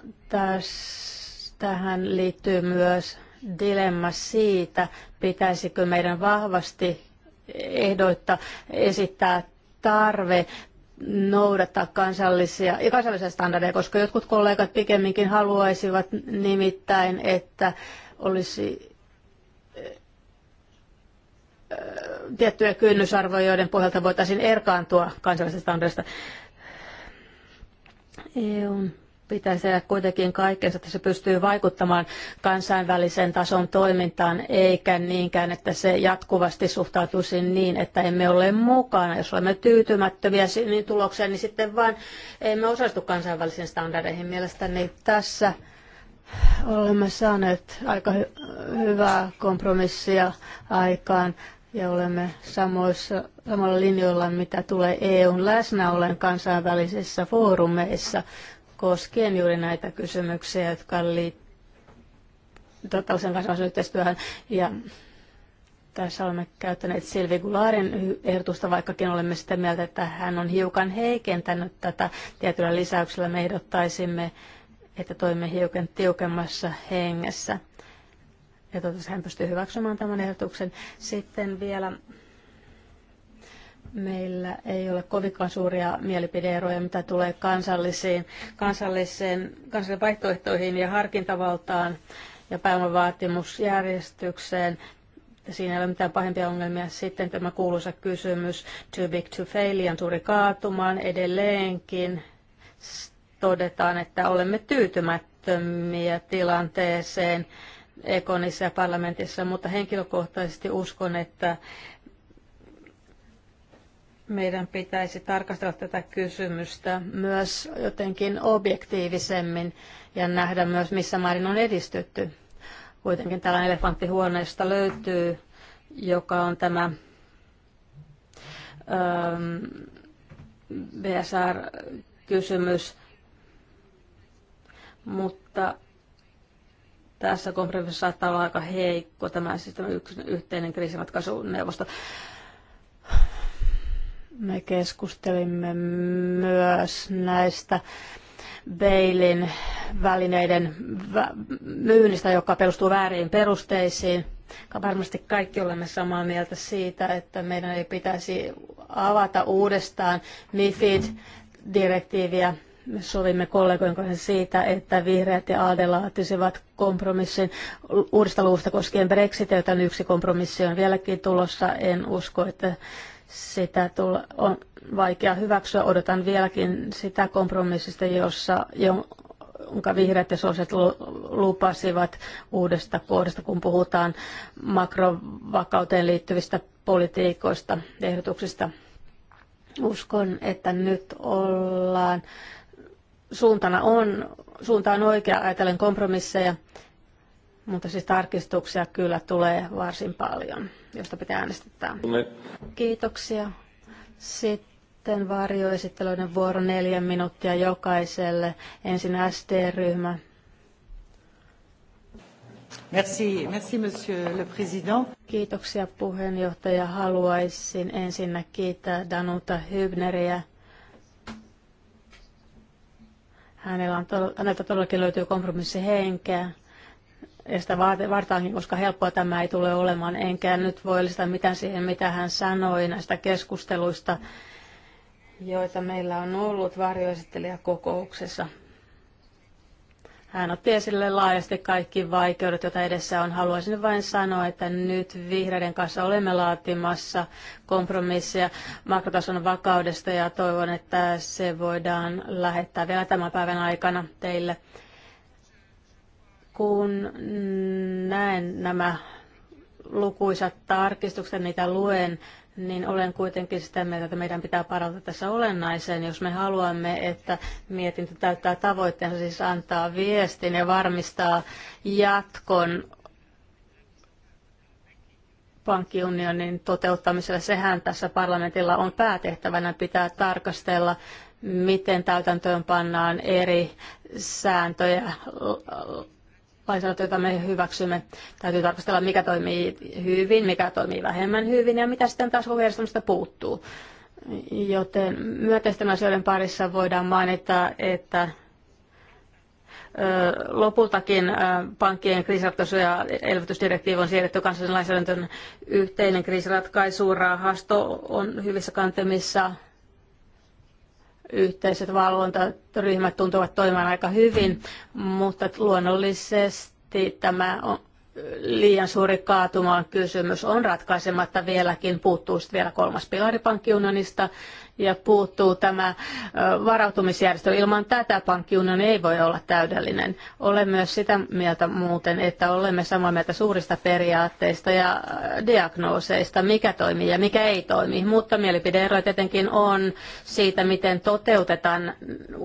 Speaker 3: tähän liittyy myös dilemma siitä, pitäisikö meidän vahvasti ehdoitta esittää tarve noudattaa kansallisia, ja kansallisia standardeja, koska jotkut kollegat pikemminkin haluaisivat nimittäin, että olisi tiettyjä kynnysarvoja, joiden pohjalta voitaisiin erkaantua kansallisesta standardista. EU pitäisi tehdä kuitenkin kaikkensa, että se pystyy vaikuttamaan kansainvälisen tason toimintaan, eikä niinkään, että se jatkuvasti suhtautuisi niin, että emme ole mukana. Jos olemme tyytymättömiä niin tulokseen, niin sitten vain emme osallistu kansainvälisiin standardeihin. Mielestäni tässä olemme saaneet aika hy- hyvää kompromissia aikaan ja olemme samoissa, samalla linjoilla, mitä tulee EUn läsnäolen kansainvälisissä foorumeissa koskien juuri näitä kysymyksiä, jotka liittyvät tällaisen kansainvälisen Ja tässä olemme käyttäneet Silvi Gularin ehdotusta, vaikkakin olemme sitä mieltä, että hän on hiukan heikentänyt tätä tietyllä lisäyksellä. Me ehdottaisimme, että toimme hiukan tiukemmassa hengessä ja toivottavasti hän pystyy hyväksymään tämän ehdotuksen. Sitten vielä meillä ei ole kovinkaan suuria mielipideeroja, mitä tulee kansallisiin, kansalliseen, kansallisiin vaihtoehtoihin ja harkintavaltaan ja pääomavaatimusjärjestykseen. Siinä ei ole mitään pahempia ongelmia. Sitten tämä kuuluisa kysymys, too big to fail, liian suuri kaatumaan edelleenkin. Todetaan, että olemme tyytymättömiä tilanteeseen Ekonissa ja parlamentissa, mutta henkilökohtaisesti uskon, että meidän pitäisi tarkastella tätä kysymystä myös jotenkin objektiivisemmin ja nähdä myös, missä määrin on edistytty. Kuitenkin tällainen elefanttihuoneesta löytyy, joka on tämä öö, ähm, BSR-kysymys, mutta tässä kompromississa saattaa olla aika heikko tämä siis tämä yhteinen kriisinratkaisuneuvosto. Me keskustelimme myös näistä Beilin välineiden myynnistä, joka perustuu väärin perusteisiin. Varmasti kaikki olemme samaa mieltä siitä, että meidän ei pitäisi avata uudestaan MIFID-direktiiviä sovimme kollegojen kanssa siitä, että vihreät ja ALDE laatisivat kompromissin uudesta luvusta koskien Brexitiä, jota yksi kompromissi on vieläkin tulossa. En usko, että sitä on vaikea hyväksyä. Odotan vieläkin sitä kompromissista, jossa, jonka vihreät ja sosiaaliset lupasivat uudesta kohdasta, kun puhutaan makrovakauteen liittyvistä politiikoista, ehdotuksista. Uskon, että nyt ollaan suuntana on, suunta on oikea ajatellen kompromisseja, mutta siis tarkistuksia kyllä tulee varsin paljon, josta pitää äänestyttää. Kiitoksia. Sitten varjoesittelyiden vuoro neljä minuuttia jokaiselle. Ensin ST-ryhmä. Merci, merci monsieur le président. Kiitoksia puheenjohtaja. Haluaisin ensinnä kiittää Danuta Hybneriä Hänellä on tol- häneltä todellakin löytyy kompromissihenkeä ja sitä vartaankin, koska helppoa tämä ei tule olemaan. Enkä nyt voi lisätä mitään siihen, mitä hän sanoi näistä keskusteluista, joita meillä on ollut varjoesittelijäkokouksessa hän otti esille laajasti kaikki vaikeudet, joita edessä on. Haluaisin vain sanoa, että nyt vihreiden kanssa olemme laatimassa kompromisseja makrotason vakaudesta ja toivon, että se voidaan lähettää vielä tämän päivän aikana teille. Kun näen nämä lukuisat tarkistukset, mitä luen, niin olen kuitenkin sitä mieltä, että meidän pitää parantaa tässä olennaiseen, jos me haluamme, että mietintö täyttää tavoitteensa, siis antaa viestin ja varmistaa jatkon pankkiunionin toteuttamiselle. Sehän tässä parlamentilla on päätehtävänä pitää tarkastella, miten täytäntöön pannaan eri sääntöjä lainsäädäntö, jota me hyväksymme. Täytyy tarkastella, mikä toimii hyvin, mikä toimii vähemmän hyvin ja mitä sitten taas koko puuttuu. Joten myönteisten asioiden parissa voidaan mainita, että lopultakin pankkien kriisiratkaisu- ja elvytysdirektiivi on siirretty kansallisen lainsäädäntön yhteinen Rahasto on hyvissä kantemissa yhteiset valvontaryhmät tuntuvat toimimaan aika hyvin, mutta luonnollisesti tämä on liian suuri kaatumaan kysymys on ratkaisematta vieläkin, puuttuu sitten vielä kolmas pilaripankkiunionista ja puuttuu tämä varautumisjärjestö Ilman tätä pankkiunioni ei voi olla täydellinen. Olen myös sitä mieltä muuten, että olemme samaa mieltä suurista periaatteista ja diagnooseista, mikä toimii ja mikä ei toimi. Mutta mielipideero tietenkin on siitä, miten toteutetaan,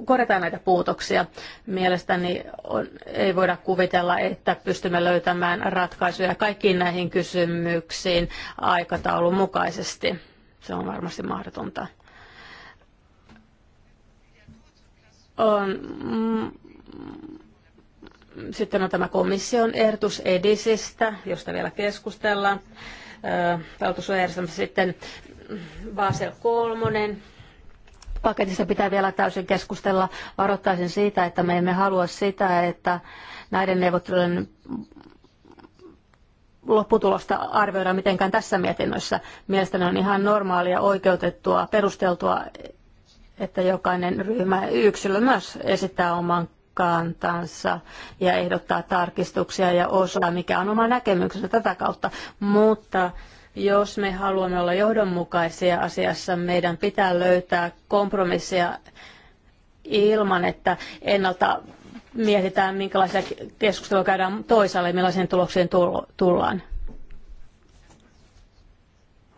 Speaker 3: korjataan näitä puutoksia. Mielestäni on, ei voida kuvitella, että pystymme löytämään ratkaisuja kaikkiin näihin kysymyksiin aikataulun mukaisesti. Se on varmasti mahdotonta. on mm, sitten on tämä komission ehdotus edisistä, josta vielä keskustellaan. Valtuusjärjestelmässä sitten Basel kolmonen paketista pitää vielä täysin keskustella. Varoittaisin siitä, että me emme halua sitä, että näiden neuvottelujen lopputulosta arvioidaan mitenkään tässä mietinnössä. Mielestäni on ihan normaalia, oikeutettua, perusteltua, että jokainen ryhmä yksilö myös esittää oman kantansa ja ehdottaa tarkistuksia ja osaa, mikä on oma näkemyksensä tätä kautta. Mutta jos me haluamme olla johdonmukaisia asiassa, meidän pitää löytää kompromisseja ilman, että ennalta mietitään, minkälaisia keskustelua käydään toisaalle ja millaisiin tuloksiin tullaan.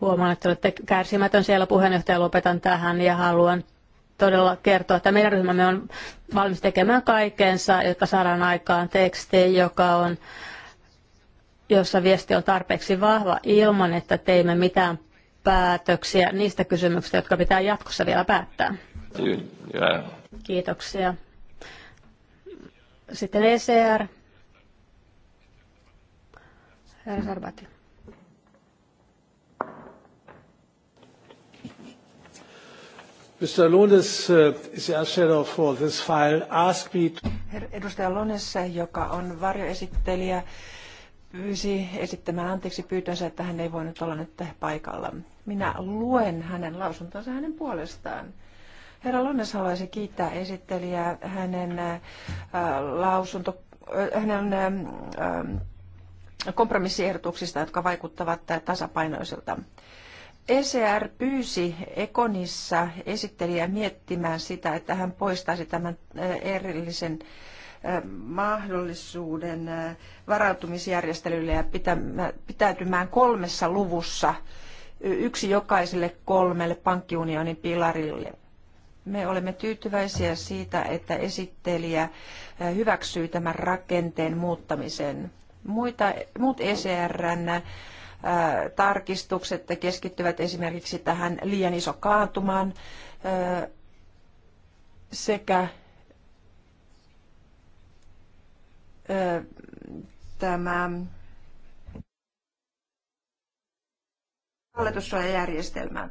Speaker 3: Huomaan, että olette kärsimätön siellä puheenjohtaja. Lopetan tähän ja haluan todella kertoa, että meidän ryhmämme on valmis tekemään kaikensa, jotta saadaan aikaan teksti, joka on, jossa viesti on tarpeeksi vahva ilman, että teimme mitään päätöksiä niistä kysymyksistä, jotka pitää jatkossa vielä päättää. Kiitoksia. Sitten ECR. Herra Sarvati.
Speaker 6: Mr. Lunes uh, is the for this file. Ask me to...
Speaker 4: Edustaja Lunes, joka on varjoesittelijä, pyysi esittämään anteeksi pyytönsä, että hän ei voinut olla nyt paikalla. Minä luen hänen lausuntonsa hänen puolestaan. Herra Lunes haluaisi kiittää esittelijää hänen äh, lausunto, äh, hänen äh, kompromissiehdotuksista, jotka vaikuttavat tasapainoisilta. Äh, ECR pyysi Ekonissa esittelijä miettimään sitä, että hän poistaisi tämän erillisen mahdollisuuden varautumisjärjestelylle ja pitäytymään kolmessa luvussa, yksi jokaiselle kolmelle pankkiunionin pilarille. Me olemme tyytyväisiä siitä, että esittelijä hyväksyy tämän rakenteen muuttamisen. Muita, muut ECRn tarkistukset keskittyvät esimerkiksi tähän liian iso kaatumaan sekä tämä hallitussuojajärjestelmä.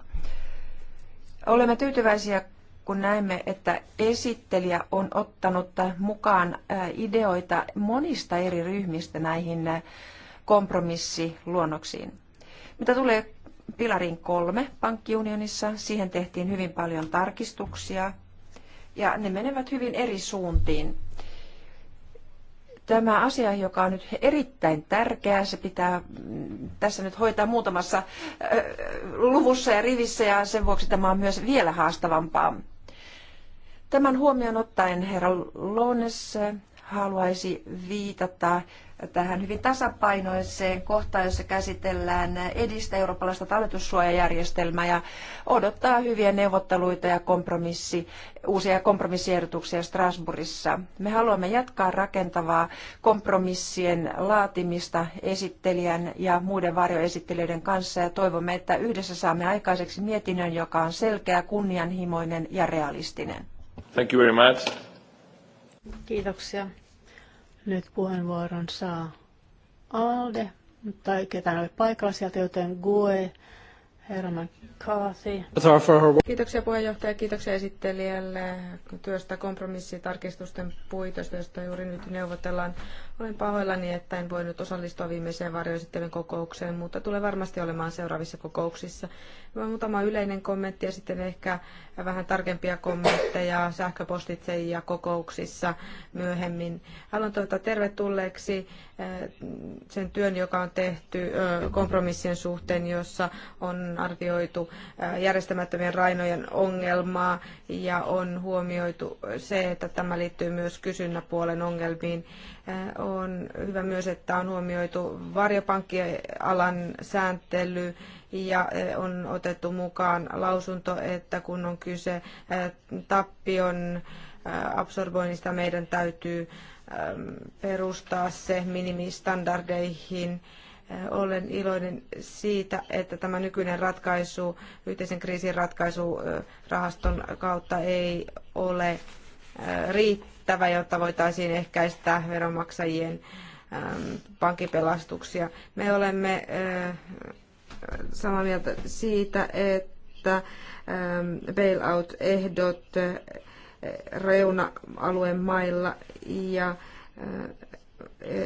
Speaker 4: Olemme tyytyväisiä, kun näemme, että esittelijä on ottanut mukaan ideoita monista eri ryhmistä näihin kompromissiluonnoksiin. Mitä tulee pilarin kolme pankkiunionissa, siihen tehtiin hyvin paljon tarkistuksia ja ne menevät hyvin eri suuntiin. Tämä asia, joka on nyt erittäin tärkeä, se pitää tässä nyt hoitaa muutamassa luvussa ja rivissä ja sen vuoksi tämä on myös vielä haastavampaa. Tämän huomioon ottaen herra Lones haluaisi viitata tähän hyvin tasapainoiseen kohtaan, jossa käsitellään edistä eurooppalaista talletussuojajärjestelmää ja odottaa hyviä neuvotteluita ja kompromissi, uusia kompromissiehdotuksia Strasbourgissa. Me haluamme jatkaa rakentavaa kompromissien laatimista esittelijän ja muiden varjoesittelijöiden kanssa ja toivomme, että yhdessä saamme aikaiseksi mietinnön, joka on selkeä, kunnianhimoinen ja realistinen.
Speaker 1: Thank you very much.
Speaker 3: Kiitoksia. Nyt puheenvuoron saa Alde, tai ketään ole paikalla sieltä, joten Gue, herra McCarthy. Kiitoksia puheenjohtaja, kiitoksia esittelijälle työstä
Speaker 2: kompromissitarkistusten puitosta, josta juuri nyt neuvotellaan. Olen pahoillani, että en voinut osallistua viimeiseen varjoesittelyn kokoukseen, mutta tulee varmasti olemaan seuraavissa kokouksissa. Muutama yleinen kommentti ja sitten ehkä vähän tarkempia kommentteja sähköpostitse ja kokouksissa myöhemmin. Haluan toivottaa tervetulleeksi eh, sen työn, joka on tehty eh, kompromissien suhteen, jossa on arvioitu eh, järjestämättömien rainojen ongelmaa ja on huomioitu se, että tämä liittyy myös kysynnäpuolen ongelmiin. On hyvä myös, että on huomioitu varjopankkialan sääntely ja e, on otettu mukaan lausunto, että kun on kyse e, tappion e, absorboinnista, meidän täytyy perustaa se minimistandardeihin. Olen iloinen siitä, että tämä nykyinen ratkaisu, yhteisen kriisin rahaston kautta ei ole riittävä, jotta voitaisiin ehkäistä veronmaksajien pankkipelastuksia. Me olemme samaa mieltä siitä, että ähm, bailout-ehdot äh, reuna-alueen mailla ja äh,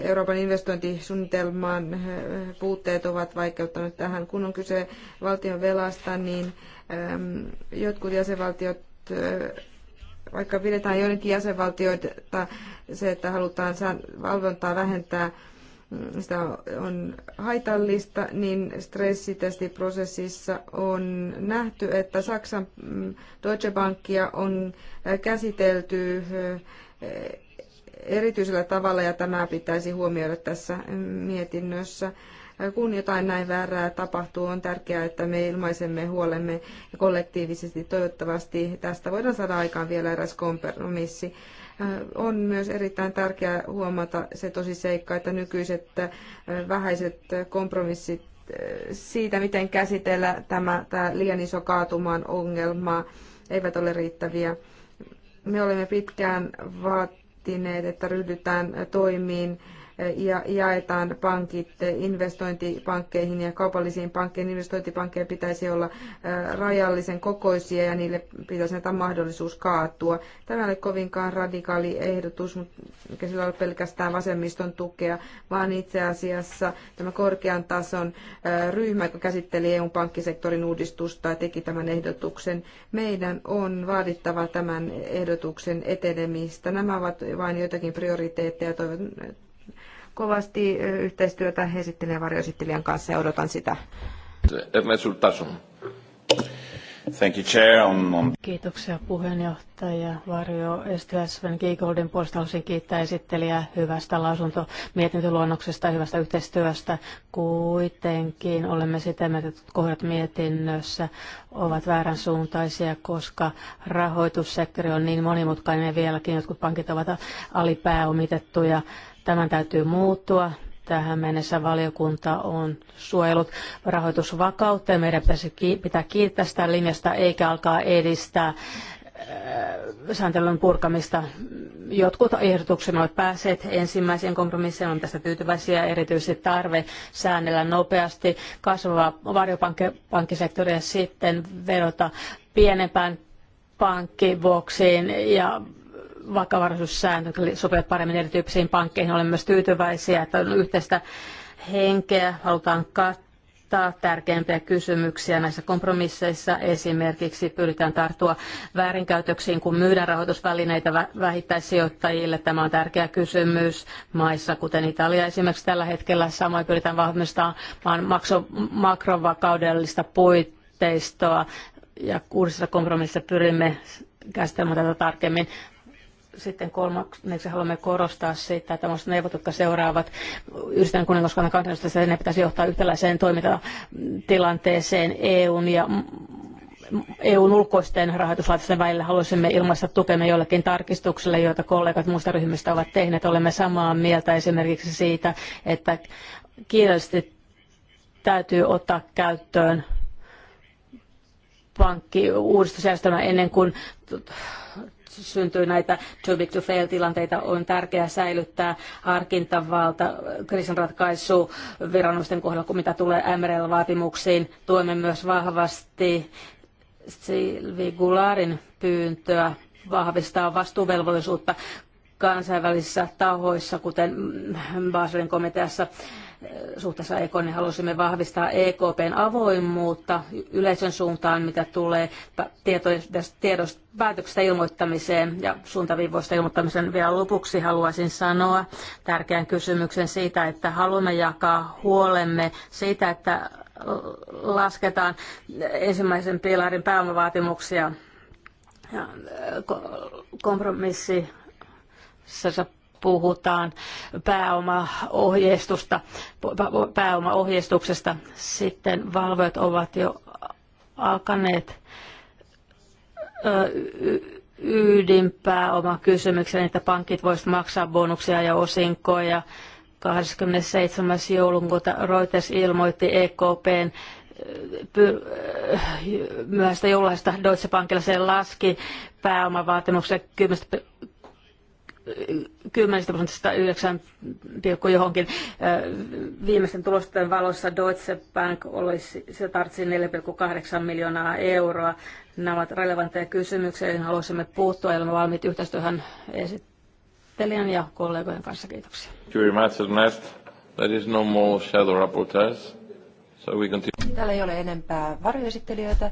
Speaker 2: Euroopan investointisuunnitelman äh, puutteet ovat vaikeuttaneet tähän. Kun on kyse valtion velasta, niin ähm, jotkut jäsenvaltiot vaikka pidetään joidenkin jäsenvaltioita se, että halutaan valvontaa vähentää, sitä on haitallista, niin stressitestiprosessissa on nähty, että Saksan mm, Deutsche Bankia on äh, käsitelty äh, erityisellä tavalla ja tämä pitäisi huomioida tässä mm, mietinnössä. Kun jotain näin väärää tapahtuu, on tärkeää, että me ilmaisemme huolemme kollektiivisesti. Toivottavasti tästä voidaan saada aikaan vielä eräs kompromissi. On myös erittäin tärkeää huomata se tosiseikka, että nykyiset vähäiset kompromissit siitä, miten käsitellä tämä, tämä liian iso kaatumaan ongelma, eivät ole riittäviä. Me olemme pitkään vaatineet, että ryhdytään toimiin ja jaetaan pankit investointipankkeihin ja kaupallisiin pankkeihin. Investointipankkeja pitäisi olla rajallisen kokoisia ja niille pitäisi antaa mahdollisuus kaatua. Tämä ei ole kovinkaan radikaali ehdotus, mutta sillä ole pelkästään vasemmiston tukea, vaan itse asiassa tämä korkean tason ryhmä, joka käsitteli EUn pankkisektorin uudistusta ja teki tämän ehdotuksen. Meidän on vaadittava tämän ehdotuksen etenemistä. Nämä ovat vain joitakin prioriteetteja. Toivon, kovasti yhteistyötä esittelijän ja varjoesittelijän kanssa ja odotan sitä.
Speaker 5: Thank you, Chair. On, on...
Speaker 3: Kiitoksia puheenjohtaja Varjo Sven Giegoldin puolesta haluaisin kiittää esittelijää hyvästä lausuntomietintöluonnoksesta ja hyvästä yhteistyöstä. Kuitenkin olemme sitä mieltä, että kohdat mietinnössä ovat väärän suuntaisia, koska rahoitussektori on niin monimutkainen ja vieläkin jotkut pankit ovat alipääomitettuja Tämän täytyy muuttua. Tähän mennessä valiokunta on suojellut rahoitusvakautta ja meidän pitäisi pitää kiittää sitä linjasta eikä alkaa edistää äh, sääntelyn purkamista. Jotkut ehdotukset ovat päässeet ensimmäiseen kompromissiin, on tästä tyytyväisiä erityisesti tarve säännellä nopeasti kasvavaa varjopankkisektoria sitten vedota pienempään pankkivuoksiin ja vakavaraisuussäännöt sopivat paremmin erityyppisiin pankkeihin. Olemme myös tyytyväisiä, että on yhteistä henkeä, halutaan kattaa tärkeimpiä kysymyksiä näissä kompromisseissa. Esimerkiksi pyritään tarttua väärinkäytöksiin, kun myydään rahoitusvälineitä vähittäissijoittajille. Tämä on tärkeä kysymys maissa, kuten Italia esimerkiksi tällä hetkellä. Samoin pyritään vahvistamaan makrovakaudellista puitteistoa ja uudessa kompromississa pyrimme käsittelemään tätä tarkemmin. Sitten kolmanneksi haluamme korostaa sitä, että tämmöiset neuvot, jotka seuraavat yhdistyneen kuningaskunnan kansanedustajia, ne pitäisi johtaa yhtäläiseen toimintatilanteeseen EUn ja EUn ulkoisten rahoituslaitosten välillä haluaisimme ilmaista tukemme jollekin tarkistukselle, joita kollegat muista ryhmistä ovat tehneet. Olemme samaa mieltä esimerkiksi siitä, että kiireellisesti täytyy ottaa käyttöön pankkiuudistusjärjestelmä ennen kuin syntyy näitä too big to fail tilanteita, on tärkeää säilyttää harkintavalta ratkaisu viranomaisten kohdalla, kun mitä tulee MRL-vaatimuksiin. Tuemme myös vahvasti Silvi Gularin pyyntöä vahvistaa vastuuvelvollisuutta kansainvälisissä tahoissa, kuten Baselin komiteassa suhteessa EK, niin halusimme vahvistaa EKPn avoimuutta yleisön suuntaan, mitä tulee tiedosta, päätöksestä ilmoittamiseen ja suuntaviivoista ilmoittamiseen. Vielä lopuksi haluaisin sanoa tärkeän kysymyksen siitä, että haluamme jakaa huolemme siitä, että lasketaan ensimmäisen pilarin pääomavaatimuksia ja kompromissi puhutaan pääomaohjeistusta, pääomaohjeistuksesta. Sitten valvojat ovat jo alkaneet kysymyksen, että pankit voisivat maksaa bonuksia ja osinkoja. 27. joulukuuta Reuters ilmoitti EKPn myöhäistä jouluista Deutsche Bankilla se laski pääomavaatimuksen 10 prosentista 9, johonkin. Viimeisten tulosten valossa Deutsche Bank olisi, se tarvitsi 4,8 miljoonaa euroa. Nämä ovat relevantteja kysymyksiä, joihin haluaisimme puuttua ja olemme valmiit yhteistyöhön esittelijän ja kollegojen kanssa. Kiitoksia. No Täällä ei ole enempää varjoesittelijöitä.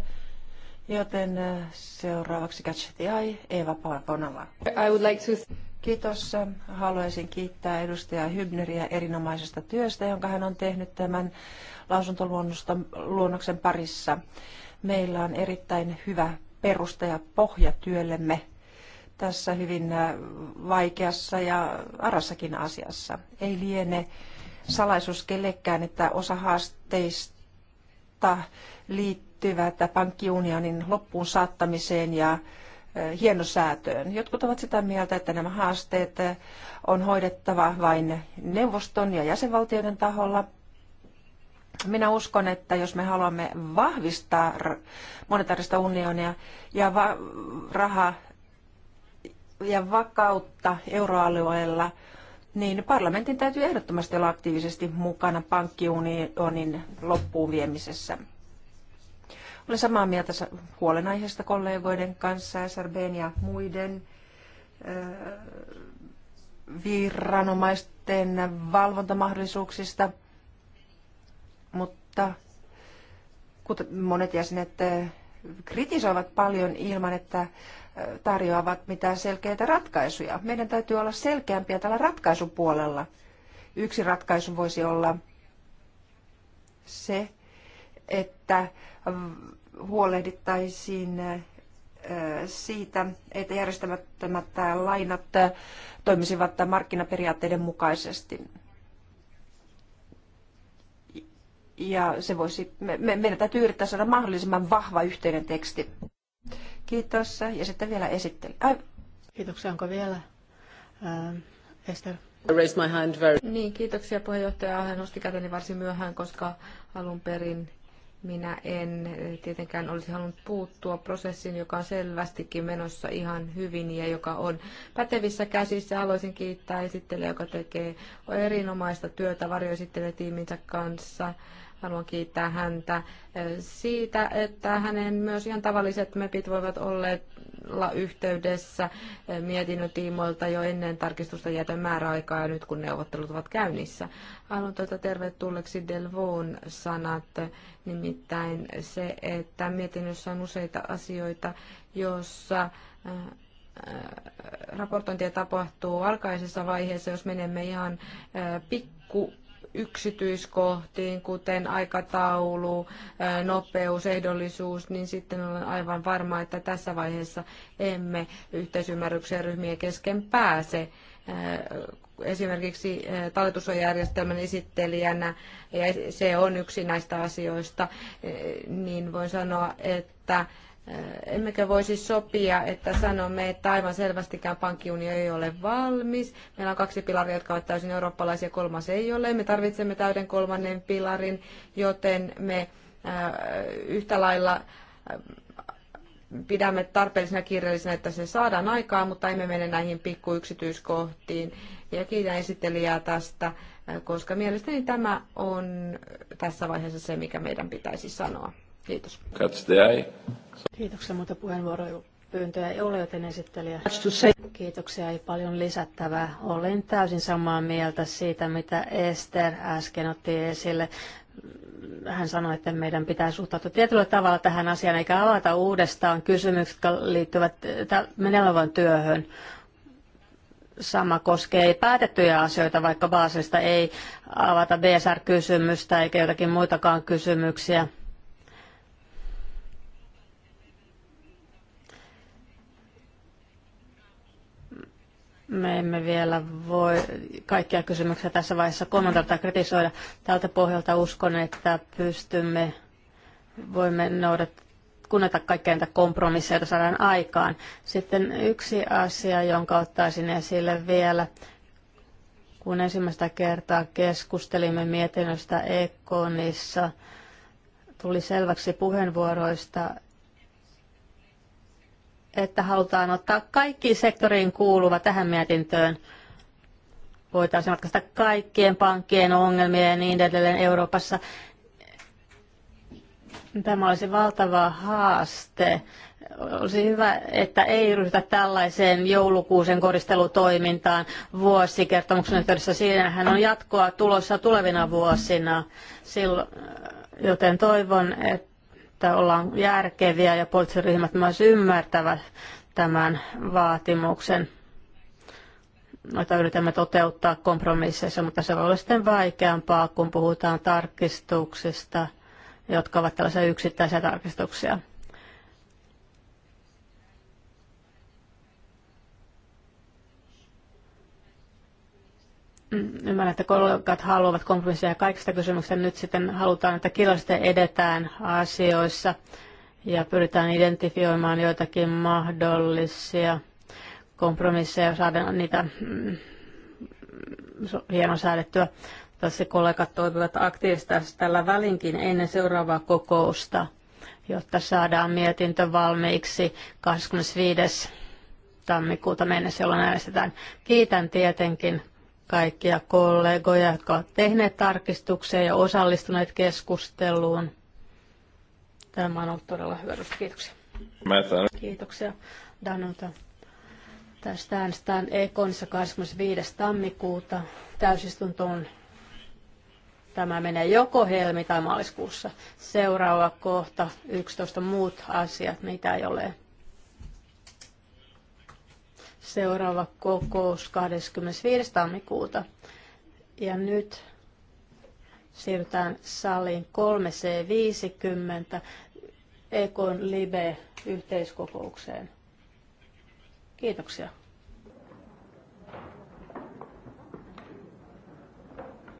Speaker 4: Joten seuraavaksi Catch the Eye, Eva Pakonava. I would like to... Kiitos. Haluaisin kiittää edustaja Hybneriä erinomaisesta työstä, jonka hän on tehnyt tämän lausuntoluonnoksen parissa. Meillä on erittäin hyvä perusta ja pohja työllemme tässä hyvin äh, vaikeassa ja arassakin asiassa. Ei liene salaisuus kellekään, että osa haasteista liittyvät pankkiunionin loppuun saattamiseen ja hienosäätöön. Jotkut ovat sitä mieltä, että nämä haasteet on hoidettava vain neuvoston ja jäsenvaltioiden taholla. Minä uskon, että jos me haluamme vahvistaa monetaarista unionia ja va- raha ja vakautta euroalueella, niin parlamentin täytyy ehdottomasti olla aktiivisesti mukana pankkiunionin loppuun viemisessä. Olen samaa mieltä huolenaiheesta kollegoiden kanssa, SRBn ja muiden viranomaisten valvontamahdollisuuksista, mutta kuten monet jäsenet kritisoivat paljon ilman, että tarjoavat mitään selkeitä ratkaisuja. Meidän täytyy olla selkeämpiä tällä ratkaisupuolella. Yksi ratkaisu voisi olla se, että huolehdittaisiin siitä, että järjestämättömät lainat toimisivat markkinaperiaatteiden mukaisesti. Ja se voisi, me, me, meidän täytyy yrittää saada mahdollisimman vahva yhteinen teksti. Kiitos. Ja sitten vielä esittely. Ai. Kiitoksia. Onko
Speaker 2: vielä? äh, Ester. Niin, kiitoksia puheenjohtaja. Hän nosti käteni varsin myöhään, koska alun perin minä en tietenkään olisi halunnut puuttua prosessiin, joka on selvästikin menossa ihan hyvin ja joka on pätevissä käsissä. Haluaisin kiittää esittelijä, joka tekee erinomaista työtä varjoesittelijätiiminsä kanssa. Haluan kiittää häntä siitä, että hänen myös ihan tavalliset mepit voivat olla yhteydessä mietinnön tiimoilta jo ennen tarkistusta jäten määräaikaa ja nyt kun neuvottelut ovat käynnissä. Haluan tuota tervetulleeksi Delvon sanat, nimittäin se, että mietinnössä on useita asioita, joissa raportointia tapahtuu alkaisessa vaiheessa, jos menemme ihan pikku yksityiskohtiin, kuten aikataulu, nopeus, ehdollisuus, niin sitten olen aivan varma, että tässä vaiheessa emme yhteisymmärrykseen ryhmien kesken pääse. Esimerkiksi talletussuojajärjestelmän esittelijänä, ja se on yksi näistä asioista, niin voin sanoa, että Äh, emmekä voisi sopia, että sanomme, että aivan selvästikään pankkiunio ei ole valmis. Meillä on kaksi pilaria, jotka ovat täysin eurooppalaisia, kolmas ei ole. Me tarvitsemme täyden kolmannen pilarin, joten me äh, yhtä lailla äh, pidämme tarpeellisena kiireellisenä, että se saadaan aikaan, mutta emme mene näihin pikkuyksityiskohtiin. Ja kiitän esittelijää tästä, koska mielestäni
Speaker 3: tämä on tässä vaiheessa se, mikä meidän pitäisi sanoa. Kiitos. Kiitoksia. mutta puheenvuoropyyntöjä pyyntöjä ei ole, joten esittelijä. Kiitoksia, ei paljon lisättävää. Olen täysin samaa mieltä siitä, mitä Ester äsken otti esille. Hän sanoi, että meidän pitää suhtautua tietyllä tavalla tähän asiaan, eikä avata uudestaan kysymykset, jotka liittyvät menevän työhön. Sama koskee päätettyjä asioita, vaikka Baasista ei avata BSR-kysymystä eikä jotakin muitakaan kysymyksiä Me emme vielä voi kaikkia kysymyksiä tässä vaiheessa kommentoida tai kritisoida. Tältä pohjalta uskon, että pystymme, voimme noudattaa kunnata kaikkea niitä kompromisseja, joita saadaan aikaan. Sitten yksi asia, jonka ottaisin esille vielä, kun ensimmäistä kertaa keskustelimme mietinnöstä Ekonissa, tuli selväksi puheenvuoroista, että halutaan ottaa kaikki sektoriin kuuluva tähän mietintöön. Voitaisiin ratkaista kaikkien pankkien ongelmia ja niin edelleen Euroopassa. Tämä olisi valtava haaste. Olisi hyvä, että ei ryhdytä tällaiseen joulukuusen koristelutoimintaan vuosikertomuksen yhteydessä. Siinähän on jatkoa tulossa tulevina vuosina, Silloin, joten toivon, että että ollaan järkeviä ja poliittiset myös ymmärtävät tämän vaatimuksen noita yritämme toteuttaa kompromisseissa, mutta se voi olla sitten vaikeampaa, kun puhutaan tarkistuksista, jotka ovat tällaisia yksittäisiä tarkistuksia. Ymmärrän, että kollegat haluavat kompromisseja kaikista kysymyksistä. Nyt sitten halutaan, että kirjallisesti edetään asioissa ja pyritään identifioimaan joitakin mahdollisia kompromisseja, saada niitä mm, hieno säädettyä. Tässä kollegat toivovat aktiivisesti tällä välinkin ennen seuraavaa kokousta, jotta saadaan mietintö valmiiksi 25 tammikuuta mennessä, jolloin äänestetään. Kiitän tietenkin kaikkia kollegoja, jotka ovat tehneet tarkistuksia ja osallistuneet keskusteluun. Tämä on ollut todella hyödyllistä. Kiitoksia. Kiitoksia Danuta. Tästä äänestetään Ekonissa 25. tammikuuta on Tämä menee joko helmi- tai maaliskuussa. Seuraava kohta, 11 muut asiat, mitä ei ole Seuraava kokous 25. tammikuuta. Ja nyt siirrytään saliin 3C50 Ekon Libe-yhteiskokoukseen. Kiitoksia.